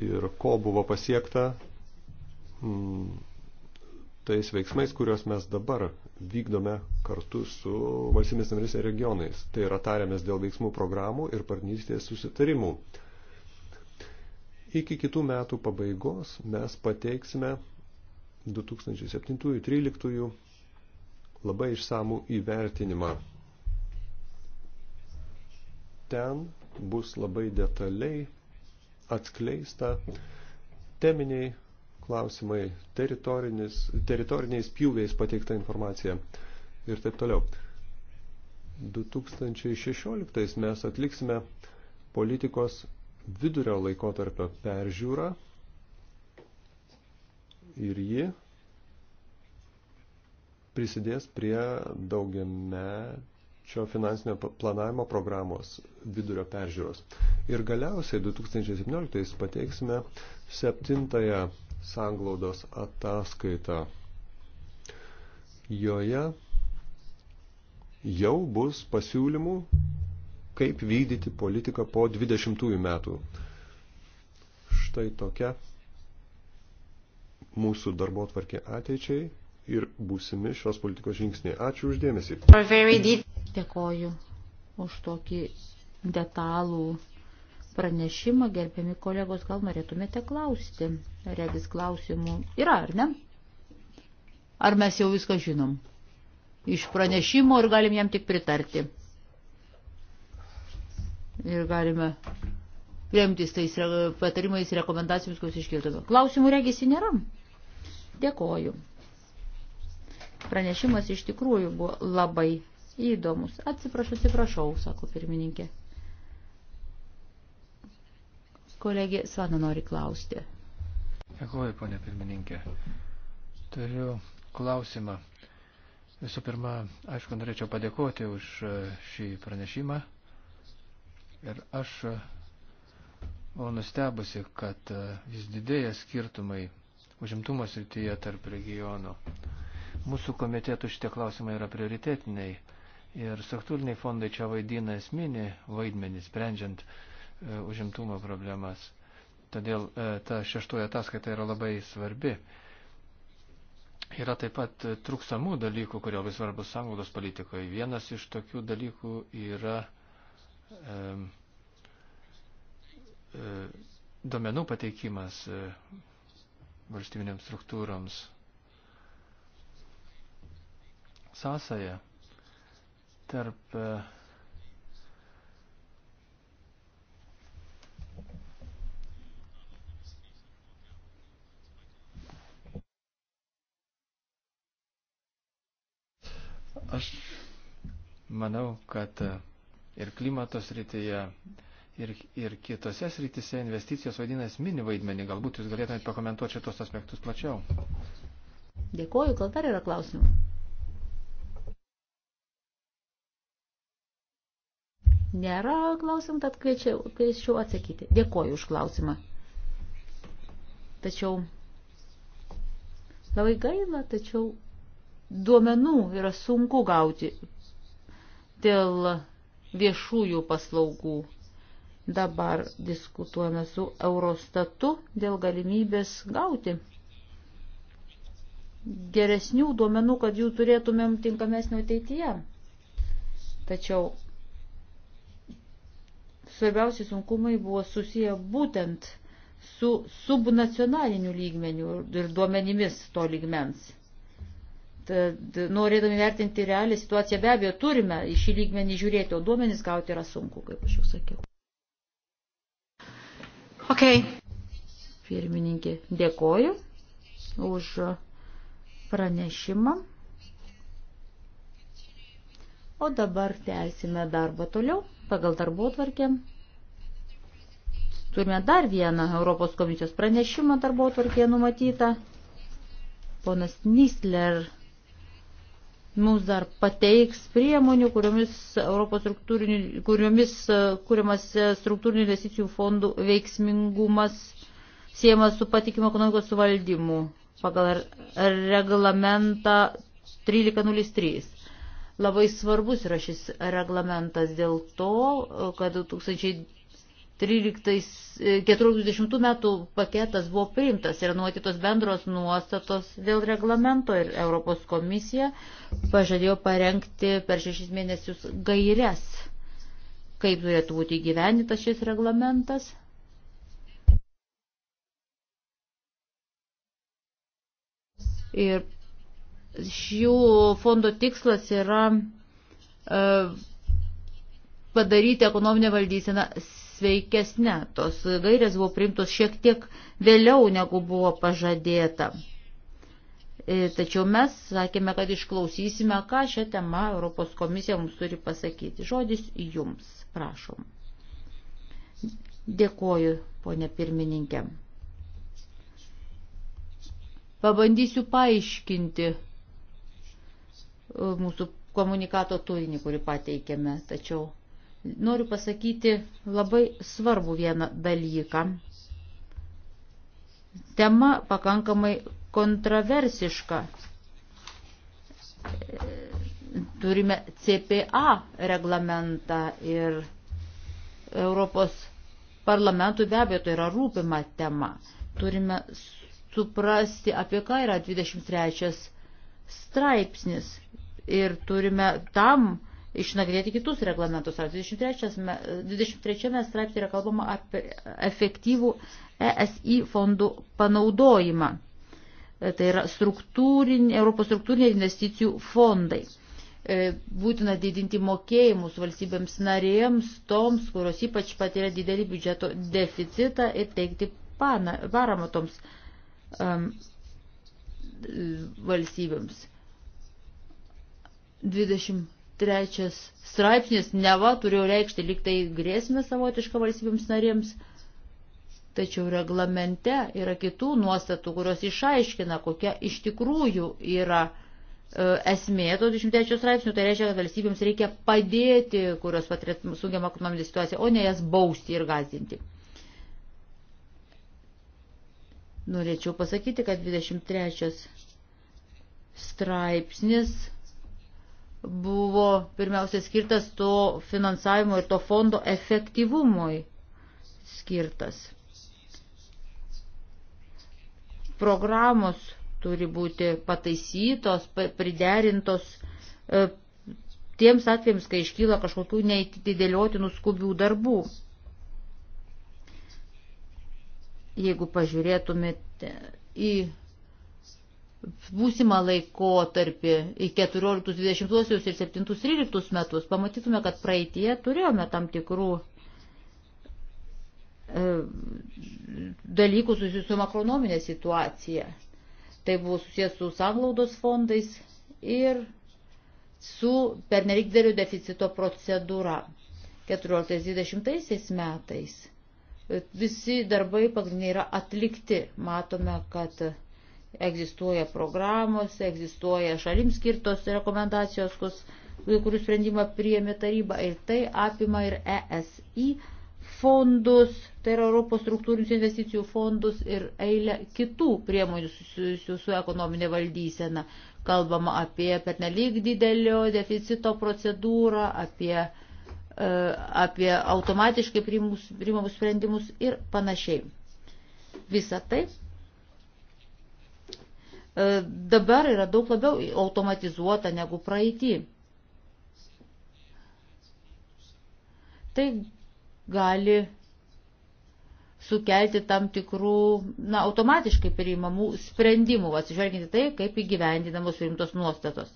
Ir ko buvo pasiekta mm, tais veiksmais, kuriuos mes dabar vykdome kartu su valstybės narys ir regionais. Tai yra tariamės dėl veiksmų programų ir partnerystės susitarimų. Iki kitų metų pabaigos mes pateiksime 2007-2013 labai išsamų įvertinimą. Ten bus labai detaliai atskleista teminiai klausimai, teritoriniais pjūviais pateikta informacija ir taip toliau. 2016 mes atliksime politikos vidurio laikotarpio peržiūrą ir ji prisidės prie daugiame šio finansinio planavimo programos vidurio peržiūros. Ir galiausiai 2017 pateiksime septintąją sanglaudos ataskaitą. Joje jau bus pasiūlymų, kaip vykdyti politiką po 20 metų. Štai tokia mūsų darbo tvarkė ateičiai ir būsimi šios politikos žingsniai. Ačiū uždėmesį. Dėkoju už tokį detalų pranešimą, gerbiami kolegos, gal norėtumėte klausti? Regis klausimų yra, ar ne? Ar mes jau viską žinom? Iš pranešimo ir galim jam tik pritarti. Ir galime remtis tais patarimais ir rekomendacijomis, kuriuos išgirdome. Klausimų regisi nėra. Dėkoju pranešimas iš tikrųjų buvo labai įdomus. Atsiprašau, atsiprašau, sako pirmininkė. Kolegė Svana nori klausti. Dėkuoju, ponė pirmininkė. Turiu klausimą. Visų pirma, aišku, norėčiau padėkoti už šį pranešimą. Ir aš buvau nustebusi, kad vis didėja skirtumai užimtumo srityje tarp regionų. Mūsų komitetų šitie klausimai yra prioritetiniai ir struktūriniai fondai čia vaidina esminį vaidmenį, sprendžiant e, užimtumo problemas. Todėl e, ta šeštoja ataskaita yra labai svarbi. Yra taip pat e, trūksamų dalykų, kurie labai svarbus sanglaudos politikoje. Vienas iš tokių dalykų yra e, e, domenų pateikimas e, valstybinėms struktūroms sąsaja tarp e, Aš manau, kad e, ir klimatos rytyje, ir, ir kitose srityse investicijos vadina esminį vaidmenį. Galbūt jūs galėtumėte pakomentuoti šitos aspektus plačiau. Dėkuoju, gal dar yra klausimų? nėra klausimų, tad kviečiau, kviečiau atsakyti. Dėkoju už klausimą. Tačiau labai gaila, tačiau duomenų yra sunku gauti dėl viešųjų paslaugų. Dabar diskutuojame su Eurostatu dėl galimybės gauti geresnių duomenų, kad jų turėtumėm tinkamesnio ateityje. Tačiau svarbiausi sunkumai buvo susiję būtent su subnacionaliniu lygmeniu ir duomenimis to lygmens. Tad norėdami vertinti realią situaciją be abejo turime į šį lygmenį žiūrėti, o duomenys gauti yra sunku, kaip aš jau sakiau. Okay. Pirmininkė, dėkoju už pranešimą. O dabar tęsime darbą toliau pagal darbo tvarkę. Turime dar vieną Europos komisijos pranešimą darbo tvarkėje numatytą. Ponas Nisler mums dar pateiks priemonių, kuriomis, Europos kuriomis e, kuriamas e, struktūrinių investicijų fondų veiksmingumas siejamas su patikimo ekonomikos suvaldymu pagal reglamentą 1303. Labai svarbus yra šis reglamentas dėl to, kad 2014 e, metų paketas buvo priimtas ir nuotytos bendros nuostatos dėl reglamento ir Europos komisija pažadėjo parengti per šešis mėnesius gairias, kaip turėtų būti įgyvendintas šis reglamentas. Ir Šių fondo tikslas yra e, padaryti ekonominę valdyseną sveikesnę. Tos gairės buvo priimtos šiek tiek vėliau, negu buvo pažadėta. E, tačiau mes sakėme, kad išklausysime, ką šią temą Europos komisija mums turi pasakyti. Žodis jums, prašom. Dėkoju, ponė pirmininkė. Pabandysiu paaiškinti mūsų komunikato turinį, kurį pateikėme. Tačiau noriu pasakyti labai svarbu vieną dalyką. Tema pakankamai kontroversiška. Turime CPA reglamentą ir Europos parlamentui be abejo tai yra rūpima tema. Turime suprasti, apie ką yra 23 straipsnis ir turime tam išnagrinėti kitus reglamentus. 23, 23 straipsnė yra kalbama apie efektyvų ESI fondų panaudojimą. Tai yra struktūrin, Europos struktūriniai investicijų fondai. E, būtina didinti mokėjimus valstybėms narėms, toms, kurios ypač patiria didelį biudžeto deficitą ir teikti paramą toms um, valstybėms 23 straipsnis neva turėjo reikšti liktai grėsmę savotišką valstybėms narėms, tačiau reglamente yra kitų nuostatų, kurios išaiškina, kokia iš tikrųjų yra e, esmė to 23 straipsnių, tai reiškia, kad valstybėms reikia padėti, kurios patiria sunkiamą ekonominę situaciją, o ne jas bausti ir gazdinti. Norėčiau pasakyti, kad 23 straipsnis buvo pirmiausia skirtas to finansavimo ir to fondo efektyvumui skirtas. Programos turi būti pataisytos, priderintos e, tiems atvejams, kai iškyla kažkokių neįtidėliotinų skubių darbų. Jeigu pažiūrėtumėte į būsimą laikotarpį į 14-20 ir 7-13 metus, pamatytume, kad praeitie turėjome tam tikrų e, dalykų susijusių su makronominė situacija. Tai buvo susijęs su sanglaudos fondais ir su pernelyg dėliu deficito procedūra 14-20 metais. E, visi darbai pagrindiniai yra atlikti. Matome, kad egzistuoja programos, egzistuoja šalims skirtos rekomendacijos, kus, kurių sprendimą priėmė taryba ir tai apima ir ESI fondus, tai yra Europos struktūrinius investicijų fondus ir eilę kitų priemonių susijusių su ekonominė valdysena. Kalbama apie pernelyg didelio deficito procedūrą, apie, e, apie automatiškai priimamus sprendimus ir panašiai. Visa tai E, dabar yra daug labiau automatizuota negu praeitį. Tai gali sukelti tam tikrų, na, automatiškai priimamų sprendimų, atsižvelginti tai, kaip įgyvendinamos rimtos nuostatos.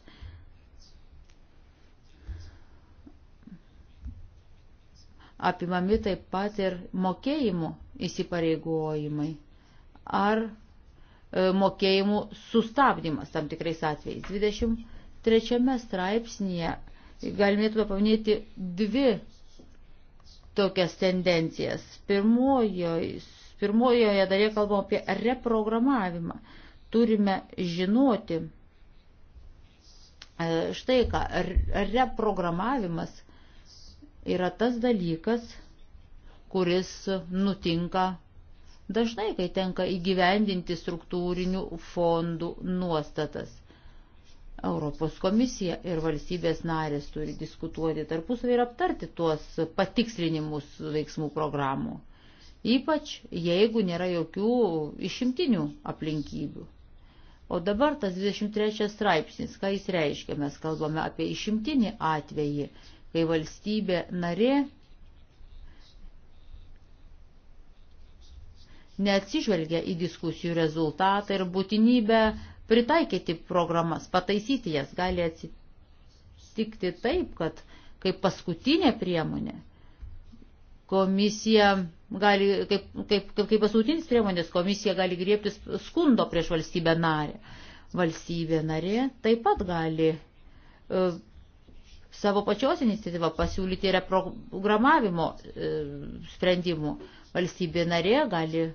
Apimami taip pat ir mokėjimų įsipareigojimai ar E, mokėjimų sustabdymas tam tikrais atvejais. 23 straipsnėje galėtume paminėti dvi tokias tendencijas. Pirmojoje, pirmojoje dalyje kalbam apie reprogramavimą. Turime žinoti, e, štai ką, reprogramavimas yra tas dalykas, kuris nutinka dažnai, kai tenka įgyvendinti struktūrinių fondų nuostatas. Europos komisija ir valstybės narės turi diskutuoti tarpusavį ir aptarti tuos patikslinimus veiksmų programų, ypač jeigu nėra jokių išimtinių aplinkybių. O dabar tas 23 straipsnis, ką jis reiškia, mes kalbame apie išimtinį atvejį, kai valstybė narė neatsižvelgia į diskusijų rezultatą ir būtinybę pritaikyti programas, pataisyti jas. Gali atsitikti taip, kad kaip paskutinė priemonė komisija gali, kaip, kaip, kaip, kaip paskutinis priemonės komisija gali griebtis skundo prieš valstybę narę. Valstybė narė taip pat gali e, savo pačios iniciatyvą pasiūlyti reprogramavimo e, sprendimų. Valstybė narė gali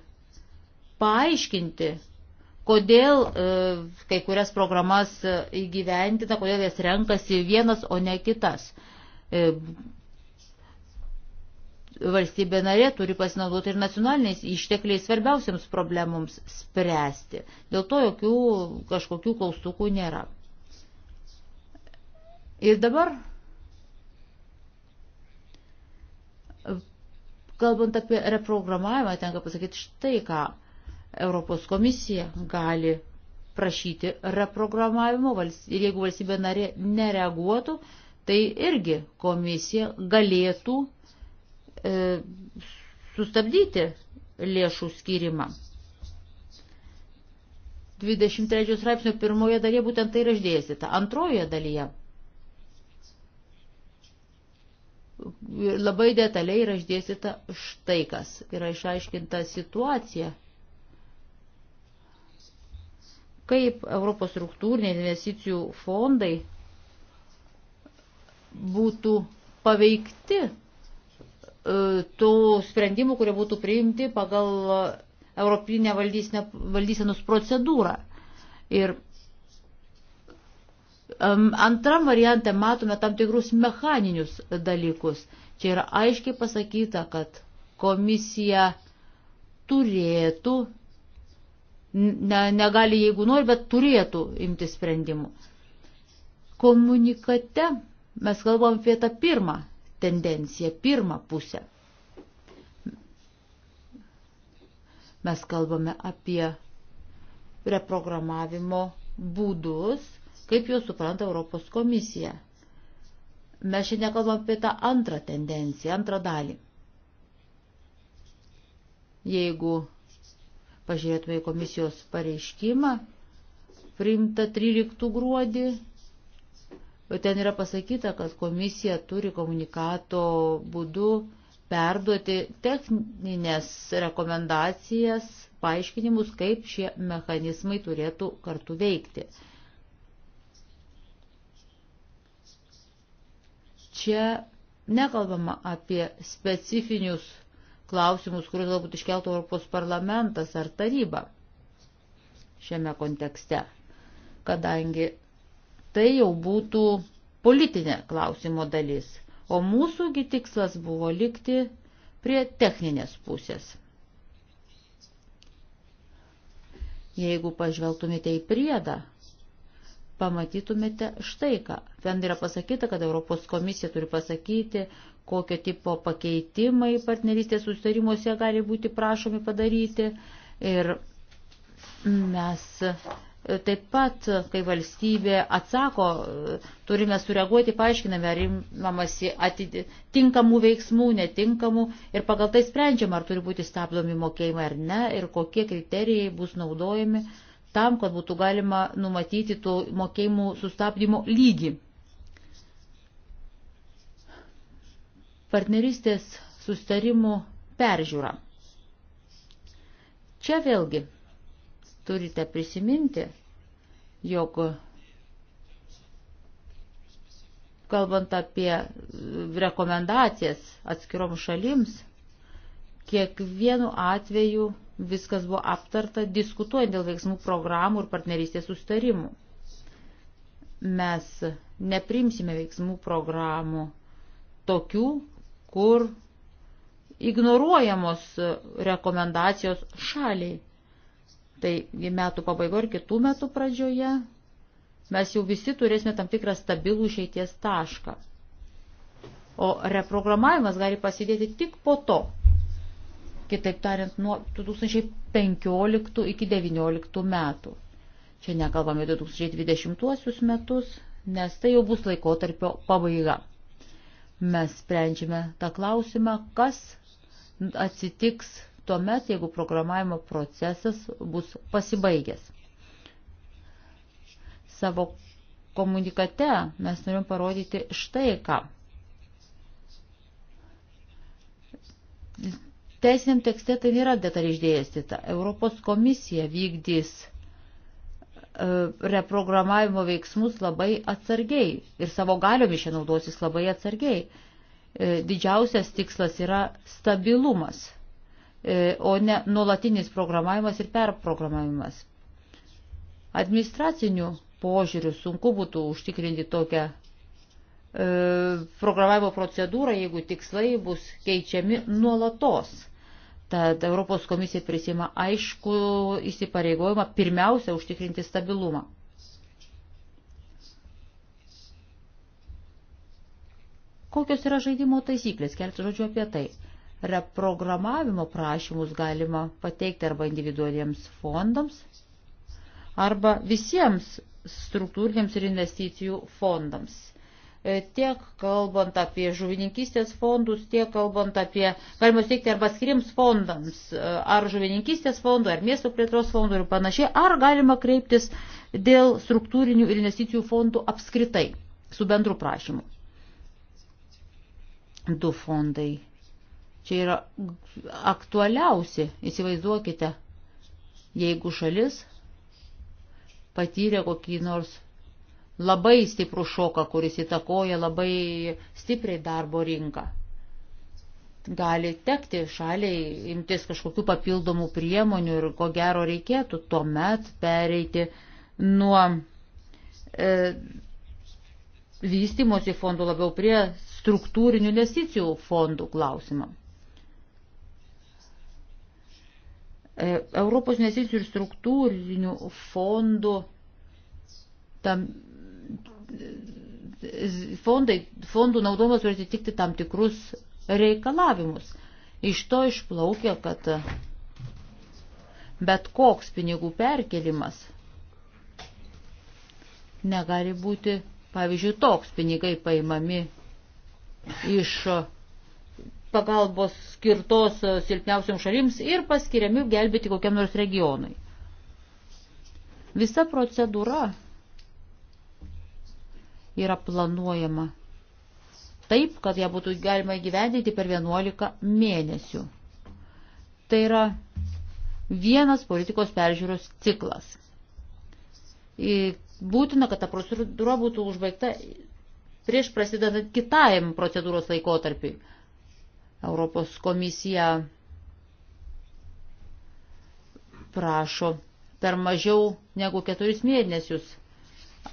paaiškinti, kodėl e, kai kurias programas e, įgyventina, kodėl jas renkasi vienas, o ne kitas. E, valstybė narė turi pasinaudoti ir nacionaliniais ištekliais svarbiausiams problemams spręsti. Dėl to jokių kažkokių klaustukų nėra. Ir dabar, kalbant apie reprogramavimą, tenka pasakyti štai ką. Europos komisija gali prašyti reprogramavimo ir jeigu valstybė narė nereaguotų, tai irgi komisija galėtų e, sustabdyti lėšų skirimą. 23 straipsnio pirmoje dalyje būtent tai yra išdėstyta. Antrojoje dalyje labai detaliai yra išdėstyta štai kas. Yra išaiškinta situacija kaip Europos struktūriniai investicijų fondai būtų paveikti e, tų sprendimų, kurie būtų priimti pagal Europinę valdysenos procedūrą. Ir antram variantė matome tam tikrus mechaninius dalykus. Čia yra aiškiai pasakyta, kad komisija turėtų ne, negali, jeigu nori, bet turėtų imti sprendimų. Komunikate mes kalbam apie tą pirmą tendenciją, pirmą pusę. Mes kalbame apie reprogramavimo būdus, kaip juos supranta Europos komisija. Mes šiandien kalbame apie tą antrą tendenciją, antrą dalį. Jeigu pažiūrėtume į komisijos pareiškimą, priimta 13 gruodį, ten yra pasakyta, kad komisija turi komunikato būdu perduoti techninės rekomendacijas, paaiškinimus, kaip šie mechanizmai turėtų kartu veikti. Čia nekalbama apie specifinius klausimus, kuriuos galbūt iškeltų Europos parlamentas ar taryba šiame kontekste, kadangi tai jau būtų politinė klausimo dalis, o mūsųgi tikslas buvo likti prie techninės pusės. Jeigu pažvelgtumėte į priedą, pamatytumėte štai ką. Ten yra pasakyta, kad Europos komisija turi pasakyti, kokio tipo pakeitimai partnerystės sustarimuose gali būti prašomi padaryti. Ir mes taip pat, kai valstybė atsako, turime sureaguoti, paaiškiname, ar imamasi atitinkamų veiksmų, netinkamų ir pagal tai sprendžiama, ar turi būti stabdomi mokėjimai ar ne ir kokie kriterijai bus naudojami tam, kad būtų galima numatyti tų mokėjimų sustabdymo lygį. partnerystės sustarimų peržiūra. Čia vėlgi turite prisiminti, jog kalbant apie rekomendacijas atskirom šalims, kiekvienu atveju viskas buvo aptarta diskutuojant dėl veiksmų programų ir partnerystės sustarimų. Mes neprimsime veiksmų programų tokių, kur ignoruojamos rekomendacijos šaliai. Tai metų pabaigoje ir kitų metų pradžioje mes jau visi turėsime tam tikrą stabilų išeities tašką. O reprogramavimas gali pasidėti tik po to. Kitaip tariant, nuo 2015 iki 2019 metų. Čia nekalbame 2020 metus, nes tai jau bus laikotarpio pabaiga. Mes sprendžiame tą klausimą, kas atsitiks tuo met, jeigu programavimo procesas bus pasibaigęs. Savo komunikate mes norim parodyti štai ką. Teisiniam tekste tai nėra detaliai išdėstyta. Europos komisija vykdys E, reprogramavimo veiksmus labai atsargiai ir savo galiomis čia naudosis labai atsargiai. E, didžiausias tikslas yra stabilumas, e, o ne nuolatinis programavimas ir perprogramavimas. Administracinių požiūrių sunku būtų užtikrinti tokią programavimo procedūrą, jeigu tikslai bus keičiami nuolatos Tad Europos komisija prisima aišku įsipareigojimą pirmiausia užtikrinti stabilumą. Kokios yra žaidimo taisyklės? Kelti žodžiu apie tai. Reprogramavimo prašymus galima pateikti arba individualiems fondams, arba visiems struktūriniams ir investicijų fondams E, tiek kalbant apie žuvininkystės fondus, tiek kalbant apie, galima steigti arba skirims fondams, e, ar žuvininkystės fondų, ar miesto plėtros fondų ir panašiai, ar galima kreiptis dėl struktūrinių ir investicijų fondų apskritai su bendru prašymu. Du fondai. Čia yra aktualiausi, įsivaizduokite, jeigu šalis patyrė kokį nors labai stiprų šoką, kuris įtakoja labai stipriai darbo rinką. Gali tekti šaliai imtis kažkokių papildomų priemonių ir ko gero reikėtų tuomet pereiti nuo e, vystimosi fondų labiau prie struktūrinių investicijų fondų klausimą. E, Europos investicijų ir struktūrinių fondų tam fondai, fondų naudomas turi atitikti tam tikrus reikalavimus. Iš to išplaukia, kad bet koks pinigų perkelimas negali būti, pavyzdžiui, toks pinigai paimami iš pagalbos skirtos silpniausiam šalims ir paskiriami gelbėti kokiam nors regionui. Visa procedūra yra planuojama taip, kad ją būtų galima įgyvendinti per 11 mėnesių. Tai yra vienas politikos peržiūros ciklas. Ir būtina, kad ta procedūra būtų užbaigta prieš prasidedant kitajam procedūros laikotarpiui. Europos komisija prašo per mažiau negu keturis mėnesius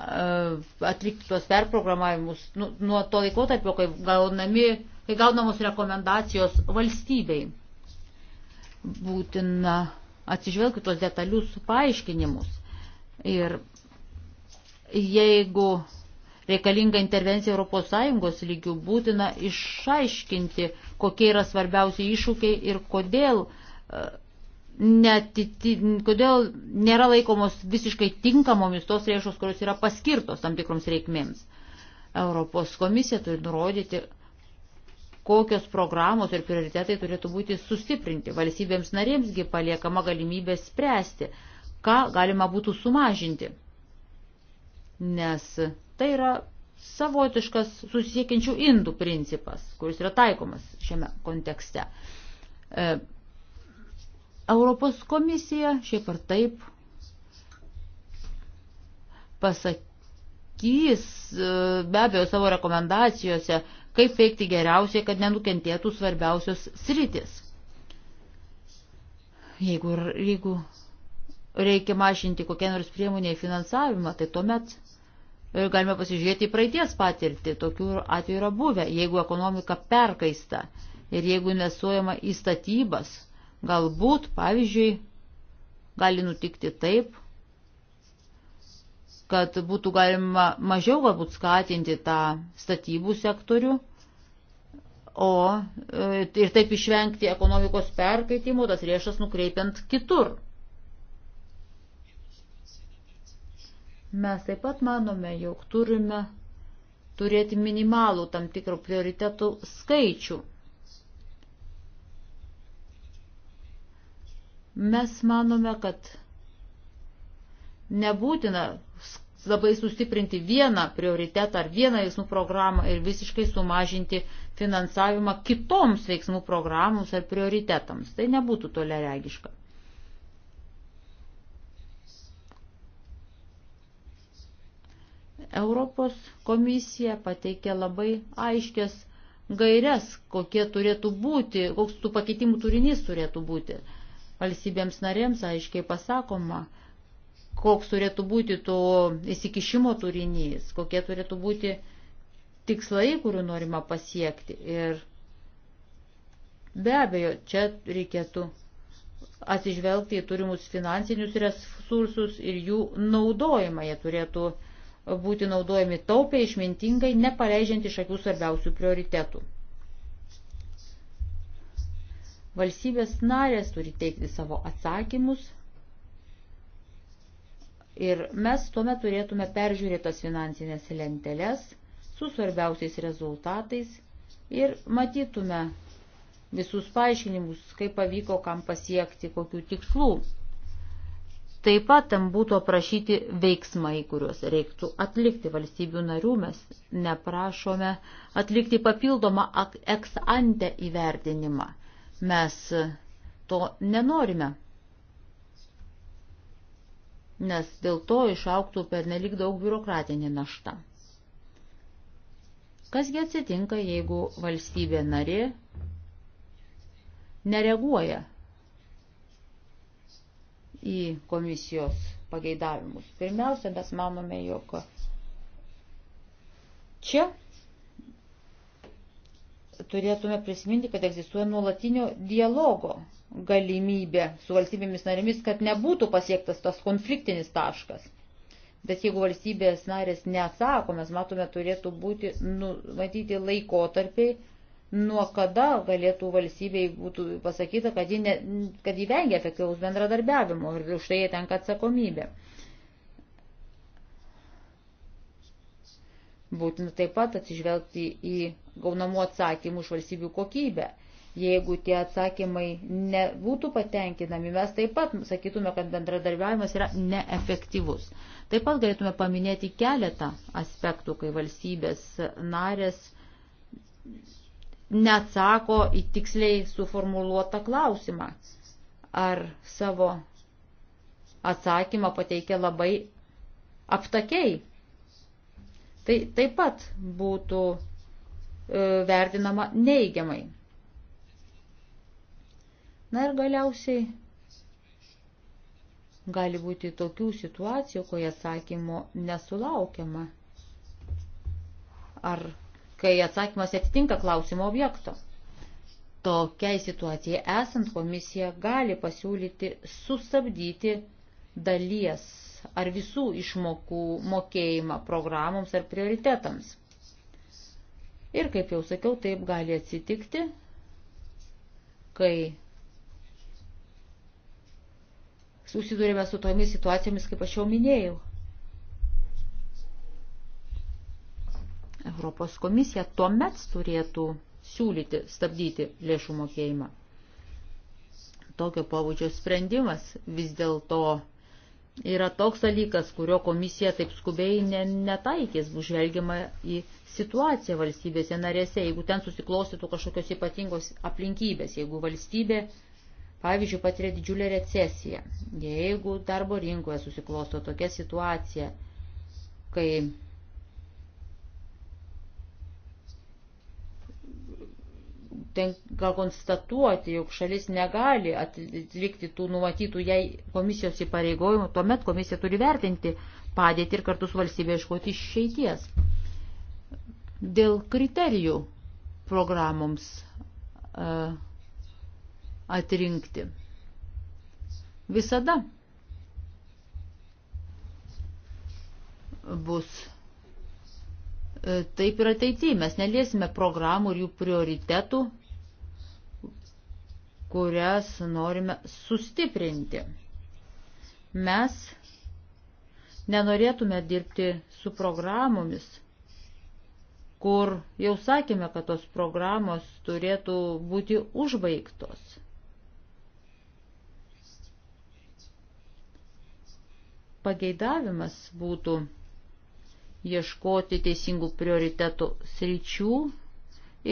E, atlikti tuos perprogramavimus nu, nuo to laikotarpio, kai, gaunami, kai gaunamos rekomendacijos valstybei. Būtina atsižvelgti tuos detalius paaiškinimus. Ir jeigu reikalinga intervencija ES lygių, būtina išaiškinti, kokie yra svarbiausi iššūkiai ir kodėl uh, netiti, kodėl nėra laikomos visiškai tinkamomis tos lėšos, kurios yra paskirtos tam tikroms reikmėms. Europos komisija turi nurodyti, kokios programos ir prioritetai turėtų būti sustiprinti. Valstybėms narėmsgi paliekama galimybė spręsti, ką galima būtų sumažinti. Nes tai yra savotiškas susiekiančių indų principas, kuris yra taikomas šiame kontekste e, Europos komisija šiaip ar taip pasakys e, be abejo savo rekomendacijose, kaip veikti geriausiai, kad nenukentėtų svarbiausios sritis. Jeigu, jeigu reikia mažinti kokią nors priemonę finansavimą, tai tuomet e, galime pasižiūrėti į praeities patirtį. Tokių atvejų yra buvę, jeigu ekonomika perkaista ir jeigu investuojama į statybas, Galbūt, pavyzdžiui, gali nutikti taip, kad būtų galima mažiau galbūt skatinti tą statybų sektorių, o e, ir taip išvengti ekonomikos perkaitimo, tas lėšas nukreipiant kitur. Mes taip pat manome, jog turime turėti minimalų tam tikrų prioritetų skaičių Mes manome, kad nebūtina labai sustiprinti vieną prioritetą ar vieną veiksmų programą ir visiškai sumažinti finansavimą kitoms veiksmų programoms ar prioritetams. Tai nebūtų toleregiška. Europos komisija pateikė labai aiškės gairias, kokie turėtų būti, koks tų pakeitimų turinys turėtų būti valstybėms narėms aiškiai pasakoma, koks turėtų būti to įsikišimo turinys, kokie turėtų būti tikslai, kurių norima pasiekti. Ir be abejo, čia reikėtų atsižvelgti į turimus finansinius resursus ir jų naudojimą. Jie turėtų būti naudojami taupiai, išmintingai, nepaleidžiant iš akių svarbiausių prioritetų. Valstybės narės turi teikti savo atsakymus ir mes tuomet turėtume peržiūrėtas finansinės lenteles su svarbiausiais rezultatais ir matytume visus paaiškinimus, kaip pavyko kam pasiekti, kokių tikslų. Taip pat tam būtų aprašyti veiksmai, kuriuos reiktų atlikti valstybių narių. Mes neprašome atlikti papildomą ex ante įvertinimą. Mes to nenorime, nes dėl to išauktų per nelik daug biurokratinė našta. Kasgi atsitinka, jeigu valstybė nari nereaguoja į komisijos pageidavimus. Pirmiausia, mes manome, jog čia turėtume prisiminti, kad egzistuoja nuolatinio dialogo galimybė su valstybėmis narėmis, kad nebūtų pasiektas tas konfliktinis taškas. Bet jeigu valstybės narės neatsako, mes matome, turėtų būti numatyti laikotarpiai, nuo kada galėtų valstybei būtų pasakyta, kad ji, ne, kad ji vengia efektyvaus bendradarbiavimo ir už tai jie tenka atsakomybė. Būtina taip pat atsižvelgti į gaunamų atsakymų iš valstybių kokybę. Jeigu tie atsakymai nebūtų patenkinami, mes taip pat sakytume, kad bendradarbiavimas yra neefektyvus. Taip pat galėtume paminėti keletą aspektų, kai valstybės narės neatsako į tiksliai suformuluotą klausimą ar savo atsakymą pateikia labai aptakiai. Tai taip pat būtų E, vertinama neigiamai. Na ir galiausiai gali būti tokių situacijų, kai atsakymo nesulaukiama. Ar kai atsakymas atitinka klausimo objekto. Tokiai situacijai esant komisija gali pasiūlyti sustabdyti dalies ar visų išmokų mokėjimą programoms ar prioritetams. Ir, kaip jau sakiau, taip gali atsitikti, kai susidurėme su tomis situacijomis, kaip aš jau minėjau. Europos komisija tuomet turėtų siūlyti stabdyti lėšų mokėjimą. Tokio pavudžio sprendimas vis dėlto yra toks dalykas, kurio komisija taip skubiai ne, netaikės, bus žvelgiama į situaciją valstybėse narėse, jeigu ten susiklostytų kažkokios ypatingos aplinkybės, jeigu valstybė, pavyzdžiui, patiria didžiulę recesiją, jeigu darbo rinkoje susiklosto tokia situacija, kai tenka konstatuoti, jog šalis negali atlikti tų numatytų jai komisijos įpareigojimų, tuomet komisija turi vertinti padėti ir kartu su valstybė iškoti išeities. Dėl kriterijų programoms uh, atrinkti. Visada bus e, taip ir ateityje. Mes neliesime programų ir jų prioritetų, kurias norime sustiprinti. Mes nenorėtume dirbti su programomis, kur jau sakėme, kad tos programos turėtų būti užbaigtos. Pageidavimas būtų ieškoti teisingų prioritetų sričių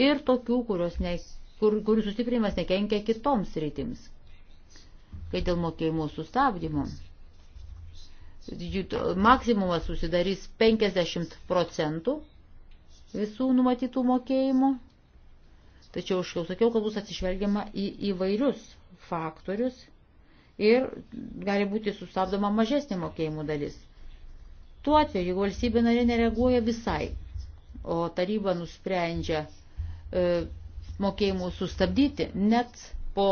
ir tokių, kurios ne kur, kurių sustiprinimas nekenkia kitoms rytims. Kai dėl mokėjimų sustabdymo maksimumas susidarys 50 procentų visų numatytų mokėjimų, tačiau aš jau sakiau, kad bus atsižvelgiama į įvairius faktorius ir gali būti sustabdoma mažesnė mokėjimų dalis. Tuo atveju, jeigu valstybė narė nereaguoja visai, o taryba nusprendžia e, mokėjimų sustabdyti. Net po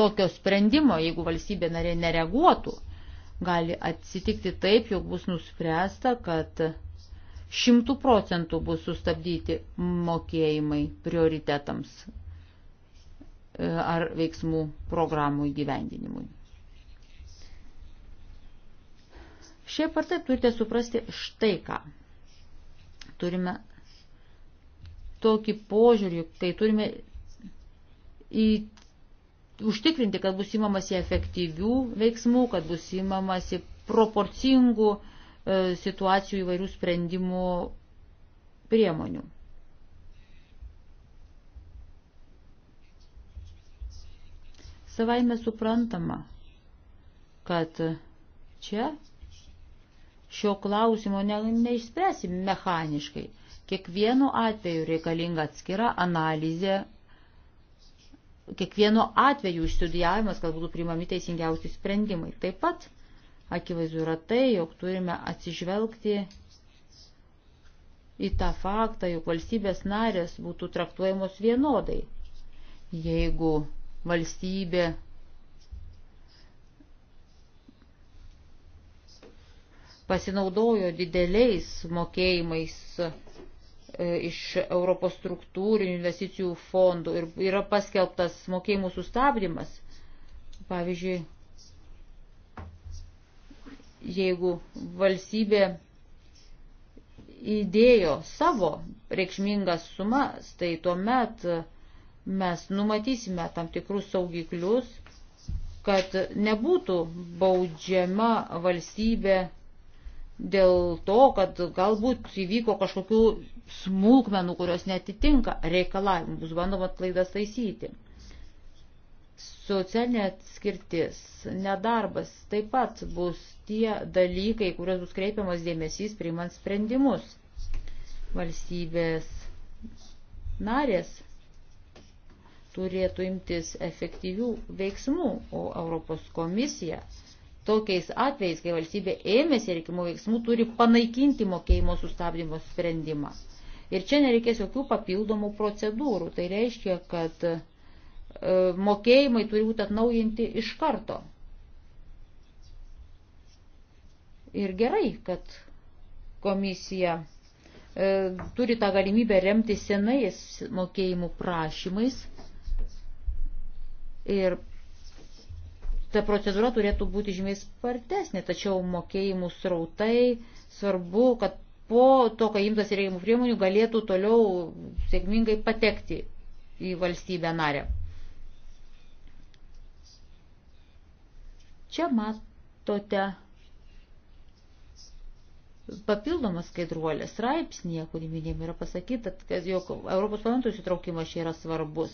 tokio sprendimo, jeigu valstybė narė nereaguotų, gali atsitikti taip, jog bus nuspręsta, kad šimtų procentų bus sustabdyti mokėjimai prioritetams e, ar veiksmų programų įgyvendinimui. Šiaip ar taip turite suprasti štai ką. Turime tokį požiūrį, kai turime į, užtikrinti, kad bus įmamasi efektyvių veiksmų, kad bus įmamasi proporcingų e, situacijų įvairių sprendimų priemonių. Savaime suprantama, kad čia šio klausimo ne, neišspręsim mechaniškai Kiekvienu atveju reikalinga atskira analizė, kiekvienu atveju išstudijavimas, kad būtų priimami teisingiausi sprendimai. Taip pat akivaizdu yra tai, jog turime atsižvelgti į tą faktą, jog valstybės narės būtų traktuojamos vienodai. Jeigu valstybė pasinaudojo dideliais mokėjimais E, iš Europos struktūrinių investicijų fondų ir yra paskelbtas mokėjimų sustabdymas. Pavyzdžiui, jeigu valstybė įdėjo savo reikšmingas sumas, tai tuomet mes numatysime tam tikrus saugiklius, kad nebūtų baudžiama valstybė dėl to, kad galbūt įvyko kažkokių smulkmenų, kurios netitinka reikalavimų, bus bandoma klaidas taisyti. Socialinė atskirtis, nedarbas taip pat bus tie dalykai, kuriuos bus kreipiamas dėmesys priimant sprendimus. Valstybės narės turėtų imtis efektyvių veiksmų, o Europos komisija tokiais atvejais, kai valstybė ėmėsi reikimų veiksmų, turi panaikinti mokėjimo sustabdymo sprendimą. Ir čia nereikės jokių papildomų procedūrų. Tai reiškia, kad e, mokėjimai turi būti atnaujinti iš karto. Ir gerai, kad komisija e, turi tą galimybę remti senais mokėjimų prašymais. Ir ta procedūra turėtų būti žymiai spartesnė, tačiau mokėjimų srautai svarbu, kad po to, kai imtas įreimų priemonių, galėtų toliau sėkmingai patekti į valstybę narę. Čia matote papildomas skaidruolės straipsnėje, kurį minėjom, yra pasakyta, kad jog Europos parlamento įsitraukimas čia yra svarbus.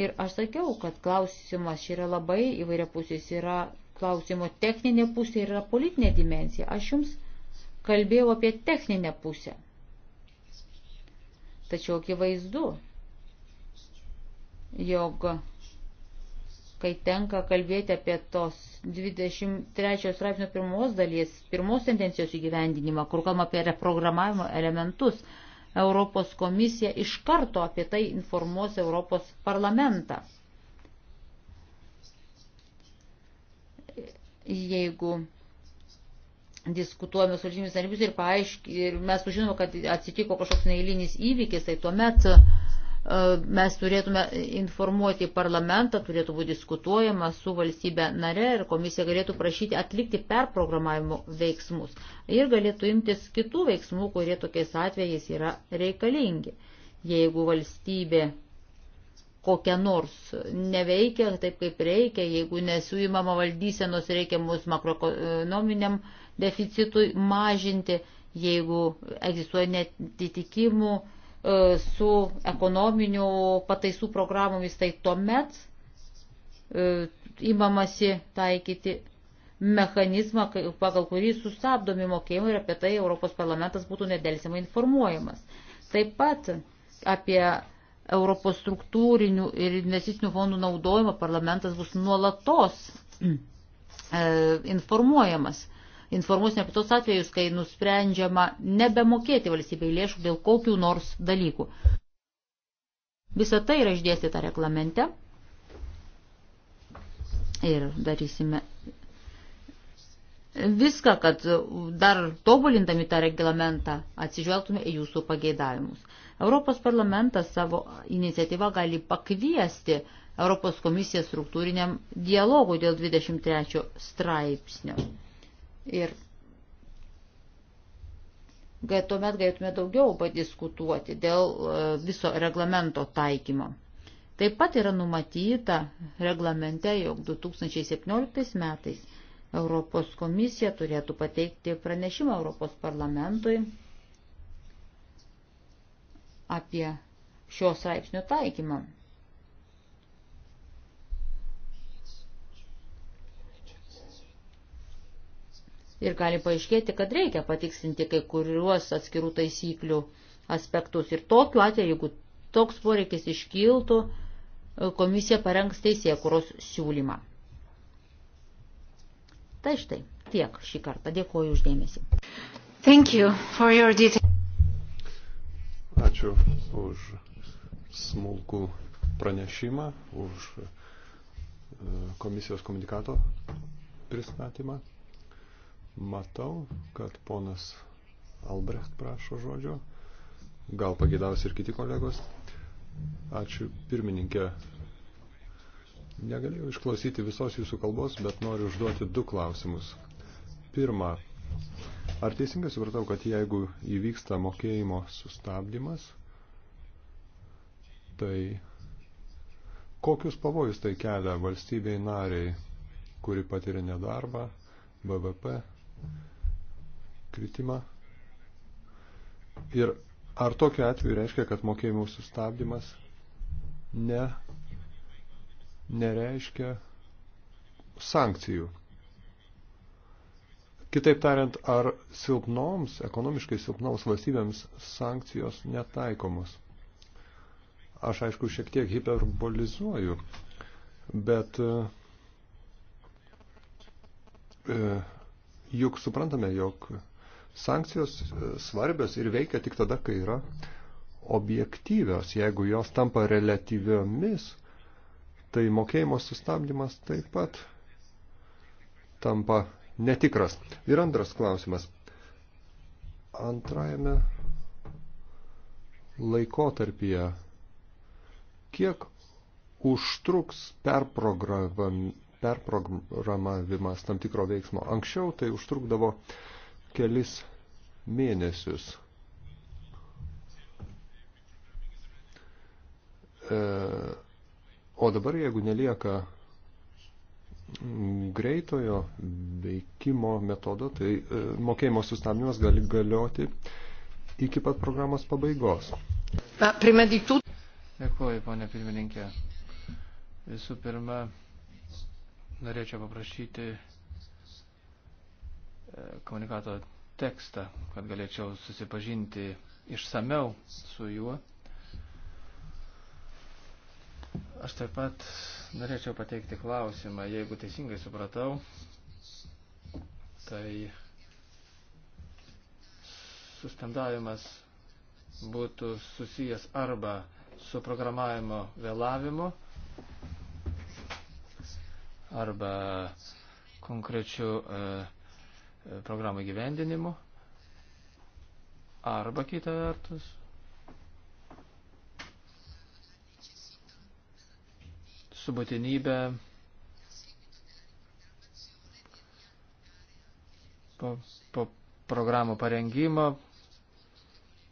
Ir aš sakiau, kad klausimas yra labai įvairiapusis, yra klausimo techninė pusė ir yra politinė dimensija. Aš jums kalbėjau apie techninę pusę. Tačiau akivaizdu, jog kai tenka kalbėti apie tos 23 straipsnio pirmos dalies, pirmos tendencijos įgyvendinimą, kur kalbama apie reprogramavimo elementus, Europos komisija iš karto apie tai informuos Europos parlamentą. Jeigu diskutuojame su valstybėmis narėmis ir, paaišk, ir mes sužinome, kad atsitiko kažkoks neįlynis įvykis, tai tuomet uh, E, mes turėtume informuoti parlamentą, turėtų būti diskutuojama su valstybė nare ir komisija galėtų prašyti atlikti perprogramavimo veiksmus ir galėtų imtis kitų veiksmų, kurie tokiais atvejais yra reikalingi. Jeigu valstybė kokia nors neveikia taip, kaip reikia, jeigu nesuimama valdysenos reikiamus makroekonominiam deficitui mažinti, jeigu egzistuoja netitikimų, E, su ekonominių pataisų programomis, tai tuomet įmamasi e, taikyti mechanizmą, pagal kurį sustabdomi mokėjimai ir apie tai Europos parlamentas būtų nedelsimai informuojamas. Taip pat apie Europos struktūrinių ir investicinių fondų naudojimą parlamentas bus nuolatos e, informuojamas informuosime apie tos atvejus, kai nusprendžiama nebemokėti valstybei lėšų dėl kokių nors dalykų. Visą tai yra išdėstyta reglamente ir darysime viską, kad dar tobulindami tą reglamentą atsižvelgtume į jūsų pageidavimus. Europos parlamentas savo iniciatyvą gali pakviesti Europos komisiją struktūriniam dialogui dėl 23 straipsnio. Ir kad tuomet galėtume daugiau padiskutuoti dėl e, viso reglamento taikymo. Taip pat yra numatyta reglamente, jog 2017 metais Europos komisija turėtų pateikti pranešimą Europos parlamentui apie šios straipsnio taikymą. ir gali paaiškėti, kad reikia patikslinti kai kuriuos atskirų taisyklių aspektus. Ir tokiu atveju, jeigu toks poreikis iškiltų, komisija parengs teisė, kuros siūlymą. Tai štai, tiek šį kartą. Dėkuoju uždėmesi. Thank you for your detail. Ačiū už smulkų pranešimą, už e, komisijos komunikato pristatymą. Matau, kad ponas Albrecht prašo žodžio. Gal pagėdavus ir kiti kolegos. Ačiū pirmininkė. Negalėjau išklausyti visos jūsų kalbos, bet noriu užduoti du klausimus. Pirma, ar teisingai supratau, kad jeigu įvyksta mokėjimo sustabdymas, tai kokius pavojus tai kelia valstybei nariai, kuri patiria nedarbą, BVP kritimą. Ir ar tokiu atveju reiškia, kad mokėjimų sustabdymas ne, nereiškia sankcijų? Kitaip tariant, ar silpnoms, ekonomiškai silpnoms valstybėms sankcijos netaikomos? Aš aišku šiek tiek hiperbolizuoju, bet e, e Juk suprantame, jog sankcijos e, svarbios ir veikia tik tada, kai yra objektyvios. Jeigu jos tampa relatyviomis, tai mokėjimo sustabdymas taip pat tampa netikras. Ir antras klausimas. Antrajame laikotarpyje kiek užtruks perprogramuojant perprogramavimas tam tikro veiksmo. Anksčiau tai užtrukdavo kelis mėnesius. E, o dabar, jeigu nelieka greitojo veikimo metodo, tai e, mokėjimo sustabdymas gali galioti iki pat programos pabaigos. Dėkuoju, ponė pirmininkė. Visų pirma, norėčiau paprašyti e, komunikato tekstą, kad galėčiau susipažinti išsameu su juo. Aš taip pat norėčiau pateikti klausimą, jeigu teisingai supratau, tai suspendavimas būtų susijęs arba su programavimo vėlavimu, arba konkrečių e, programų gyvendinimu, arba kita vertus. su būtinybė po, po programų parengimo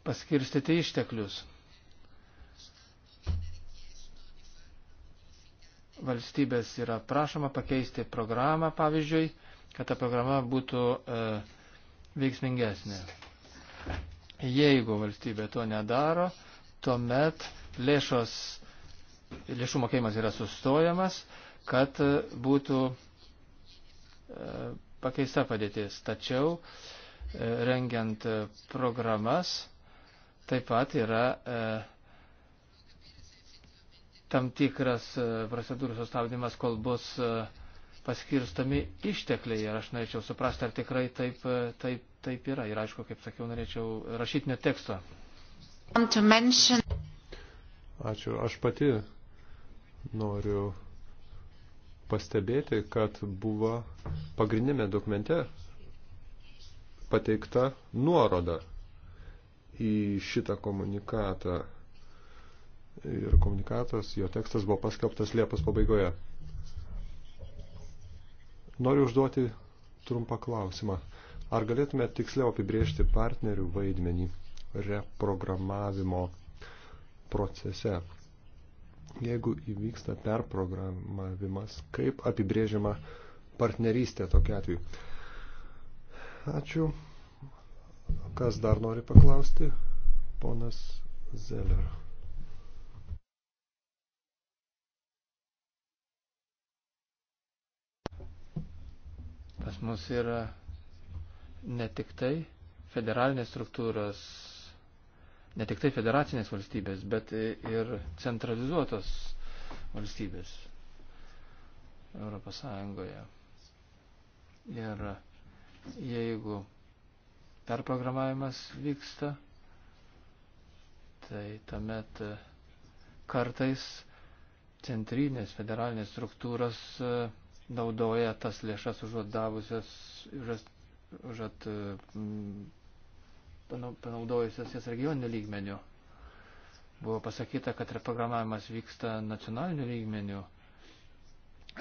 paskirstyti išteklius. valstybės yra prašoma pakeisti programą, pavyzdžiui, kad ta programa būtų e, veiksmingesnė. Jeigu valstybė to nedaro, tuomet lėšos, lėšų mokėjimas yra sustojamas, kad e, būtų e, pakeista padėtis. Tačiau e, rengiant e, programas taip pat yra e, tam tikras e, procedūrų sustabdymas, kol bus e, paskirstami ištekliai. Ir aš norėčiau suprasti, ar tikrai taip, e, taip, taip yra. Ir aišku, kaip sakiau, norėčiau rašytinio teksto. Ačiū. Aš pati noriu pastebėti, kad buvo pagrindinėme dokumente pateikta nuoroda į šitą komunikatą ir komunikatas, jo tekstas buvo paskelbtas Liepos pabaigoje. Noriu užduoti trumpą klausimą. Ar galėtume tiksliau apibriežti partnerių vaidmenį reprogramavimo procese? Jeigu įvyksta perprogramavimas, kaip apibrėžiama partnerystė tokia atveju? Ačiū. Kas dar nori paklausti? Ponas Zeller. Pas mus yra ne tik tai federalinės struktūros, ne tik tai federacinės valstybės, bet ir centralizuotos valstybės Europos Sąjungoje. Ir jeigu perprogramavimas vyksta, tai tuomet kartais centrinės federalinės struktūros naudoja tas lėšas užuot davusias, užuot mm, panaudojusias jas regioninių lygmenių. Buvo pasakyta, kad reprogramavimas vyksta nacionalinių lygmenių,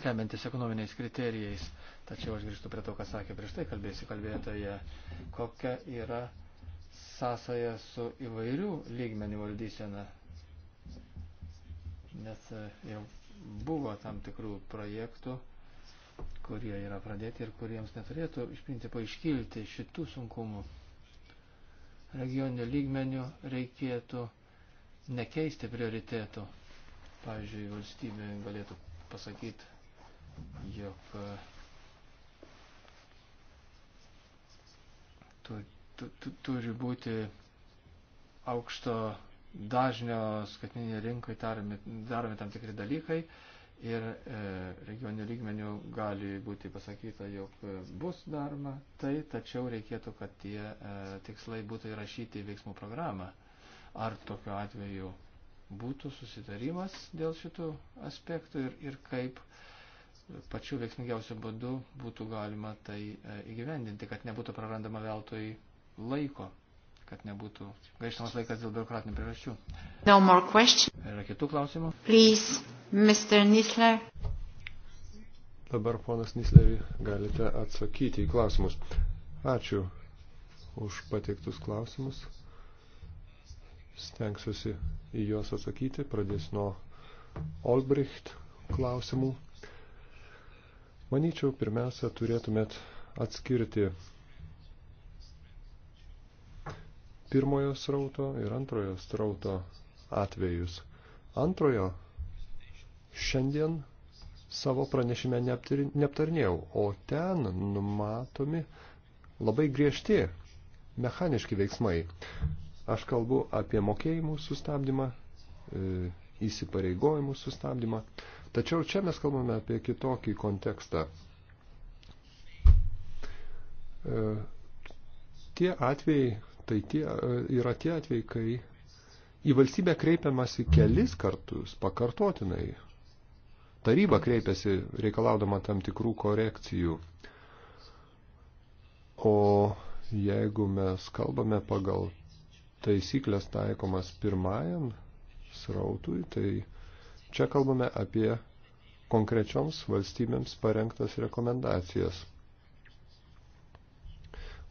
remiantis ekonominiais kriterijais. Tačiau aš grįžtu prie to, ką sakė prieš tai kalbėjusi kalbėtoje, kokia yra sąsaja su įvairių lygmenių valdysena. Nes e, jau buvo tam tikrų projektų, kurie yra pradėti ir kuriems neturėtų iš principo iškilti šitų sunkumų. Regioninių lygmenių reikėtų nekeisti prioritėtų. Pavyzdžiui, valstybė galėtų pasakyti, jog tu, tu, tu, turi būti aukšto dažnio skaitmeninėje rinkoje daromi, daromi tam tikri dalykai, uh, ir e, regioninių lygmenių gali būti pasakyta, jog e, bus daroma, tai tačiau reikėtų, kad tie e, tikslai būtų įrašyti į veiksmų programą. Ar tokiu atveju būtų susitarimas dėl šitų aspektų ir, ir kaip pačiu veiksmingiausiu būdu būtų galima tai e, įgyvendinti, kad nebūtų prarandama veltui laiko kad nebūtų gaištamas laikas dėl biurokratinių priežasčių. No more questions. Yra kitų klausimų? Please, Mr. Nisler. Dabar ponas Nisleri galite atsakyti į klausimus. Ačiū už pateiktus klausimus. Stengsiuosi į juos atsakyti. Pradės nuo Olbricht klausimų. Manyčiau, pirmiausia, turėtumėt atskirti pirmojo srauto ir antrojo srauto atvejus. Antrojo šiandien savo pranešime neaptarnėjau, o ten numatomi labai griežti mechaniški veiksmai. Aš kalbu apie mokėjimų sustabdymą, e, įsipareigojimų sustabdymą, tačiau čia mes kalbame apie kitokį kontekstą. E, tie atvejai, tai tie, e, yra tie atvejai, kai į valstybę kreipiamasi kelis kartus pakartotinai. Taryba kreipiasi reikalaudama tam tikrų korekcijų. O jeigu mes kalbame pagal taisyklės taikomas pirmajam srautui, tai čia kalbame apie konkrečioms valstybėms parengtas rekomendacijas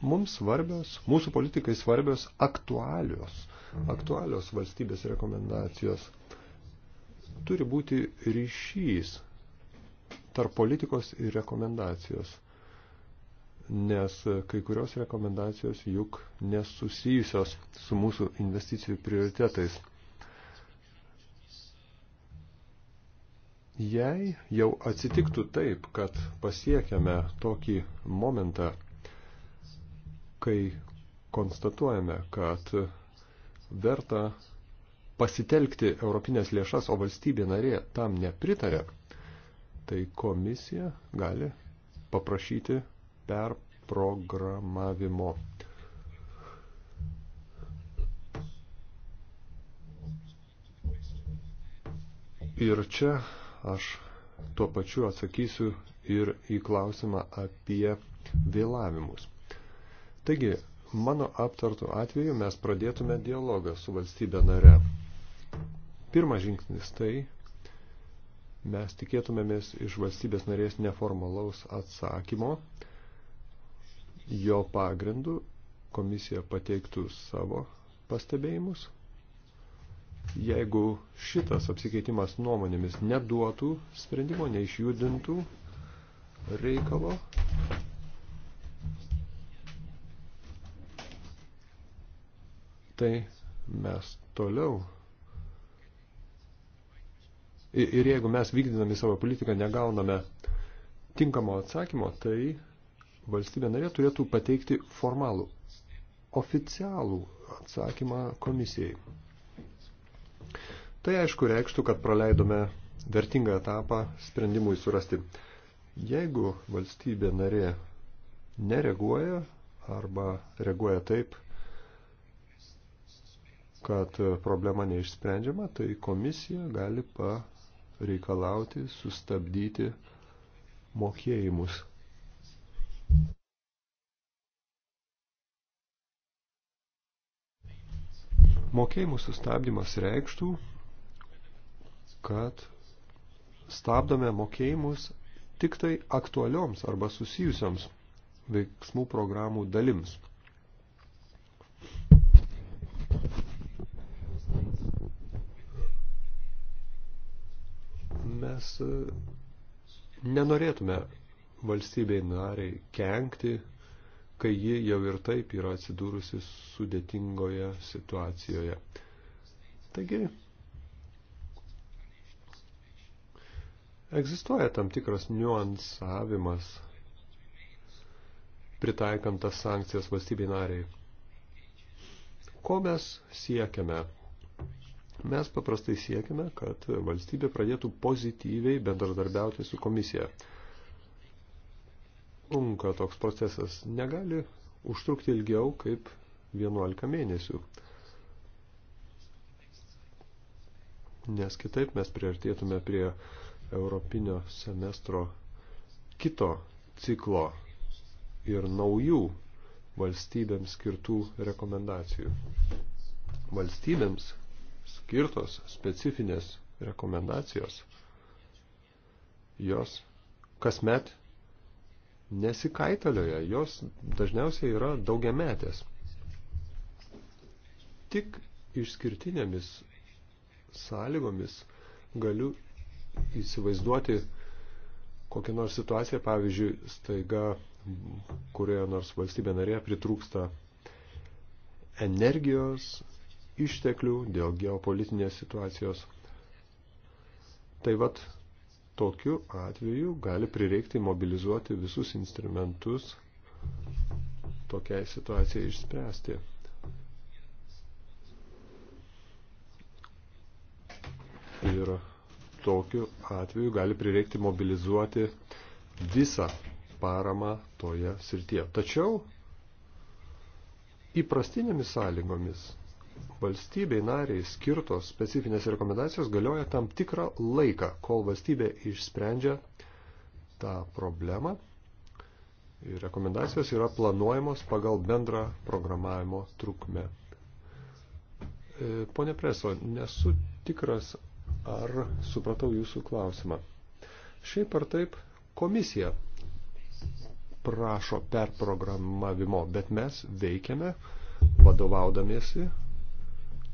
mums svarbios, mūsų politikai svarbios aktualios, aktualios valstybės rekomendacijos. Turi būti ryšys tarp politikos ir rekomendacijos, nes kai kurios rekomendacijos juk nesusijusios su mūsų investicijų prioritetais. Jei jau atsitiktų taip, kad pasiekėme tokį momentą, kai konstatuojame, kad verta pasitelkti europinės lėšas, o valstybė narė tam nepritarė, tai komisija gali paprašyti perprogramavimo. Ir čia aš tuo pačiu atsakysiu ir į klausimą apie vėlavimus. Taigi, mano aptartų atveju mes pradėtume dialogą su valstybė nare. Pirmas žingsnis tai, mes tikėtumėmės iš valstybės narės neformalaus atsakymo, jo pagrindu komisija pateiktų savo pastebėjimus. Jeigu šitas apsikeitimas nuomonėmis neduotų sprendimo, neišjudintų reikalo, tai mes toliau. Ir, ir jeigu mes vykdydami savo politiką negauname tinkamo atsakymo, tai valstybė narė turėtų pateikti formalų, oficialų atsakymą komisijai. Tai aišku reikštų, kad praleidome vertingą etapą sprendimui surasti. Jeigu valstybė narė nereaguoja arba reaguoja taip, kad problema neišsprendžiama, tai komisija gali pareikalauti sustabdyti mokėjimus. Mokėjimų sustabdymas reikštų, kad stabdome mokėjimus tik tai aktualioms arba susijusioms veiksmų programų dalims. Mes e, nenorėtume valstybei nariai kenkti, kai ji jau ir taip yra atsidūrusi sudėtingoje situacijoje. Taigi, egzistuoja tam tikras niuansavimas, pritaikant tas sankcijas valstybei nariai. Ko mes siekiame? Mes paprastai siekime, kad valstybė pradėtų pozityviai bendradarbiauti su komisija. Unka toks procesas negali užtrukti ilgiau kaip 11 mėnesių. Nes kitaip mes priartėtume prie europinio semestro kito ciklo ir naujų valstybėms skirtų rekomendacijų. Valstybėms skirtos specifinės rekomendacijos, jos kasmet nesikaitalioja, jos dažniausiai yra daugiametės. Tik išskirtinėmis sąlygomis galiu įsivaizduoti kokią nors situaciją, pavyzdžiui, staiga kurioje nors valstybė narėje pritrūksta energijos, išteklių, dėl geopolitinės situacijos. Tai vat tokiu atveju gali prireikti mobilizuoti visus instrumentus tokiai situacijai išspręsti. Ir tokiu atveju gali prireikti mobilizuoti visą paramą toje srityje. Tačiau įprastinėmis sąlygomis valstybei nariai skirtos specifinės rekomendacijos galioja tam tikrą laiką, kol valstybė išsprendžia tą problemą. Ir rekomendacijos yra planuojamos pagal bendrą programavimo trukmę. E, pone Preso, nesu tikras, ar supratau jūsų klausimą. Šiaip ar taip, komisija prašo perprogramavimo, bet mes veikiame vadovaudamiesi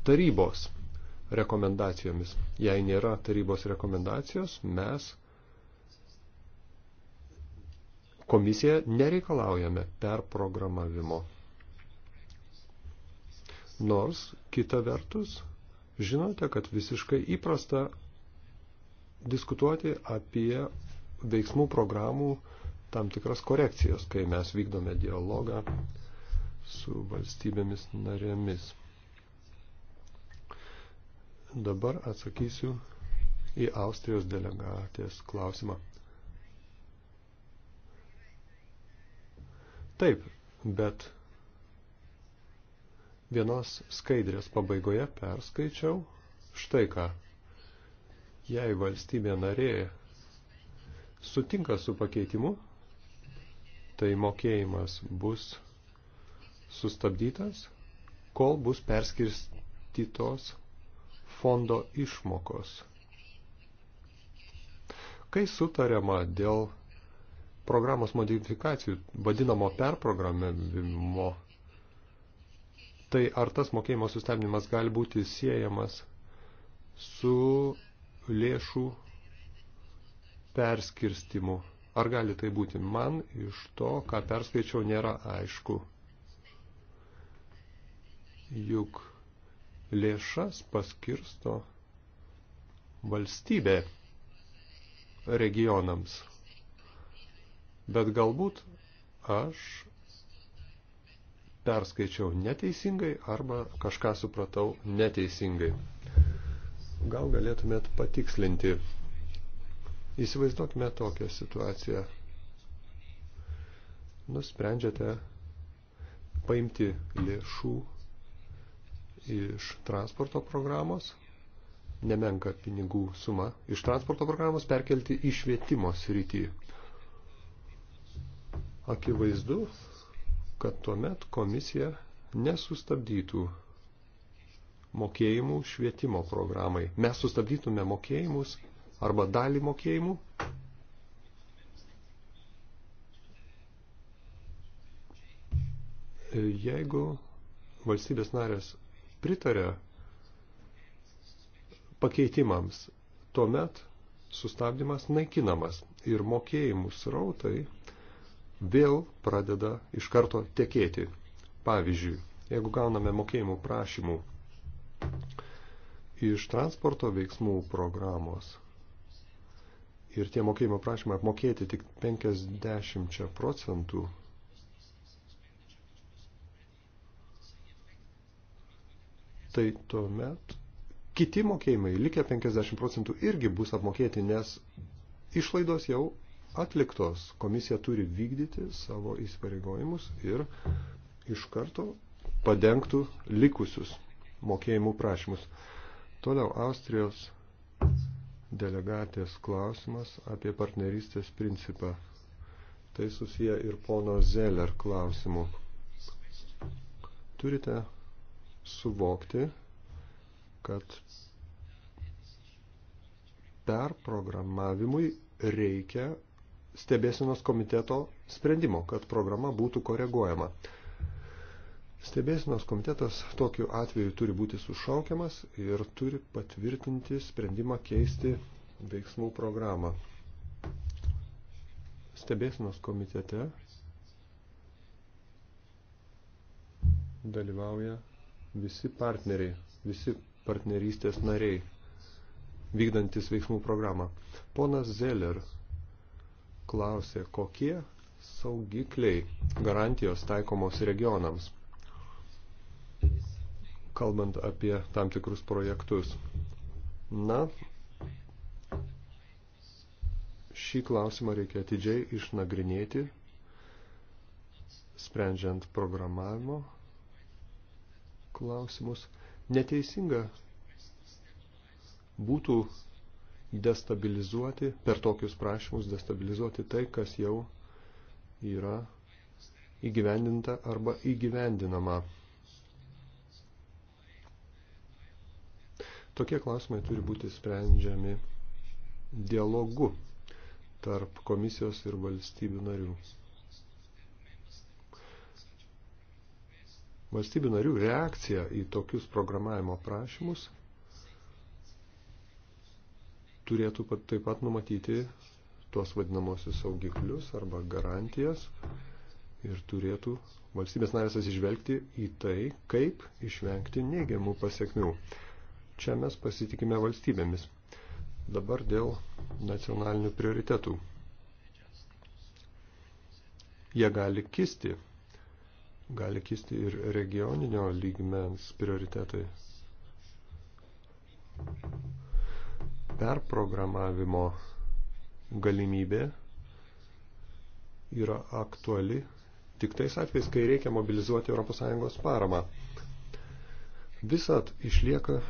tarybos rekomendacijomis. Jei nėra tarybos rekomendacijos, mes komisiją nereikalaujame perprogramavimo. Nors, kita vertus, žinote, kad visiškai įprasta diskutuoti apie veiksmų programų tam tikras korekcijas, kai mes vykdome dialogą su valstybėmis narėmis. Dabar atsakysiu į Austrijos delegatės klausimą. Taip, bet vienos skaidrės pabaigoje perskaičiau štai ką. Jei valstybė narė sutinka su pakeitimu, tai mokėjimas bus sustabdytas, kol bus perskirstytos fondo išmokos. Kai sutariama dėl programos modifikacijų, vadinamo perprogramavimo, tai ar tas mokėjimo sustabdymas gali būti siejamas su lėšų perskirstimu? Ar gali tai būti? Man iš to, ką perskaičiau, nėra aišku. Juk lėšas paskirsto valstybė regionams. Bet galbūt aš perskaičiau neteisingai arba kažką supratau neteisingai. Gal galėtumėt patikslinti. Įsivaizduokime tokią situaciją. Nusprendžiate paimti lėšų iš transporto programos, nemenka pinigų suma, iš transporto programos perkelti į švietimo srity. Akivaizdu, kad tuomet komisija nesustabdytų mokėjimų švietimo programai. Mes sustabdytume mokėjimus arba dalį mokėjimų. Jeigu valstybės narės pritarė pakeitimams, tuomet sustabdymas naikinamas ir mokėjimų srautai vėl pradeda iš karto tekėti. Pavyzdžiui, jeigu gauname mokėjimų prašymų iš transporto veiksmų programos ir tie mokėjimo prašymai apmokėti tik 50 procentų tai tuomet kiti mokėjimai, likę 50 procentų, irgi bus apmokėti, nes išlaidos jau atliktos. Komisija turi vykdyti savo įsipareigojimus ir iš karto padengtų likusius mokėjimų prašymus. Toliau Austrijos delegatės klausimas apie partnerystės principą. Tai susiję ir pono Zeller klausimu. Turite suvokti, kad perprogramavimui reikia stebėsinos komiteto sprendimo, kad programa būtų koreguojama. Stebėsinos komitetas tokiu atveju turi būti sušaukiamas ir turi patvirtinti sprendimą keisti veiksmų programą. Stebėsinos komitete dalyvauja visi partneriai, visi partnerystės nariai, vykdantis veiksmų programą. Ponas Zeller klausė, kokie saugikliai garantijos taikomos regionams, kalbant apie tam tikrus projektus. Na, šį klausimą reikia atidžiai išnagrinėti, sprendžiant programavimo klausimus. Neteisinga būtų destabilizuoti, per tokius prašymus destabilizuoti tai, kas jau yra įgyvendinta arba įgyvendinama. Tokie klausimai turi būti sprendžiami dialogu tarp komisijos ir valstybių narių. Valstybių narių reakcija į tokius programavimo prašymus turėtų taip pat numatyti tuos vadinamosius saugiklius arba garantijas ir turėtų valstybės narės atsižvelgti į tai, kaip išvengti neigiamų pasiekmių. Čia mes pasitikime valstybėmis. Dabar dėl nacionalinių prioritetų. Jie gali kisti gali kisti ir regioninio lygmens prioritetai. Perprogramavimo galimybė yra aktuali tik tais atvejais, kai reikia mobilizuoti ES paramą. Visat išlieka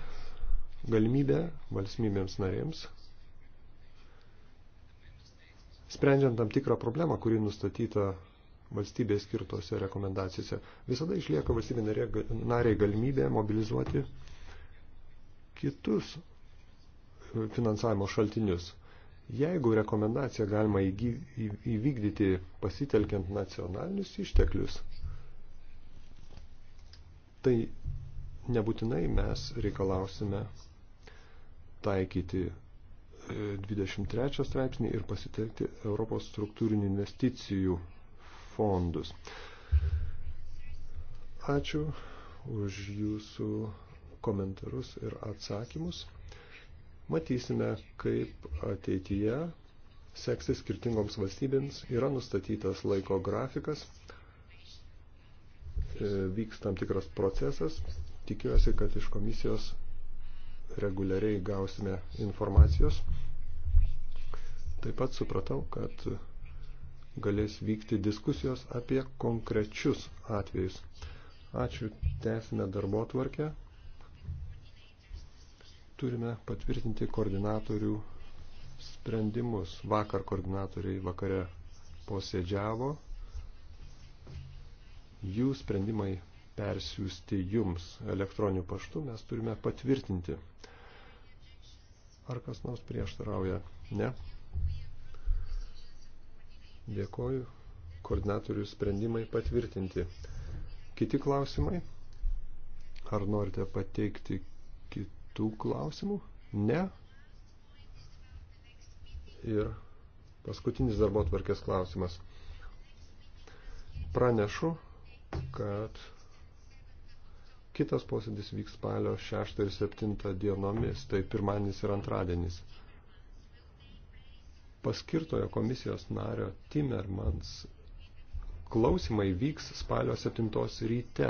galimybė valstybėms narėms, sprendžiant tam tikrą problemą, kuri nustatyta valstybės skirtose rekomendacijose. Visada išlieka valstybė nariai galimybė mobilizuoti kitus e, finansavimo šaltinius. Jeigu rekomendaciją galima įvykdyti pasitelkiant nacionalinius išteklius, tai nebūtinai mes reikalausime taikyti 23 e, straipsnį ir pasitelkti Europos struktūrinių investicijų fondus. Ačiū už jūsų komentarus ir atsakymus. Matysime, kaip ateityje seksis skirtingoms valstybėms, yra nustatytas laiko grafikas, e, vyks tam tikras procesas. Tikiuosi, kad iš komisijos reguliariai gausime informacijos. Taip pat supratau, kad galės vykti diskusijos apie konkrečius atvejus. Ačiū, tęsime darbo tvarkę. Turime patvirtinti koordinatorių sprendimus. Vakar koordinatoriai vakare posėdžiavo. Jų sprendimai persiųsti jums elektroniniu paštu mes turime patvirtinti. Ar kas nors prieštarauja? Ne. Dėkoju. Koordinatorių sprendimai patvirtinti. Kiti klausimai? Ar norite pateikti kitų klausimų? Ne. Ir paskutinis darbo tvarkės klausimas. Pranešu, kad kitas posėdis vyks spalio 6 ir 7 dienomis, tai pirmadienis ir antradienis paskirtojo komisijos nario Timmermans klausimai vyks spalio 7 ryte.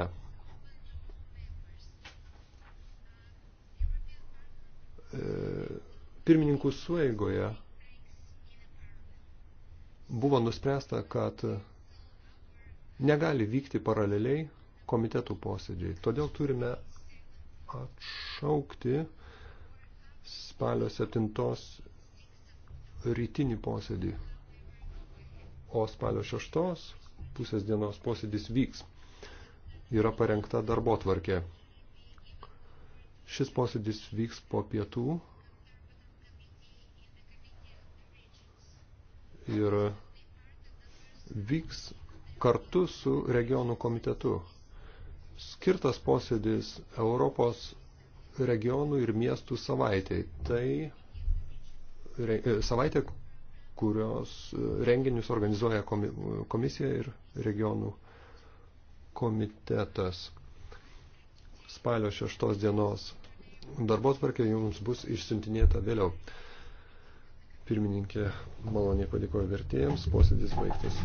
E, pirmininkų sueigoje buvo nuspręsta, kad negali vykti paraleliai komitetų posėdžiai. Todėl turime atšaukti spalio 7 rytinį posėdį, o spalio 6 pusės dienos posėdis vyks. Yra parengta darbo tvarkė. Šis posėdis vyks po pietų ir vyks kartu su regionų komitetu. Skirtas posėdis Europos regionų ir miestų savaitėj. Tai E, savaitė, kurios e, renginius organizuoja komisija ir regionų komitetas. Spalio šeštos dienos darbotvarkė jums bus išsiuntinėta vėliau. Pirmininkė maloniai padėkoja vertėjams, posėdis baigtas.